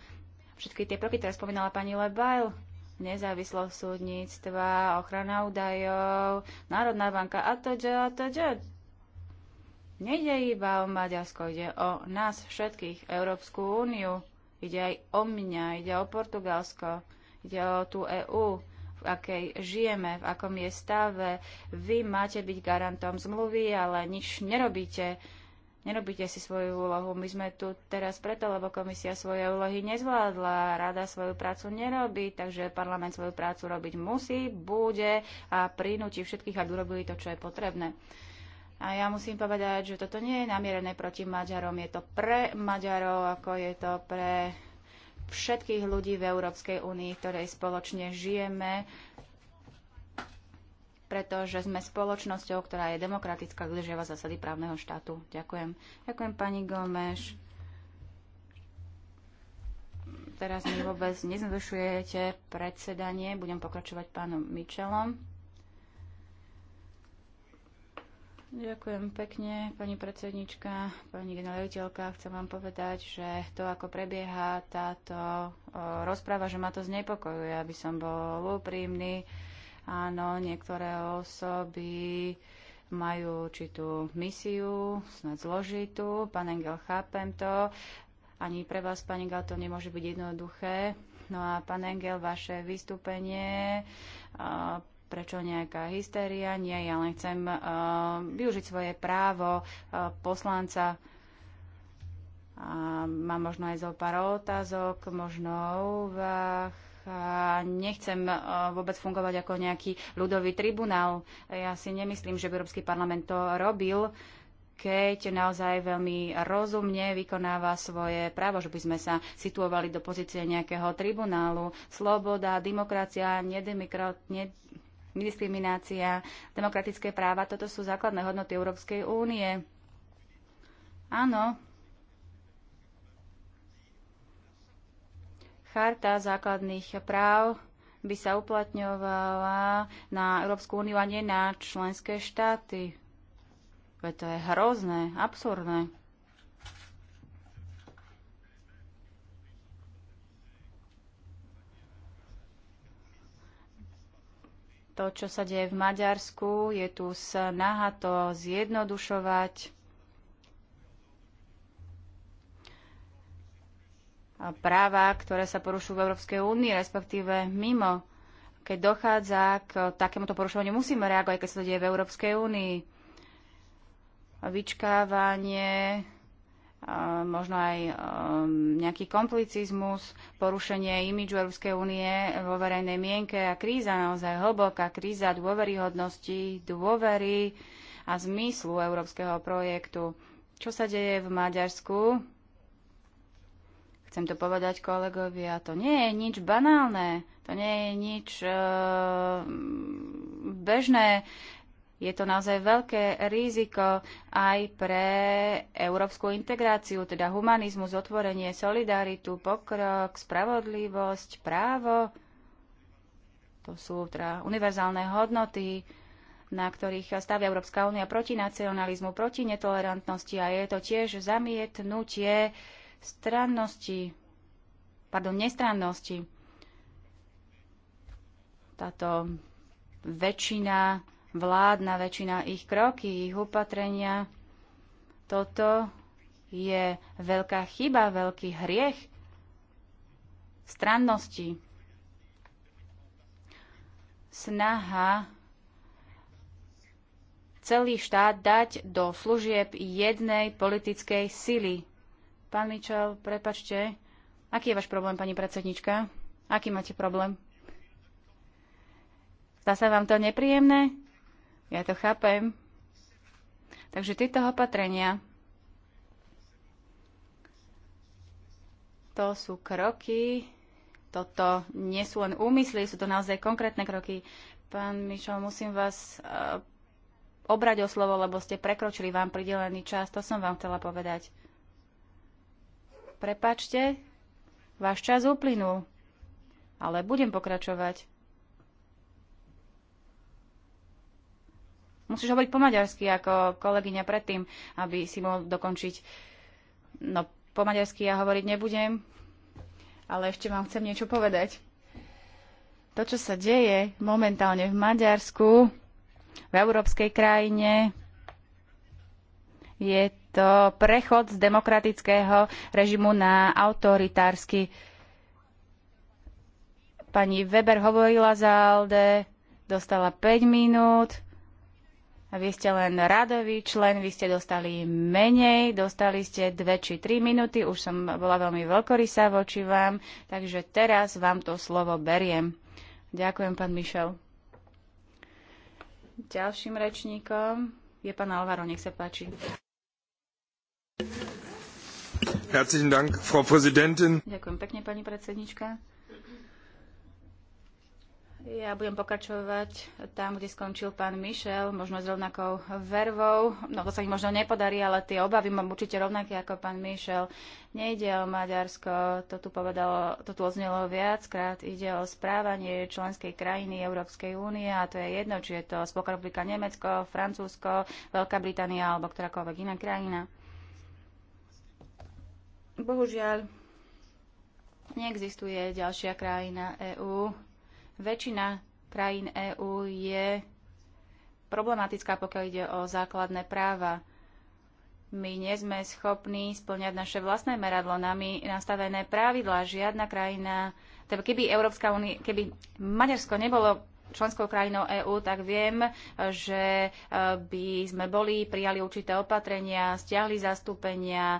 Všetky tie proky, ktoré spomínala pani Lebail, nezávislosť súdnictva, ochrana údajov, Národná banka a to, a to, Nejde iba o Maďarsko, ide o nás všetkých, Európsku úniu, ide aj o mňa, ide o Portugalsko, tú EÚ, v akej žijeme, v akom je stave. Vy máte byť garantom zmluvy, ale nič nerobíte. Nerobíte si svoju úlohu. My sme tu teraz preto, lebo komisia svoje úlohy nezvládla, rada svoju prácu nerobí, takže parlament svoju prácu robiť musí, bude a prinúti všetkých, aby urobili to, čo je potrebné. A ja musím povedať, že toto nie je namierené proti Maďarom. Je to pre Maďarov, ako je to pre všetkých ľudí v Európskej únii, ktorej spoločne žijeme, pretože sme spoločnosťou, ktorá je demokratická, dodržiava zásady právneho štátu. Ďakujem. Ďakujem pani Gomeš. Teraz mi vôbec nezadušujete predsedanie. Budem pokračovať pánom Mičelom. Ďakujem pekne, pani predsednička, pani generaliteľka. Chcem vám povedať, že to, ako prebieha táto rozpráva, že ma to znepokojuje, aby som bol úprimný. Áno, niektoré osoby majú určitú misiu, snad zložitú. Pán Engel, chápem to. Ani pre vás, pani Gal, to nemôže byť jednoduché. No a pán Engel, vaše vystúpenie prečo nejaká hystéria. Nie, ja len chcem uh, využiť svoje právo uh, poslanca. A mám možno aj zo pár otázok, možno úvah. A nechcem eh, vôbec fungovať ako nejaký ľudový tribunál. Ja si nemyslím, že by Európsky parlament to robil keď naozaj veľmi rozumne vykonáva svoje právo, že by sme sa situovali do pozície nejakého tribunálu. Sloboda, demokracia, nedemokracia nediskriminácia, demokratické práva, toto sú základné hodnoty Európskej únie. Áno, charta základných práv by sa uplatňovala na Európsku úniu a nie na členské štáty. Veď to je hrozné, absurdné. to, čo sa deje v Maďarsku. Je tu snaha to zjednodušovať. práva, ktoré sa porušujú v Európskej únii, respektíve mimo. Keď dochádza k takémuto porušovaniu, musíme reagovať, keď sa to deje v Európskej únii. Vyčkávanie, možno aj um, nejaký komplicizmus, porušenie imidžu Európskej únie vo verejnej mienke a kríza, naozaj hlboká kríza dôveryhodnosti, dôvery a zmyslu európskeho projektu. Čo sa deje v Maďarsku? Chcem to povedať kolegovia, to nie je nič banálne, to nie je nič uh, bežné. Je to naozaj veľké riziko aj pre európsku integráciu, teda humanizmus, otvorenie, solidaritu, pokrok, spravodlivosť, právo. To sú teda univerzálne hodnoty, na ktorých stavia Európska únia proti nacionalizmu, proti netolerantnosti a je to tiež zamietnutie strannosti, pardon, nestrannosti. Táto väčšina vládna väčšina ich kroky, ich opatrenia. Toto je veľká chyba, veľký hriech strannosti. Snaha celý štát dať do služieb jednej politickej sily. Pán Mičel, prepačte, aký je váš problém, pani predsednička? Aký máte problém? Zdá sa vám to nepríjemné? Ja to chápem. Takže tieto opatrenia, to sú kroky, toto nie sú len úmysly, sú to naozaj konkrétne kroky. Pán Mišo, musím vás uh, obrať o slovo, lebo ste prekročili vám pridelený čas. To som vám chcela povedať. Prepačte, váš čas uplynul, ale budem pokračovať. Musíš hovoriť po maďarsky, ako kolegyňa predtým, aby si mohol dokončiť. No, po maďarsky ja hovoriť nebudem, ale ešte vám chcem niečo povedať. To, čo sa deje momentálne v Maďarsku, v európskej krajine, je to prechod z demokratického režimu na autoritársky. Pani Weber hovorila za ALDE, dostala 5 minút vy ste len radový člen, vy ste dostali menej, dostali ste dve či tri minúty, už som bola veľmi veľkorysá voči vám, takže teraz vám to slovo beriem. Ďakujem, pán Mišel. Ďalším rečníkom je pán Alvaro, nech sa páči. Herzlichen Dank, Frau Präsidentin. Ďakujem pekne, pani predsednička. Ja budem pokračovať tam, kde skončil pán Mišel, možno s rovnakou vervou. No to sa im možno nepodarí, ale tie obavy mám určite rovnaké ako pán Mišel. Nejde o Maďarsko, to tu, povedalo, to tu oznelo viackrát. Ide o správanie členskej krajiny Európskej únie a to je jedno, či je to Spolková Nemecko, Francúzsko, Veľká Británia alebo ktorákoľvek iná krajina. Bohužiaľ, neexistuje ďalšia krajina EÚ, väčšina krajín EÚ je problematická, pokiaľ ide o základné práva. My nie sme schopní splňať naše vlastné meradlo, nami nastavené pravidlá. Žiadna krajina, teda keby Európska únia, keby Maďarsko nebolo členskou krajinou EÚ, tak viem, že e, by sme boli, prijali určité opatrenia, stiahli zastúpenia, e,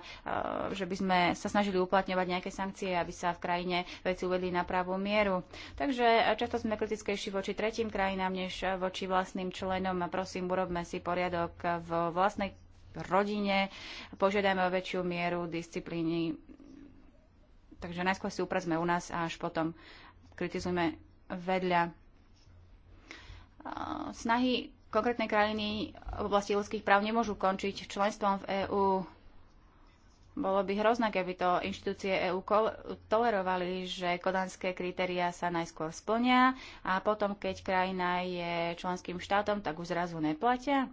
že by sme sa snažili uplatňovať nejaké sankcie, aby sa v krajine veci uvedli na pravú mieru. Takže e, často sme kritickejší voči tretím krajinám, než voči vlastným členom a prosím, urobme si poriadok v vlastnej rodine, požiadajme o väčšiu mieru disciplíny. Takže najskôr si upracme u nás a až potom kritizujme vedľa snahy konkrétnej krajiny v oblasti ľudských práv nemôžu končiť členstvom v EÚ. Bolo by hrozné, keby to inštitúcie EÚ tolerovali, že kodanské kritéria sa najskôr splnia a potom, keď krajina je členským štátom, tak už zrazu neplatia.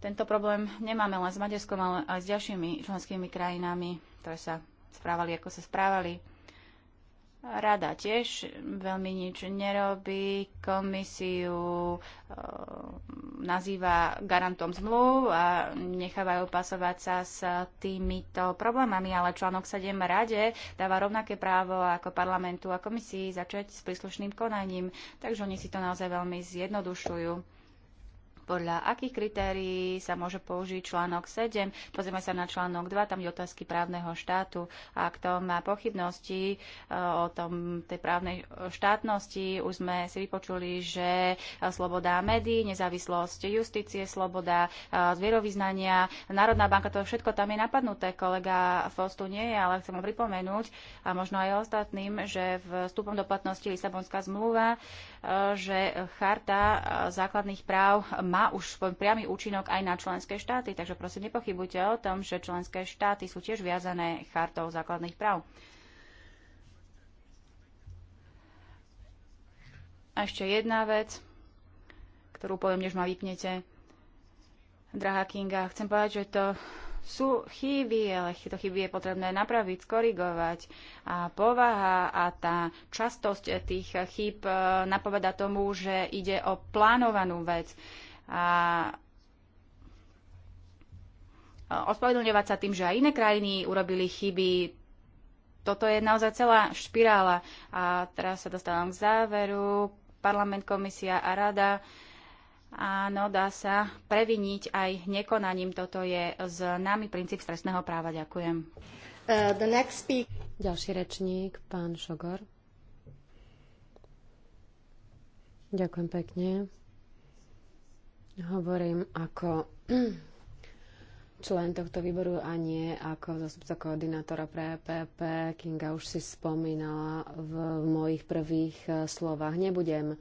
Tento problém nemáme len s Maďarskom, ale aj s ďalšími členskými krajinami, ktoré sa správali, ako sa správali. Rada tiež veľmi nič nerobí, komisiu e, nazýva garantom zmluv a nechávajú pasovať sa s týmito problémami, ale článok 7 Rade dáva rovnaké právo ako parlamentu a komisii začať s príslušným konaním, takže oni si to naozaj veľmi zjednodušujú podľa akých kritérií sa môže použiť článok 7. Pozrieme sa na článok 2, tam je otázky právneho štátu. A ak to má pochybnosti e, o tom tej právnej štátnosti, už sme si vypočuli, že e, sloboda médií, nezávislosť justície, sloboda e, zvierovýznania, Národná banka, to všetko tam je napadnuté. Kolega Fostu nie je, ale chcem mu pripomenúť a možno aj ostatným, že vstupom do platnosti Lisabonská zmluva že charta základných práv má už svoj priamy účinok aj na členské štáty, takže prosím nepochybujte o tom, že členské štáty sú tiež viazané chartou základných práv. A ešte jedna vec, ktorú poviem, než ma vypnete. Drahá Kinga, chcem povedať, že to sú chyby, ale tieto chyby je potrebné napraviť, skorigovať. A povaha a tá častosť tých chýb e, napoveda tomu, že ide o plánovanú vec. A e, ospravedlňovať sa tým, že aj iné krajiny urobili chyby, toto je naozaj celá špirála. A teraz sa dostávam k záveru. Parlament, komisia a rada uh, Áno, dá sa previniť aj nekonaním. Toto je nami princíp stresného práva. Ďakujem. Uh, the next speak... Ďalší rečník, pán Šogor. Ďakujem pekne. Hovorím ako člen tohto výboru a nie ako zastupca koordinátora pre PP. E Kinga už si spomínala v, v mojich prvých eh, slovách. Nebudem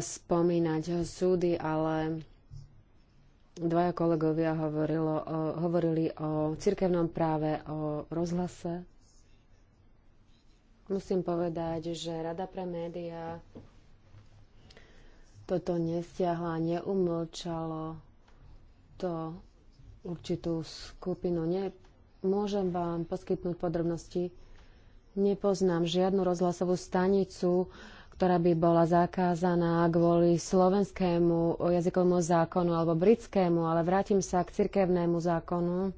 spomínať súdy, ale dvaja kolegovia hovorilo o, hovorili o cirkevnom práve, o rozhlase. Musím povedať, že Rada pre médiá toto nestiahla, neumlčalo to určitú skupinu. Môžem vám poskytnúť podrobnosti. Nepoznám žiadnu rozhlasovú stanicu, ktorá by bola zakázaná kvôli slovenskému jazykovému zákonu alebo britskému, ale vrátim sa k cirkevnému zákonu.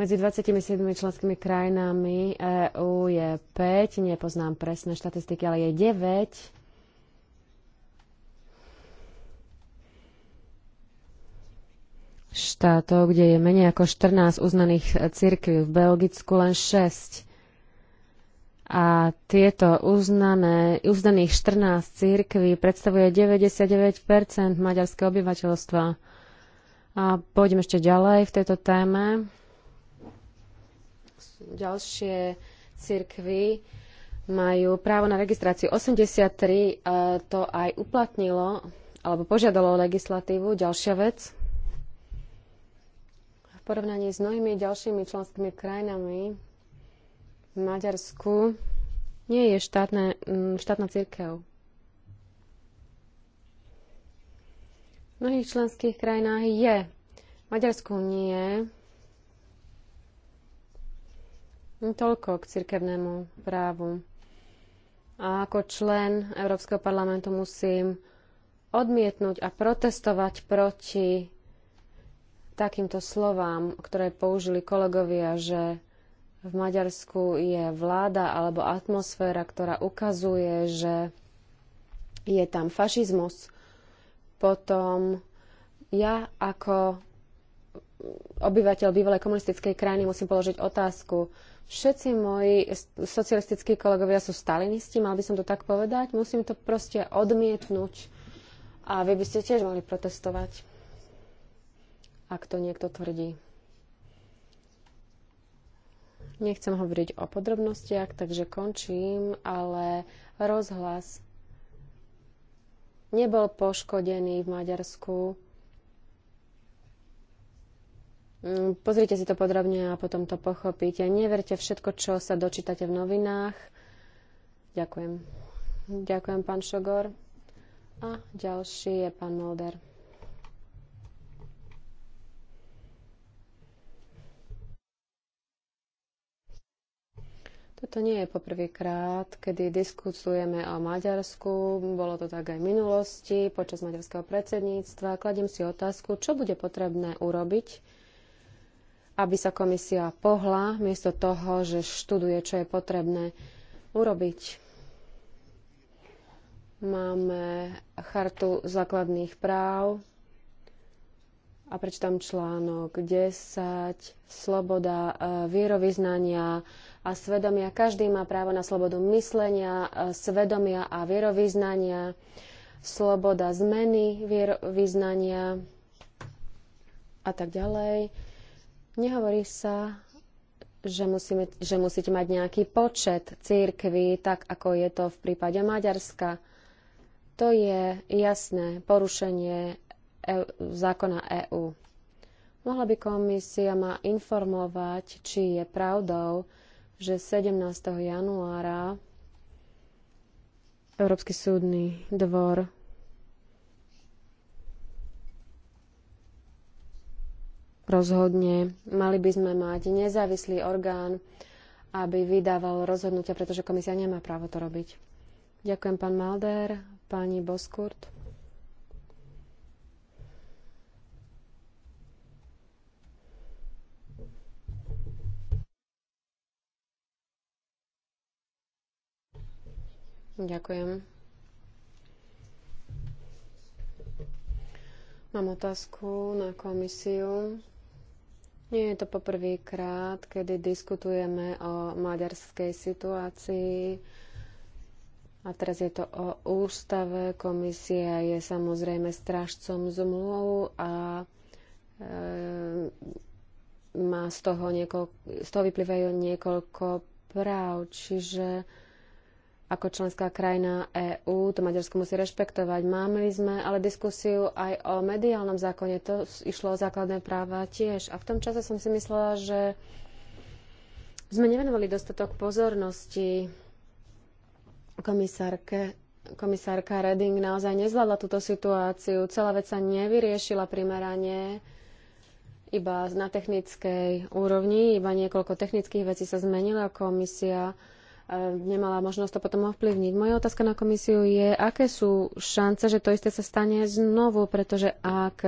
Medzi 27 členskými krajinami EÚ je 5, nepoznám presné štatistiky, ale je 9 štátov, kde je menej ako 14 uznaných cirkví, v Belgicku len 6 a tieto uznané, uznaných 14 církví predstavuje 99 maďarského obyvateľstva. A pôjdem ešte ďalej v tejto téme. Ďalšie církvy majú právo na registráciu. 83 e, to aj uplatnilo alebo požiadalo o legislatívu. Ďalšia vec. V porovnaní s mnohými ďalšími členskými krajinami v Maďarsku nie je štátne, mm, štátna církev. V mnohých členských krajinách je. V Maďarsku nie. Toľko k cirkevnému právu. A ako člen Európskeho parlamentu musím odmietnúť a protestovať proti takýmto slovám, ktoré použili kolegovia, že v Maďarsku je vláda alebo atmosféra, ktorá ukazuje, že je tam fašizmus, potom ja ako obyvateľ bývalej komunistickej krajiny musím položiť otázku. Všetci moji socialistickí kolegovia sú stalinisti, mal by som to tak povedať, musím to proste odmietnúť. A vy by ste tiež mohli protestovať, ak to niekto tvrdí. Nechcem hovoriť o podrobnostiach, takže končím, ale rozhlas nebol poškodený v Maďarsku. Mm, pozrite si to podrobne a potom to pochopíte. Neverte všetko, čo sa dočítate v novinách. Ďakujem. Ďakujem, pán Šogor. A ďalší je pán Molder. Toto nie je poprvýkrát, kedy diskutujeme o Maďarsku. Bolo to tak aj v minulosti, počas maďarského predsedníctva. Kladím si otázku, čo bude potrebné urobiť, aby sa komisia pohla, miesto toho, že študuje, čo je potrebné urobiť. Máme chartu základných práv a prečítam článok 10, sloboda e, vierovýznania, a svedomia. Každý má právo na slobodu myslenia, e, svedomia a vierovýznania, sloboda zmeny vierovýznania a tak ďalej. Nehovorí sa, že, musíme, že musíte mať nejaký počet církvy, tak ako je to v prípade Maďarska. To je jasné porušenie EU, zákona EÚ. Mohla by komisia ma informovať, či je pravdou, že 17. januára Európsky súdny dvor rozhodne. Mali by sme mať nezávislý orgán, aby vydával rozhodnutia, pretože komisia nemá právo to robiť. Ďakujem, pán Malder, pani Boskurt. Ďakujem. Mám otázku na komisiu. Nie je to poprvýkrát, kedy diskutujeme o maďarskej situácii. A teraz je to o ústave. Komisia je samozrejme strážcom zmluv a e, má z toho, niekoľko, z toho vyplývajú niekoľko práv. Čiže e, ako členská krajina EÚ, to Maďarsko musí rešpektovať. Máme sme ale diskusiu aj o mediálnom zákone, to išlo o základné práva tiež. A v tom čase som si myslela, že sme nevenovali dostatok pozornosti komisárke komisárka Reding naozaj nezvládla túto situáciu. Celá vec sa nevyriešila primerane iba na technickej úrovni, iba niekoľko technických vecí sa zmenila komisia E, nemala možnosť to potom ovplyvniť. Moja otázka na komisiu je, aké sú šance, že to isté sa stane znovu, pretože ak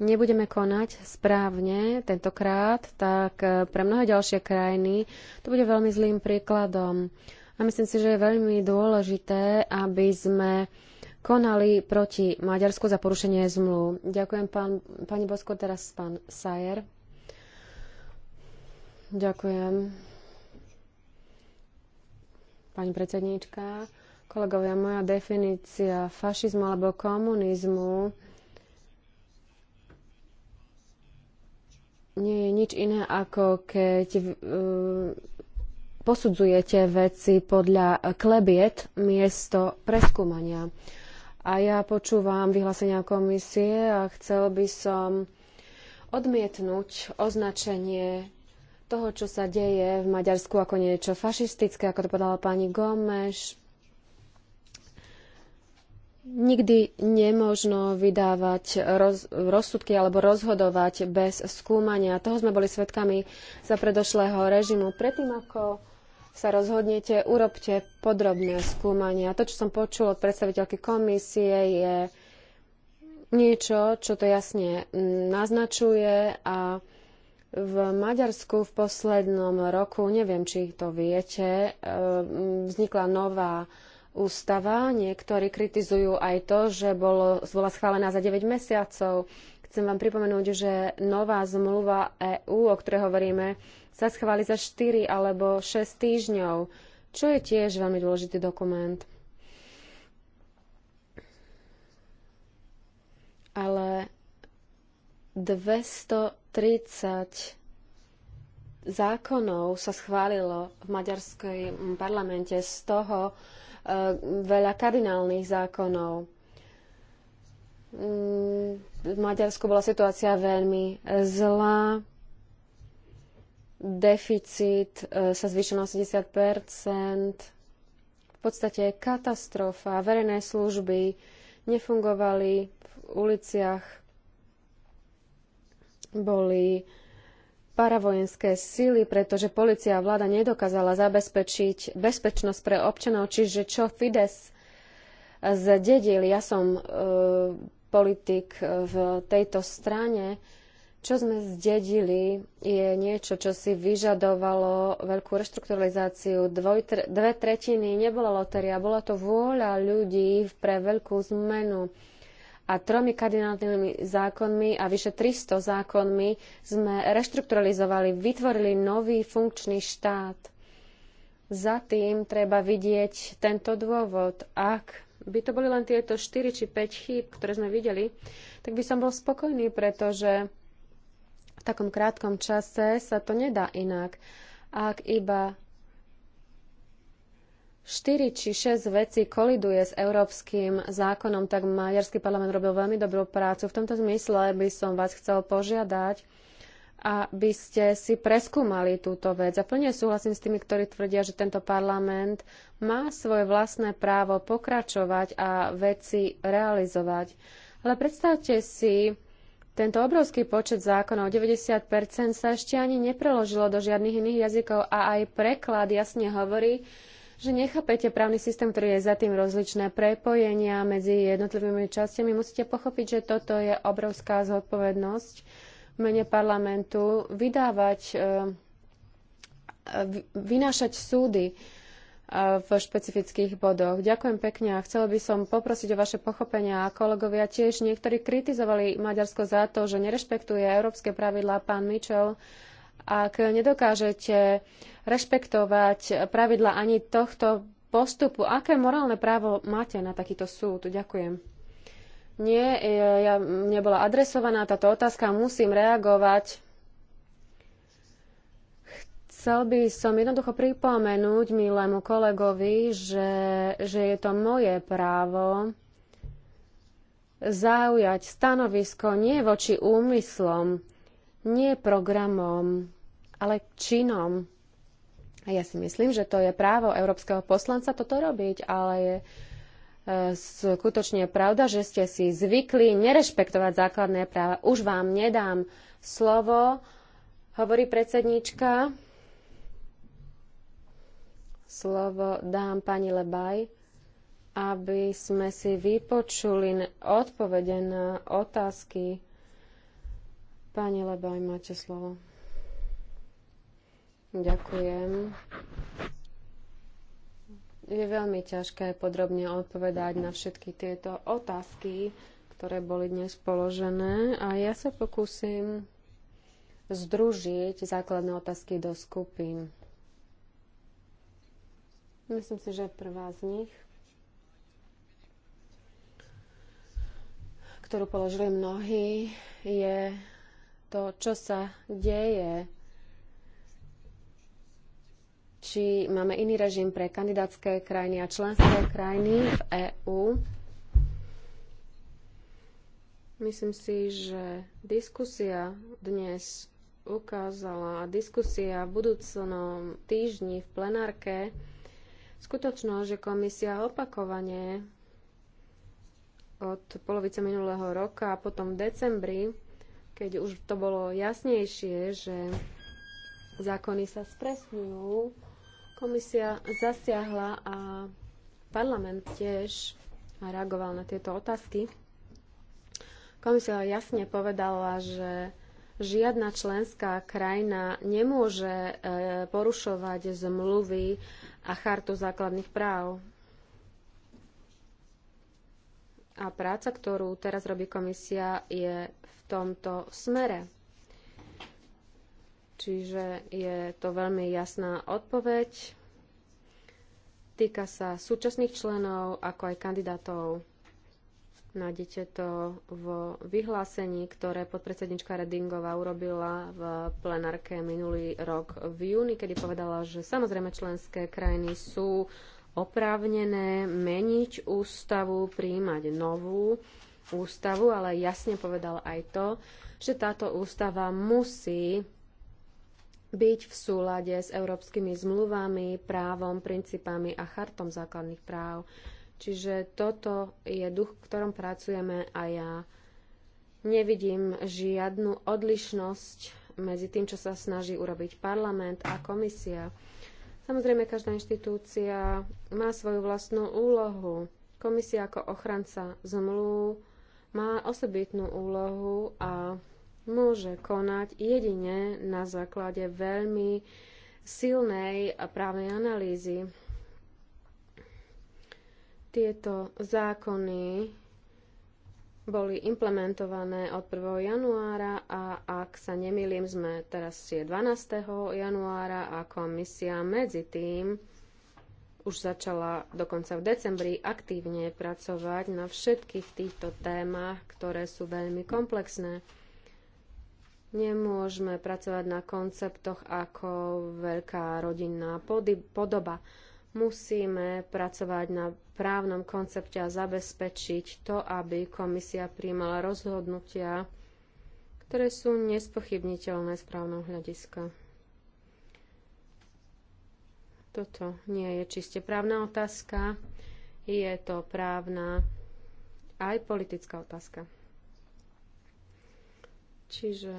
nebudeme konať správne tentokrát, tak e, pre mnohé ďalšie krajiny to bude veľmi zlým príkladom. A myslím si, že je veľmi dôležité, aby sme konali proti Maďarsku za porušenie zmluv. Ďakujem pán, pani Bosko, teraz pán Sajer. Ďakujem pani predsedníčka. Kolegovia, moja definícia fašizmu alebo komunizmu nie je nič iné, ako keď uh, posudzujete veci podľa klebiet miesto preskúmania. A ja počúvam vyhlásenia komisie a chcel by som odmietnúť označenie toho, čo sa deje v Maďarsku ako niečo fašistické, ako to povedala pani Gomeš. Nikdy nemožno vydávať roz, rozsudky alebo rozhodovať bez skúmania. Toho sme boli svedkami za predošlého režimu. Predtým, ako sa rozhodnete, urobte podrobné skúmania. To, čo som počul od predstaviteľky komisie, je niečo, čo to jasne naznačuje a v Maďarsku v poslednom roku, neviem, či to viete, e, vznikla nová ústava. Niektorí kritizujú aj to, že bolo, bola schválená za 9 mesiacov. Chcem vám pripomenúť, že nová zmluva EÚ, o ktorej hovoríme, sa schváli za 4 alebo 6 týždňov, čo je tiež veľmi dôležitý dokument. Ale 200 30 zákonov sa schválilo v maďarskej parlamente, z toho e, veľa kardinálnych zákonov. Mm, v Maďarsku bola situácia veľmi e, zlá. Deficit e, sa zvýšil na 80 V podstate katastrofa. Verejné služby nefungovali v uliciach boli paravojenské sily, pretože policia a vláda nedokázala zabezpečiť bezpečnosť pre občanov, čiže čo Fides zdedil. Ja som e, politik e, v tejto strane. Čo sme zdedili, je niečo, čo si vyžadovalo veľkú reštrukturalizáciu. dve tretiny nebola lotéria, bola to vôľa ľudí pre veľkú zmenu a tromi kardinálnymi zákonmi a vyše 300 zákonmi sme reštrukturalizovali, vytvorili nový funkčný štát. Za tým treba vidieť tento dôvod. Ak by to boli len tieto 4 či 5 chýb, ktoré sme videli, tak by som bol spokojný, pretože v takom krátkom čase sa to nedá inak. Ak iba 4 či 6 vecí koliduje s európskym zákonom, tak maďarský parlament robil veľmi dobrú prácu. V tomto zmysle by som vás chcel požiadať, aby ste si preskúmali túto vec. A plne súhlasím s tými, ktorí tvrdia, že tento parlament má svoje vlastné právo pokračovať a veci realizovať. Ale predstavte si, tento obrovský počet zákonov, 90% sa ešte ani nepreložilo do žiadnych iných jazykov a aj preklad jasne hovorí, že nechápete právny systém, ktorý je za tým rozličné prepojenia medzi jednotlivými častiami. Musíte pochopiť, že toto je obrovská zodpovednosť v mene parlamentu vydávať, e, vynášať súdy e, v špecifických bodoch. Ďakujem pekne a chcela by som poprosiť o vaše pochopenia a kolegovia tiež niektorí kritizovali Maďarsko za to, že nerešpektuje európske pravidlá. Pán Mitchell ak nedokážete rešpektovať pravidla ani tohto postupu, aké morálne právo máte na takýto súd? Ďakujem. Nie, e, ja, nebola adresovaná táto otázka, musím reagovať. Chcel by som jednoducho pripomenúť milému kolegovi, že, že je to moje právo zaujať stanovisko nie voči úmyslom, nie programom, ale činom. A ja si myslím, že to je právo európskeho poslanca toto robiť, ale je e, skutočne pravda, že ste si zvykli nerešpektovať základné práva. Už vám nedám slovo, hovorí predsedníčka. Slovo dám pani Lebaj, aby sme si vypočuli odpovede na otázky Pani Lebaj, máte slovo. Ďakujem. Je veľmi ťažké podrobne odpovedať na všetky tieto otázky, ktoré boli dnes položené a ja sa pokúsim združiť základné otázky do skupín. Myslím si, že prvá z nich, ktorú položili mnohí, je to, čo sa deje, či máme iný režim pre kandidátske krajiny a členské krajiny v EÚ. Myslím si, že diskusia dnes ukázala, a diskusia v budúcnom týždni v plenárke, skutočno, že komisia opakovane od polovice minulého roka a potom v decembri keď už to bolo jasnejšie, že zákony sa spresňujú, komisia zasiahla a parlament tiež reagoval na tieto otázky. Komisia jasne povedala, že žiadna členská krajina nemôže e, porušovať zmluvy a chartu základných práv. A práca, ktorú teraz robí komisia, je v tomto smere. Čiže je to veľmi jasná odpoveď. Týka sa súčasných členov, ako aj kandidátov. Nájdete to vo vyhlásení, ktoré podpredsednička Redingová urobila v plenárke minulý rok v júni, kedy povedala, že samozrejme členské krajiny sú oprávnené meniť ústavu, príjmať novú ústavu, ale jasne povedal aj to, že táto ústava musí byť v súlade s európskymi zmluvami, právom, princípami a chartom základných práv. Čiže toto je duch, v ktorom pracujeme a ja nevidím žiadnu odlišnosť medzi tým, čo sa snaží urobiť parlament a komisia. Samozrejme, každá inštitúcia má svoju vlastnú úlohu. Komisia ako ochranca zmluv má osobitnú úlohu a môže konať jedine na základe veľmi silnej právnej analýzy. Tieto zákony boli implementované od 1. januára a ak sa nemýlim, sme teraz je 12. januára a komisia medzi tým už začala dokonca v decembri aktívne pracovať na všetkých týchto témach, ktoré sú veľmi komplexné. Nemôžeme pracovať na konceptoch ako veľká rodinná podoba. Musíme pracovať na právnom koncepte a zabezpečiť to, aby komisia príjmala rozhodnutia, ktoré sú nespochybniteľné z právneho hľadiska. Toto nie je čiste právna otázka, je to právna aj politická otázka. Čiže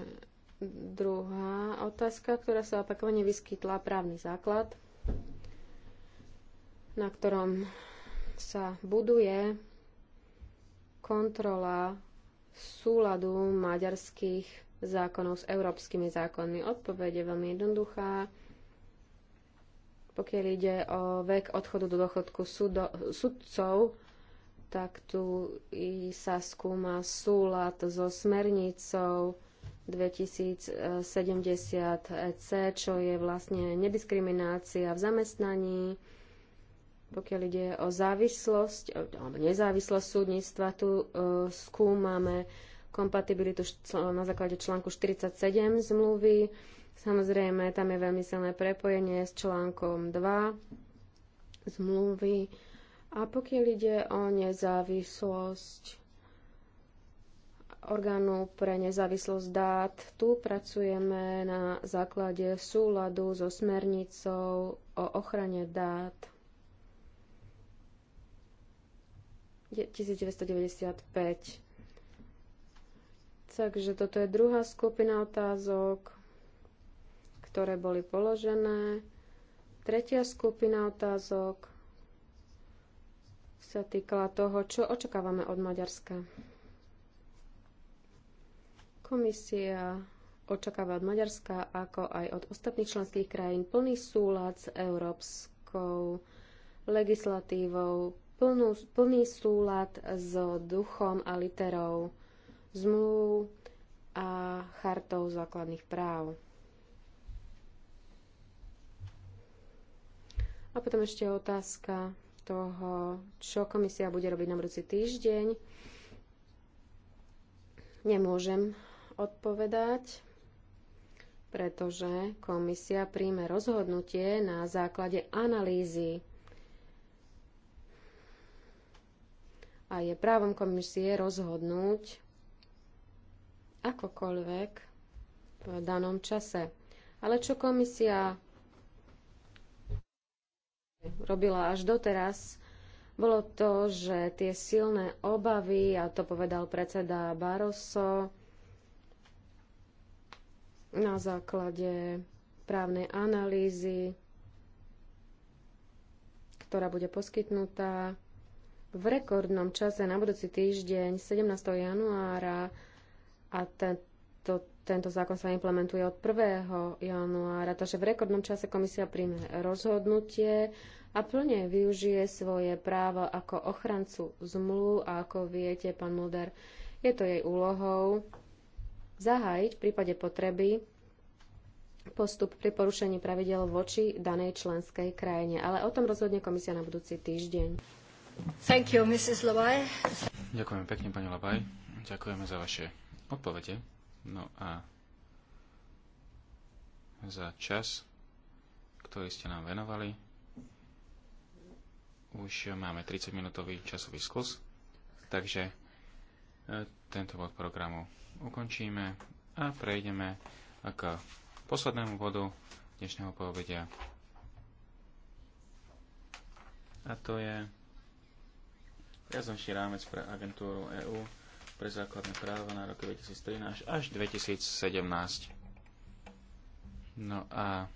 druhá otázka, ktorá sa opakovane vyskytla, právny základ, na ktorom sa buduje kontrola súladu maďarských zákonov s európskymi zákonmi. Odpoveď je veľmi jednoduchá. Pokiaľ ide o vek odchodu do dochodku sudo, sudcov, tak tu sa skúma súlad so smernicou 2070 EC, čo je vlastne nediskriminácia v zamestnaní pokiaľ ide o závislosť, e, alebo nezávislosť súdnictva, tu uh, skúmame kompatibilitu na základe článku 47 zmluvy. Samozrejme, tam je veľmi silné prepojenie s článkom 2 zmluvy. A pokiaľ ide o nezávislosť orgánu pre nezávislosť dát, tu pracujeme na základe súladu so smernicou o ochrane dát 1995. Takže toto je druhá skupina otázok, ktoré boli položené. Tretia skupina otázok sa týkala toho, čo očakávame od Maďarska. Komisia očakáva od Maďarska, ako aj od ostatných členských krajín, plný súlad s európskou legislatívou plnú, plný súlad s duchom a literou zmluv a chartou základných práv. A potom ešte otázka toho, čo komisia bude robiť na budúci týždeň. Nemôžem odpovedať, pretože komisia príjme rozhodnutie na základe analýzy a je právom komisie rozhodnúť akokoľvek v danom čase. Ale čo komisia robila až doteraz, bolo to, že tie silné obavy, a to povedal predseda Barroso, na základe právnej analýzy, ktorá bude poskytnutá v rekordnom čase na budúci týždeň 17. januára a tento, tento zákon sa implementuje od 1. januára, takže v rekordnom čase komisia príjme rozhodnutie a plne využije svoje právo ako ochrancu zmluv a ako viete, pán Mulder, je to jej úlohou zahájiť v prípade potreby postup pri porušení pravidel voči danej členskej krajine. Ale o tom rozhodne komisia na budúci týždeň. Thank you, Mrs. Ďakujem pekne, pani Labaj. Ďakujeme za vaše odpovede. No a za čas, ktorý ste nám venovali. Už máme 30-minútový časový sklus, takže e, tento bod programu ukončíme a prejdeme k poslednému bodu dnešného povedia. A to je viacnočný rámec pre agentúru EÚ pre základné práva na roky 2013 až 2017. No a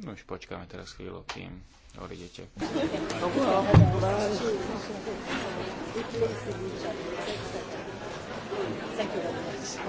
no už počkáme teraz chvíľu, kým odídete. Thank you very much.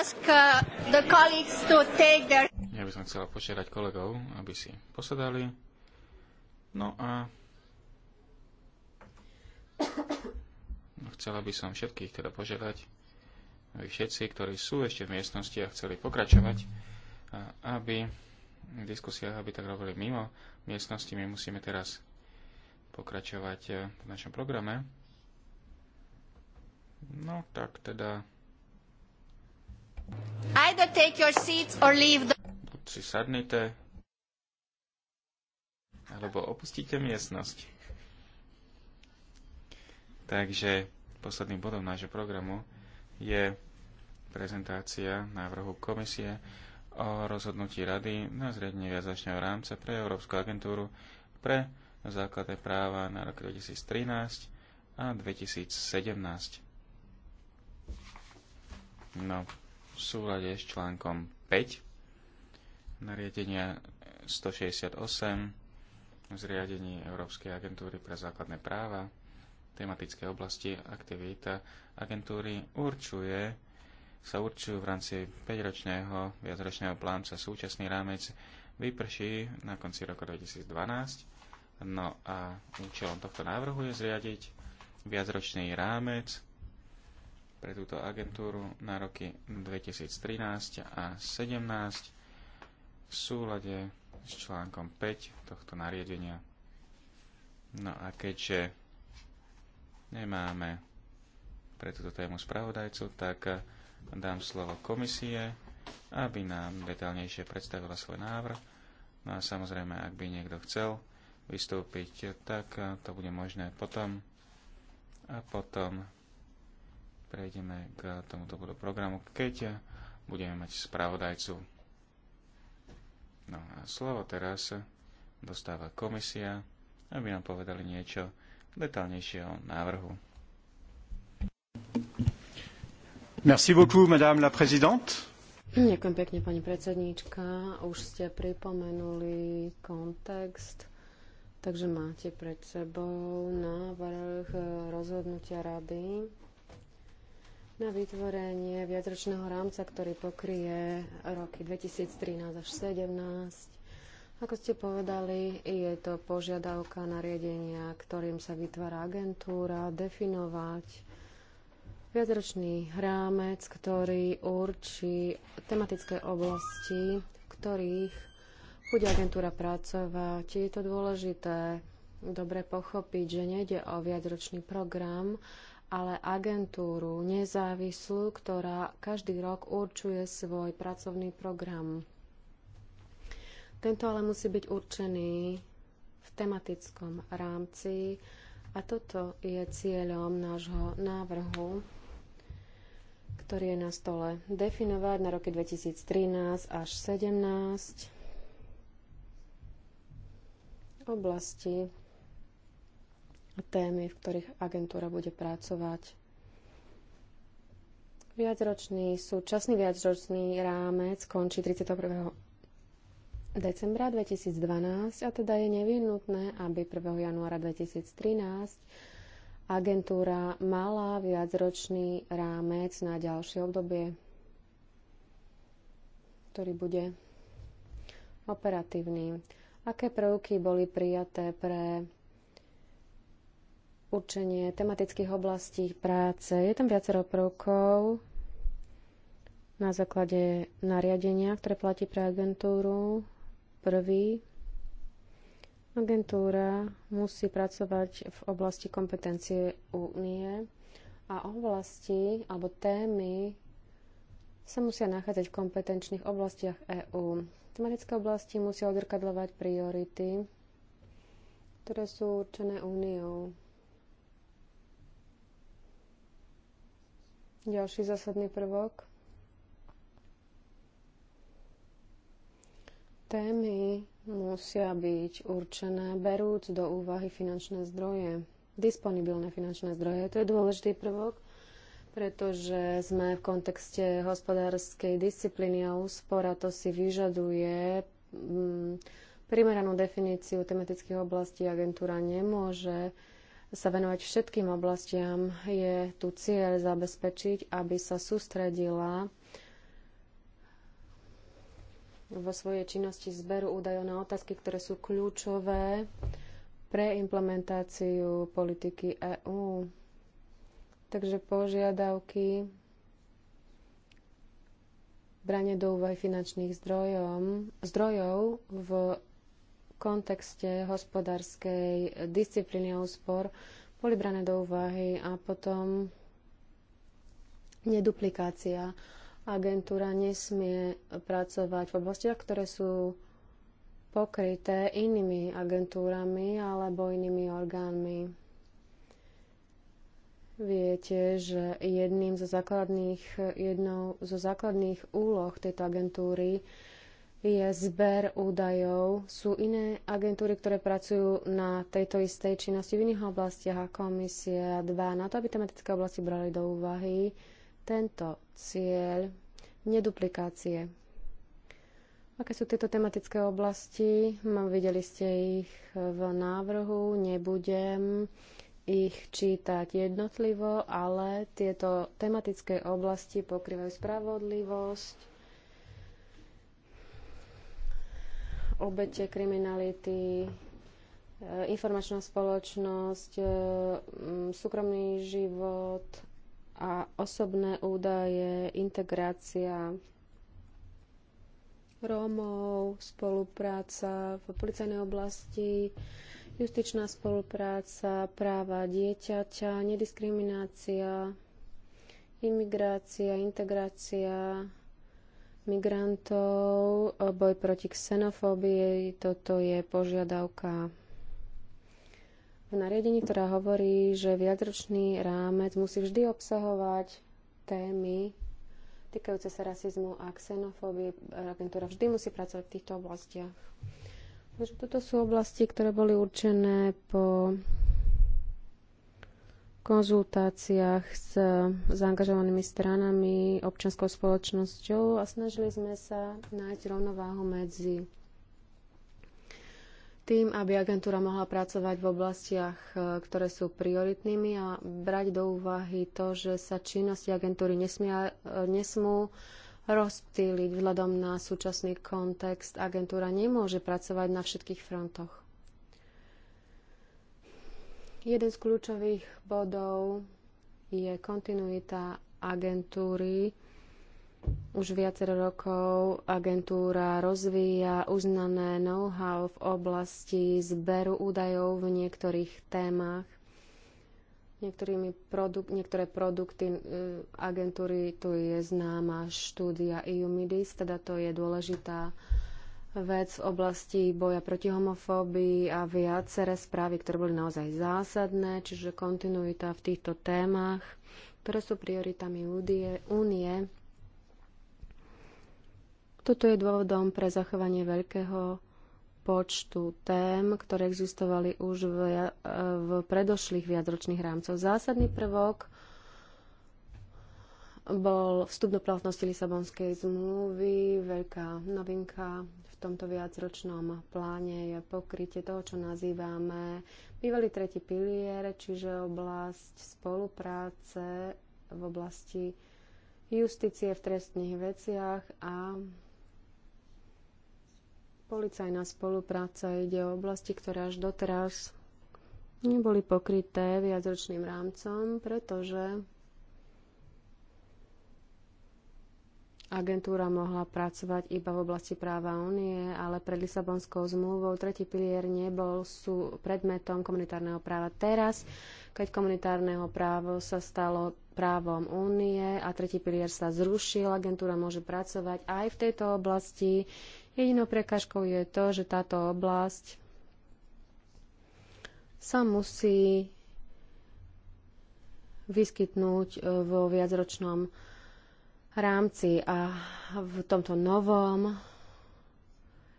ask uh, the colleagues to take their... Ja by som chcela požiadať kolegov, aby si posadali. No a no, chcela by som všetkých teda požiadať, aby všetci, ktorí sú ešte v miestnosti a chceli pokračovať, aby v diskusiách, aby tak robili mimo miestnosti, my musíme teraz pokračovať eh, v našom programe. No tak teda Either take your seats or leave the... Buď si sadnite, alebo opustíte miestnosť. Takže posledným bodom nášho programu je prezentácia návrhu komisie o rozhodnutí Rady na zriadenie viacročného rámca pre Európsku agentúru pre základné práva na rok 2013 a 2017. No, v súlade s článkom 5 nariadenia 168 zriadení Európskej agentúry pre základné práva tematické oblasti aktivita agentúry určuje, sa určujú v rámci 5-ročného viacročného plánca súčasný rámec vyprší na konci roku 2012. No a účelom tohto návrhu je zriadiť viacročný rámec pre túto agentúru na roky 2013 a 2017 v súlade s článkom 5 tohto nariadenia. No a keďže nemáme pre túto tému spravodajcu, tak eh, dám slovo komisie, aby nám detaľnejšie predstavila svoj návrh. No a samozrejme, ak by niekto chcel vystúpiť, tak eh, to bude možné potom. A potom prejdeme k tomuto bodu programu, keď budeme mať spravodajcu. No a slovo teraz dostáva komisia, aby nám povedali niečo detálnejšieho návrhu. Merci beaucoup, madame la présidente. Ďakujem pekne, pani predsedníčka. Už ste pripomenuli kontext, takže máte pred sebou návrh rozhodnutia rady na vytvorenie viacročného rámca, ktorý pokrie roky 2013 až 2017. Ako ste povedali, je to požiadavka nariadenia, ktorým sa vytvára agentúra, definovať viacročný rámec, ktorý určí tematické oblasti, v ktorých bude agentúra pracovať. Je to dôležité dobre pochopiť, že nejde o viacročný program, ale agentúru nezávislú, ktorá každý rok určuje svoj pracovný program. Tento ale musí byť určený v tematickom rámci a toto je cieľom nášho návrhu, ktorý je na stole definovať na roky 2013 až 2017 oblasti témy, v ktorých agentúra bude pracovať. Viacročný, súčasný viacročný rámec končí 31. decembra 2012 a teda je nevyhnutné, aby 1. januára 2013 agentúra mala viacročný rámec na ďalšie obdobie, ktorý bude operatívny. Aké prvky boli prijaté pre určenie tematických oblastí práce. Je tam viacero prvkov na základe nariadenia, ktoré platí pre agentúru. Prvý, agentúra musí pracovať v oblasti kompetencie únie a oblasti alebo témy sa musia nachádzať v kompetenčných oblastiach EÚ. Tematické oblasti musia odrkadľovať priority, ktoré sú určené úniou. Ďalší zásadný prvok. Témy musia byť určené berúc do úvahy finančné zdroje, disponibilné finančné zdroje. To je dôležitý prvok, pretože sme v kontexte hospodárskej disciplíny a úspora to si vyžaduje mm, primeranú definíciu tematických oblastí agentúra nemôže sa venovať všetkým oblastiam. Je tu cieľ zabezpečiť, aby sa sústredila vo svojej činnosti zberu údajov na otázky, ktoré sú kľúčové pre implementáciu politiky EÚ. Takže požiadavky branie do úvahy finančných zdrojom, zdrojov v kontexte hospodárskej disciplíny a úspor boli brané do úvahy a potom neduplikácia. Agentúra nesmie pracovať v oblastiach, ktoré sú pokryté inými agentúrami alebo inými orgánmi. Viete, že jedným zo základných, jednou zo základných úloh tejto agentúry je zber údajov. Sú iné agentúry, ktoré pracujú na tejto istej činnosti v iných oblastiach a komisia 2 na to, aby tematické oblasti brali do úvahy tento cieľ neduplikácie. Aké sú tieto tematické oblasti? Hm, videli ste ich v návrhu, nebudem ich čítať jednotlivo, ale tieto tematické oblasti pokrývajú spravodlivosť, obete kriminality, e, informačná spoločnosť, e, súkromný život a osobné údaje, integrácia Rómov, spolupráca v policajnej oblasti, justičná spolupráca, práva dieťaťa, nediskriminácia, imigrácia, integrácia, migrantov, e, boj proti xenofóbii, toto je požiadavka v nariadení, ktorá hovorí, že viacročný rámec musí vždy obsahovať témy týkajúce sa rasizmu a xenofóbie. Agentúra vždy musí pracovať v týchto oblastiach. Takže toto sú oblasti, ktoré boli určené po konzultáciách s eh, zaangažovanými stranami, občanskou spoločnosťou a snažili sme sa nájsť rovnováhu medzi tým, aby agentúra mohla pracovať v oblastiach, eh, ktoré sú prioritnými a brať do úvahy to, že sa činnosti agentúry nesmia, eh, nesmú rozptýliť vzhľadom na súčasný kontext. Agentúra nemôže pracovať na všetkých frontoch. Jeden z kľúčových bodov je kontinuita agentúry. Už viacero rokov agentúra rozvíja uznané know-how v oblasti zberu údajov v niektorých témach. Niektorými produk- niektoré produkty e, agentúry tu je známa štúdia MIDIS, teda to je dôležitá vec v oblasti boja proti homofóbii a viaceré správy, ktoré boli naozaj zásadné, čiže kontinuita v týchto témach, ktoré sú prioritami únie. Toto je dôvodom pre zachovanie veľkého počtu tém, ktoré existovali už v, v predošlých viacročných rámcoch. Zásadný prvok bol vstup do platnosti Lisabonskej zmluvy. Veľká novinka v tomto viacročnom pláne je pokrytie toho, čo nazývame bývalý tretí pilier, čiže oblasť spolupráce v oblasti justície v trestných veciach a policajná spolupráca ide o oblasti, ktoré až doteraz neboli pokryté viacročným rámcom, pretože agentúra mohla pracovať iba v oblasti práva únie, ale pred Lisabonskou zmluvou tretí pilier nebol sú predmetom komunitárneho práva. Teraz, keď komunitárneho právo sa stalo právom únie a tretí pilier sa zrušil, agentúra môže pracovať aj v tejto oblasti. Jedinou prekážkou je to, že táto oblasť sa musí vyskytnúť vo viacročnom rámci a v tomto novom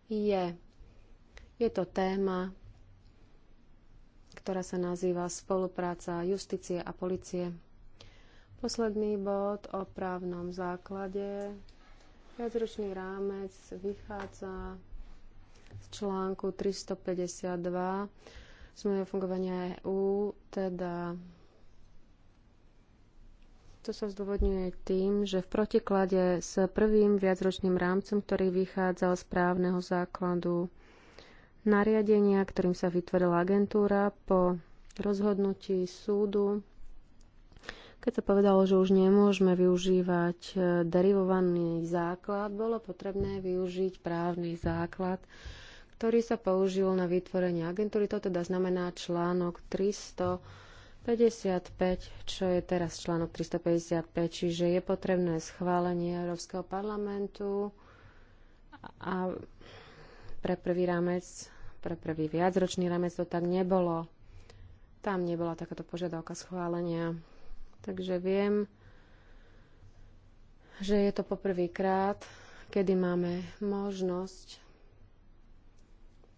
je, je to téma, ktorá sa nazýva spolupráca justície a policie. Posledný bod o právnom základe. Viacročný rámec vychádza z článku 352 zmluvy fungovania EÚ, teda to sa zdôvodňuje tým, že v protiklade s prvým viacročným rámcom, ktorý vychádzal z právneho základu nariadenia, ktorým sa vytvorila agentúra po rozhodnutí súdu, keď sa povedalo, že už nemôžeme využívať e, derivovaný základ, bolo potrebné využiť právny základ, ktorý sa použil na vytvorenie agentúry. To teda znamená článok 300 55, čo je teraz článok 355, čiže je potrebné schválenie Európskeho parlamentu a pre prvý rámec, pre prvý viacročný rámec to tak nebolo. Tam nebola takáto požiadavka schválenia. Takže viem, že je to poprvýkrát, kedy máme možnosť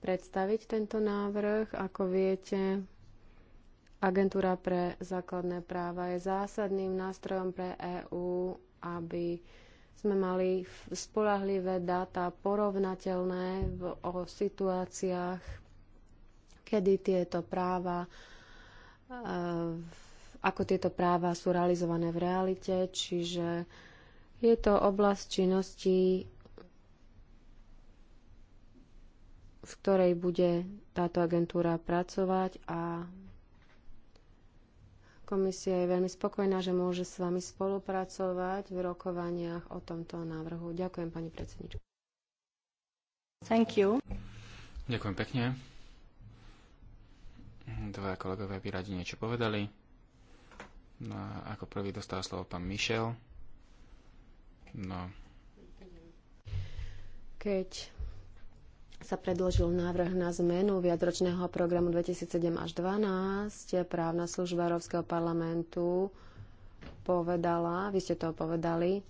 predstaviť tento návrh. Ako viete, Agentúra pre základné práva je zásadným nástrojom pre EÚ, aby sme mali spolahlivé dáta porovnateľné v, o situáciách, kedy tieto práva eh, ako tieto práva sú realizované v realite, čiže je to oblasť činnosti, v ktorej bude táto agentúra pracovať a Komisia je veľmi spokojná, že môže s vami spolupracovať v rokovaniach o tomto návrhu. Ďakujem, pani predsednička. Thank you. Ďakujem pekne. Dva kolegovia by radi niečo povedali. No a ako prvý dostal slovo pán Mišel. No. Keď sa predložil návrh na zmenu viacročného programu 2007 až 2012. Právna služba Európskeho parlamentu povedala, vy ste to povedali,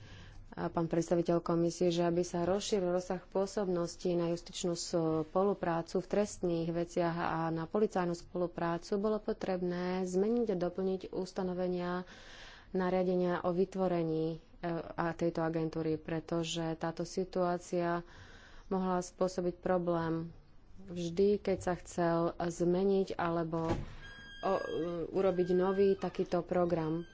pán predstaviteľ komisie, že aby sa rozšíril rozsah pôsobnosti na justičnú spoluprácu v trestných veciach a na policajnú spoluprácu, bolo potrebné zmeniť a doplniť ustanovenia nariadenia o vytvorení e, tejto agentúry, pretože táto situácia mohla spôsobiť problém. Vždy, keď sa chcel zmeniť alebo o, urobiť nový takýto program.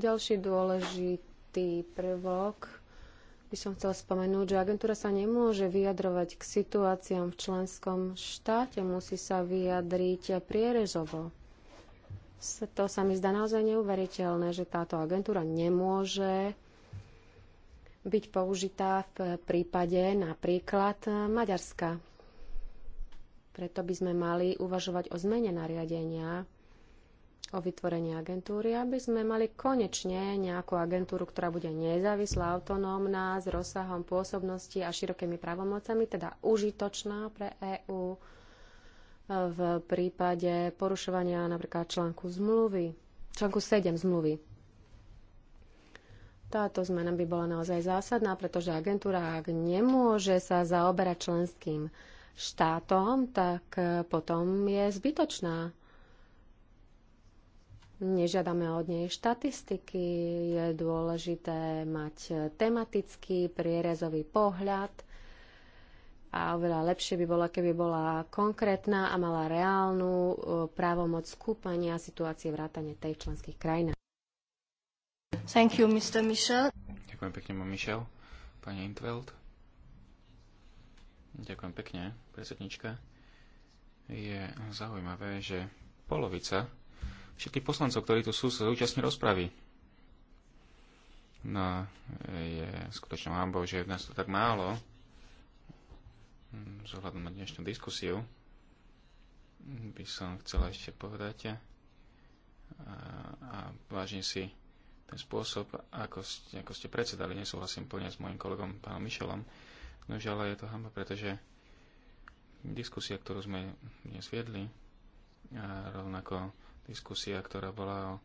Ďalší dôležitý prvok by som chcela spomenúť, že agentúra sa nemôže vyjadrovať k situáciám v členskom štáte, musí sa vyjadriť prierezovo to sa mi zdá naozaj neuveriteľné, že táto agentúra nemôže byť použitá v prípade napríklad Maďarska. Preto by sme mali uvažovať o zmene nariadenia o vytvorení agentúry, aby sme mali konečne nejakú agentúru, ktorá bude nezávislá, autonómna, s rozsahom pôsobnosti a širokými právomocami, teda užitočná pre EÚ v prípade porušovania napríklad článku zmluvy, článku 7 zmluvy. Táto zmena by bola naozaj zásadná, pretože agentúra, ak nemôže sa zaoberať členským štátom, tak potom je zbytočná. Nežiadame od nej štatistiky, je dôležité mať tematický prierezový pohľad – a oveľa lepšie by bola, keby bola konkrétna a mala reálnu e, právomoc skúpania situácie vrátane tej členských krajín. Thank you, Mr. Michel. Ďakujem pekne, mám Michel. Pani Intveld. Ďakujem pekne, predsednička. Je zaujímavé, že polovica všetkých poslancov, ktorí tu sú, sa zúčastní rozpravy. No, je skutočnou hambou, že je v nás tu tak málo zohľadom mm, na dnešnú diskusiu by som chcela ešte povedať a, a vážim si ten spôsob, ako ste, ako ste predsedali, nesúhlasím plne s mojim kolegom pánom Mišelom, no ale je to hamba, pretože diskusia, ktorú sme dnes viedli, a rovnako diskusia, ktorá bola o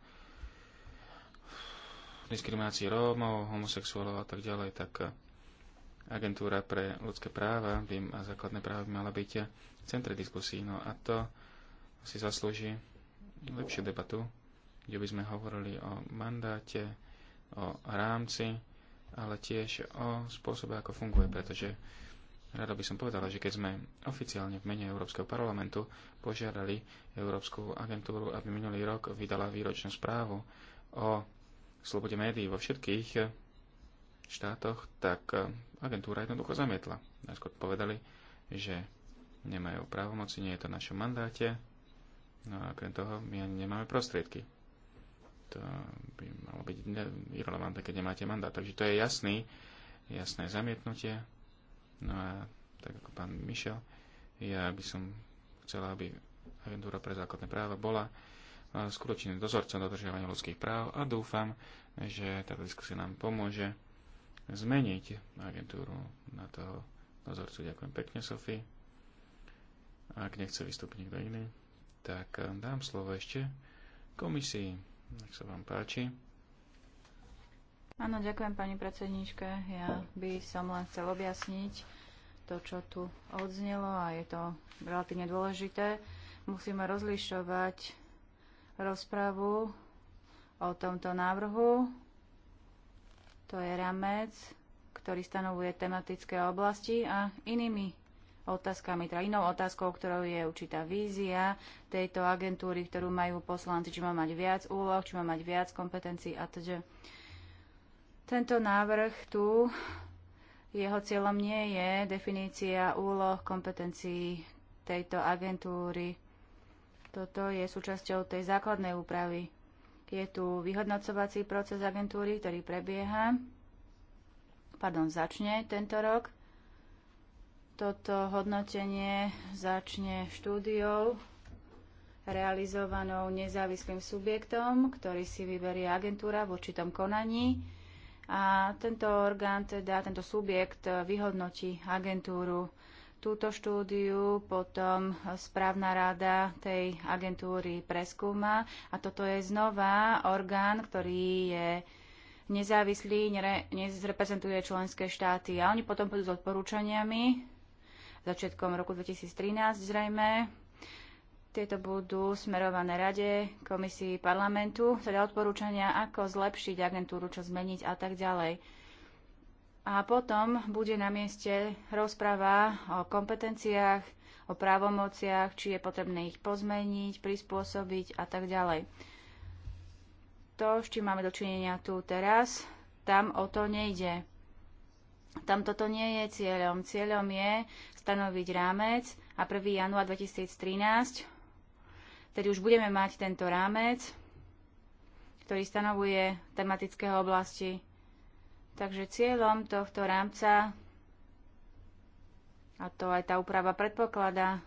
diskriminácii Rómov, homosexuálov a tak ďalej, tak agentúra pre ľudské práva by, a základné práva by mala byť v centre diskusí. No a to si zaslúži lepšiu debatu, kde by sme hovorili o mandáte, o rámci, ale tiež o spôsobe, ako funguje, pretože rada by som povedala, že keď sme oficiálne v mene Európskeho parlamentu požiadali Európsku agentúru, aby minulý rok vydala výročnú správu o slobode médií vo všetkých štátoch, tak e, agentúra jednoducho zamietla. Najskôr povedali, že nemajú právomoci, nie je to v našom mandáte, no a okrem toho my ani nemáme prostriedky. To by malo byť irrelevantné, keď nemáte mandát. Takže to je jasný, jasné zamietnutie. No a tak ako pán Mišel, ja by som chcela, aby agentúra pre základné práva bola e, skutočným dozorcom dodržiavania ľudských práv a dúfam, že táto diskusia nám pomôže zmeniť agentúru na toho dozorcu. Ďakujem pekne, Sofie. Ak nechce vystúpiť nikto iný, tak eh, dám slovo ešte komisii. Nech sa vám páči. Áno, ďakujem pani predsedníčke. Ja by som len chcel objasniť to, čo tu odznelo a je to relatívne dôležité. Musíme rozlišovať rozpravu o tomto návrhu to je ramec, ktorý stanovuje tematické oblasti a inými otázkami, teda inou otázkou, ktorou je určitá vízia tejto agentúry, ktorú majú poslanci, či má mať viac úloh, či má mať viac kompetencií a takže. Teda. Tento návrh tu, jeho cieľom nie je definícia úloh, kompetencií tejto agentúry. Toto je súčasťou tej základnej úpravy je tu vyhodnocovací proces agentúry, ktorý prebieha. Pardon, začne tento rok. Toto hodnotenie začne štúdiou realizovanou nezávislým subjektom, ktorý si vyberie agentúra v určitom konaní. A tento orgán, teda tento subjekt vyhodnotí agentúru túto štúdiu, potom správna rada tej agentúry preskúma a toto je znova orgán, ktorý je nezávislý, nezreprezentuje členské štáty a oni potom pôjdu s odporúčaniami začiatkom roku 2013 zrejme. Tieto budú smerované rade, komisii, parlamentu, teda odporúčania, ako zlepšiť agentúru, čo zmeniť a tak ďalej. A potom bude na mieste rozpráva o kompetenciách, o právomociach, či je potrebné ich pozmeniť, prispôsobiť a tak ďalej. To, s čím máme dočinenia tu teraz, tam o to nejde. Tam toto nie je cieľom. Cieľom je stanoviť rámec a 1. január 2013, tedy už budeme mať tento rámec, ktorý stanovuje tematické oblasti Takže cieľom tohto rámca, a to aj tá úprava predpokladá,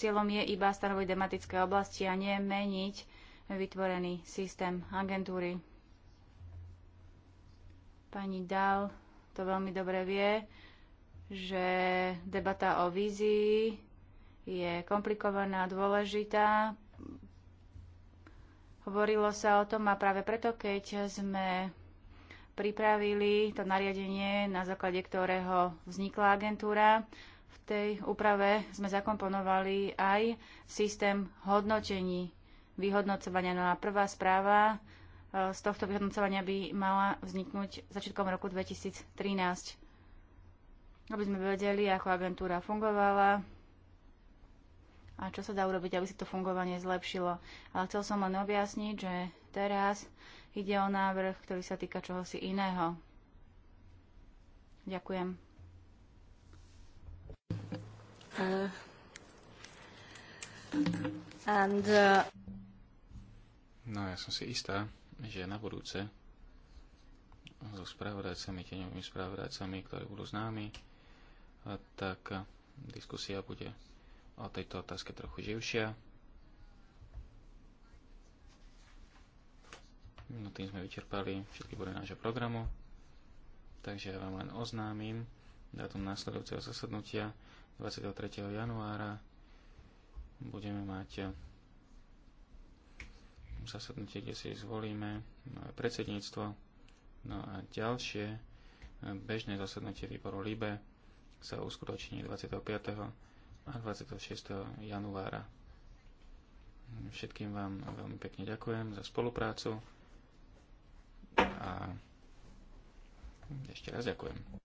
cieľom je iba stanoviť tematické oblasti a nie meniť vytvorený systém agentúry. Pani Dal to veľmi dobre vie, že debata o vízii je komplikovaná, dôležitá. Hovorilo sa o tom a práve preto, keď sme pripravili to nariadenie, na základe ktorého vznikla agentúra. V tej úprave sme zakomponovali aj systém hodnotení, vyhodnocovania. No a prvá správa e, z tohto vyhodnocovania by mala vzniknúť začiatkom roku 2013. Aby sme vedeli, ako agentúra fungovala a čo sa dá urobiť, aby si to fungovanie zlepšilo. Ale chcel som len objasniť, že teraz Ide o návrh, ktorý sa týka čohosi iného. Ďakujem. Uh, and, uh... No ja som si istá, že na budúce so správodajcami, teňovými správodajcami, ktorí budú známi, tak diskusia bude o tejto otázke trochu živšia. No tým sme vyčerpali všetky body nášho programu. Takže ja vám len oznámim dátum následujúceho zasadnutia 23. januára. Budeme mať eh, zasadnutie, kde si zvolíme nové predsedníctvo. No a ďalšie eh, bežné zasadnutie výboru LIBE sa uskutoční 25. a 26. januára. Všetkým vám veľmi pekne ďakujem za spoluprácu. A ešte raz ďakujem.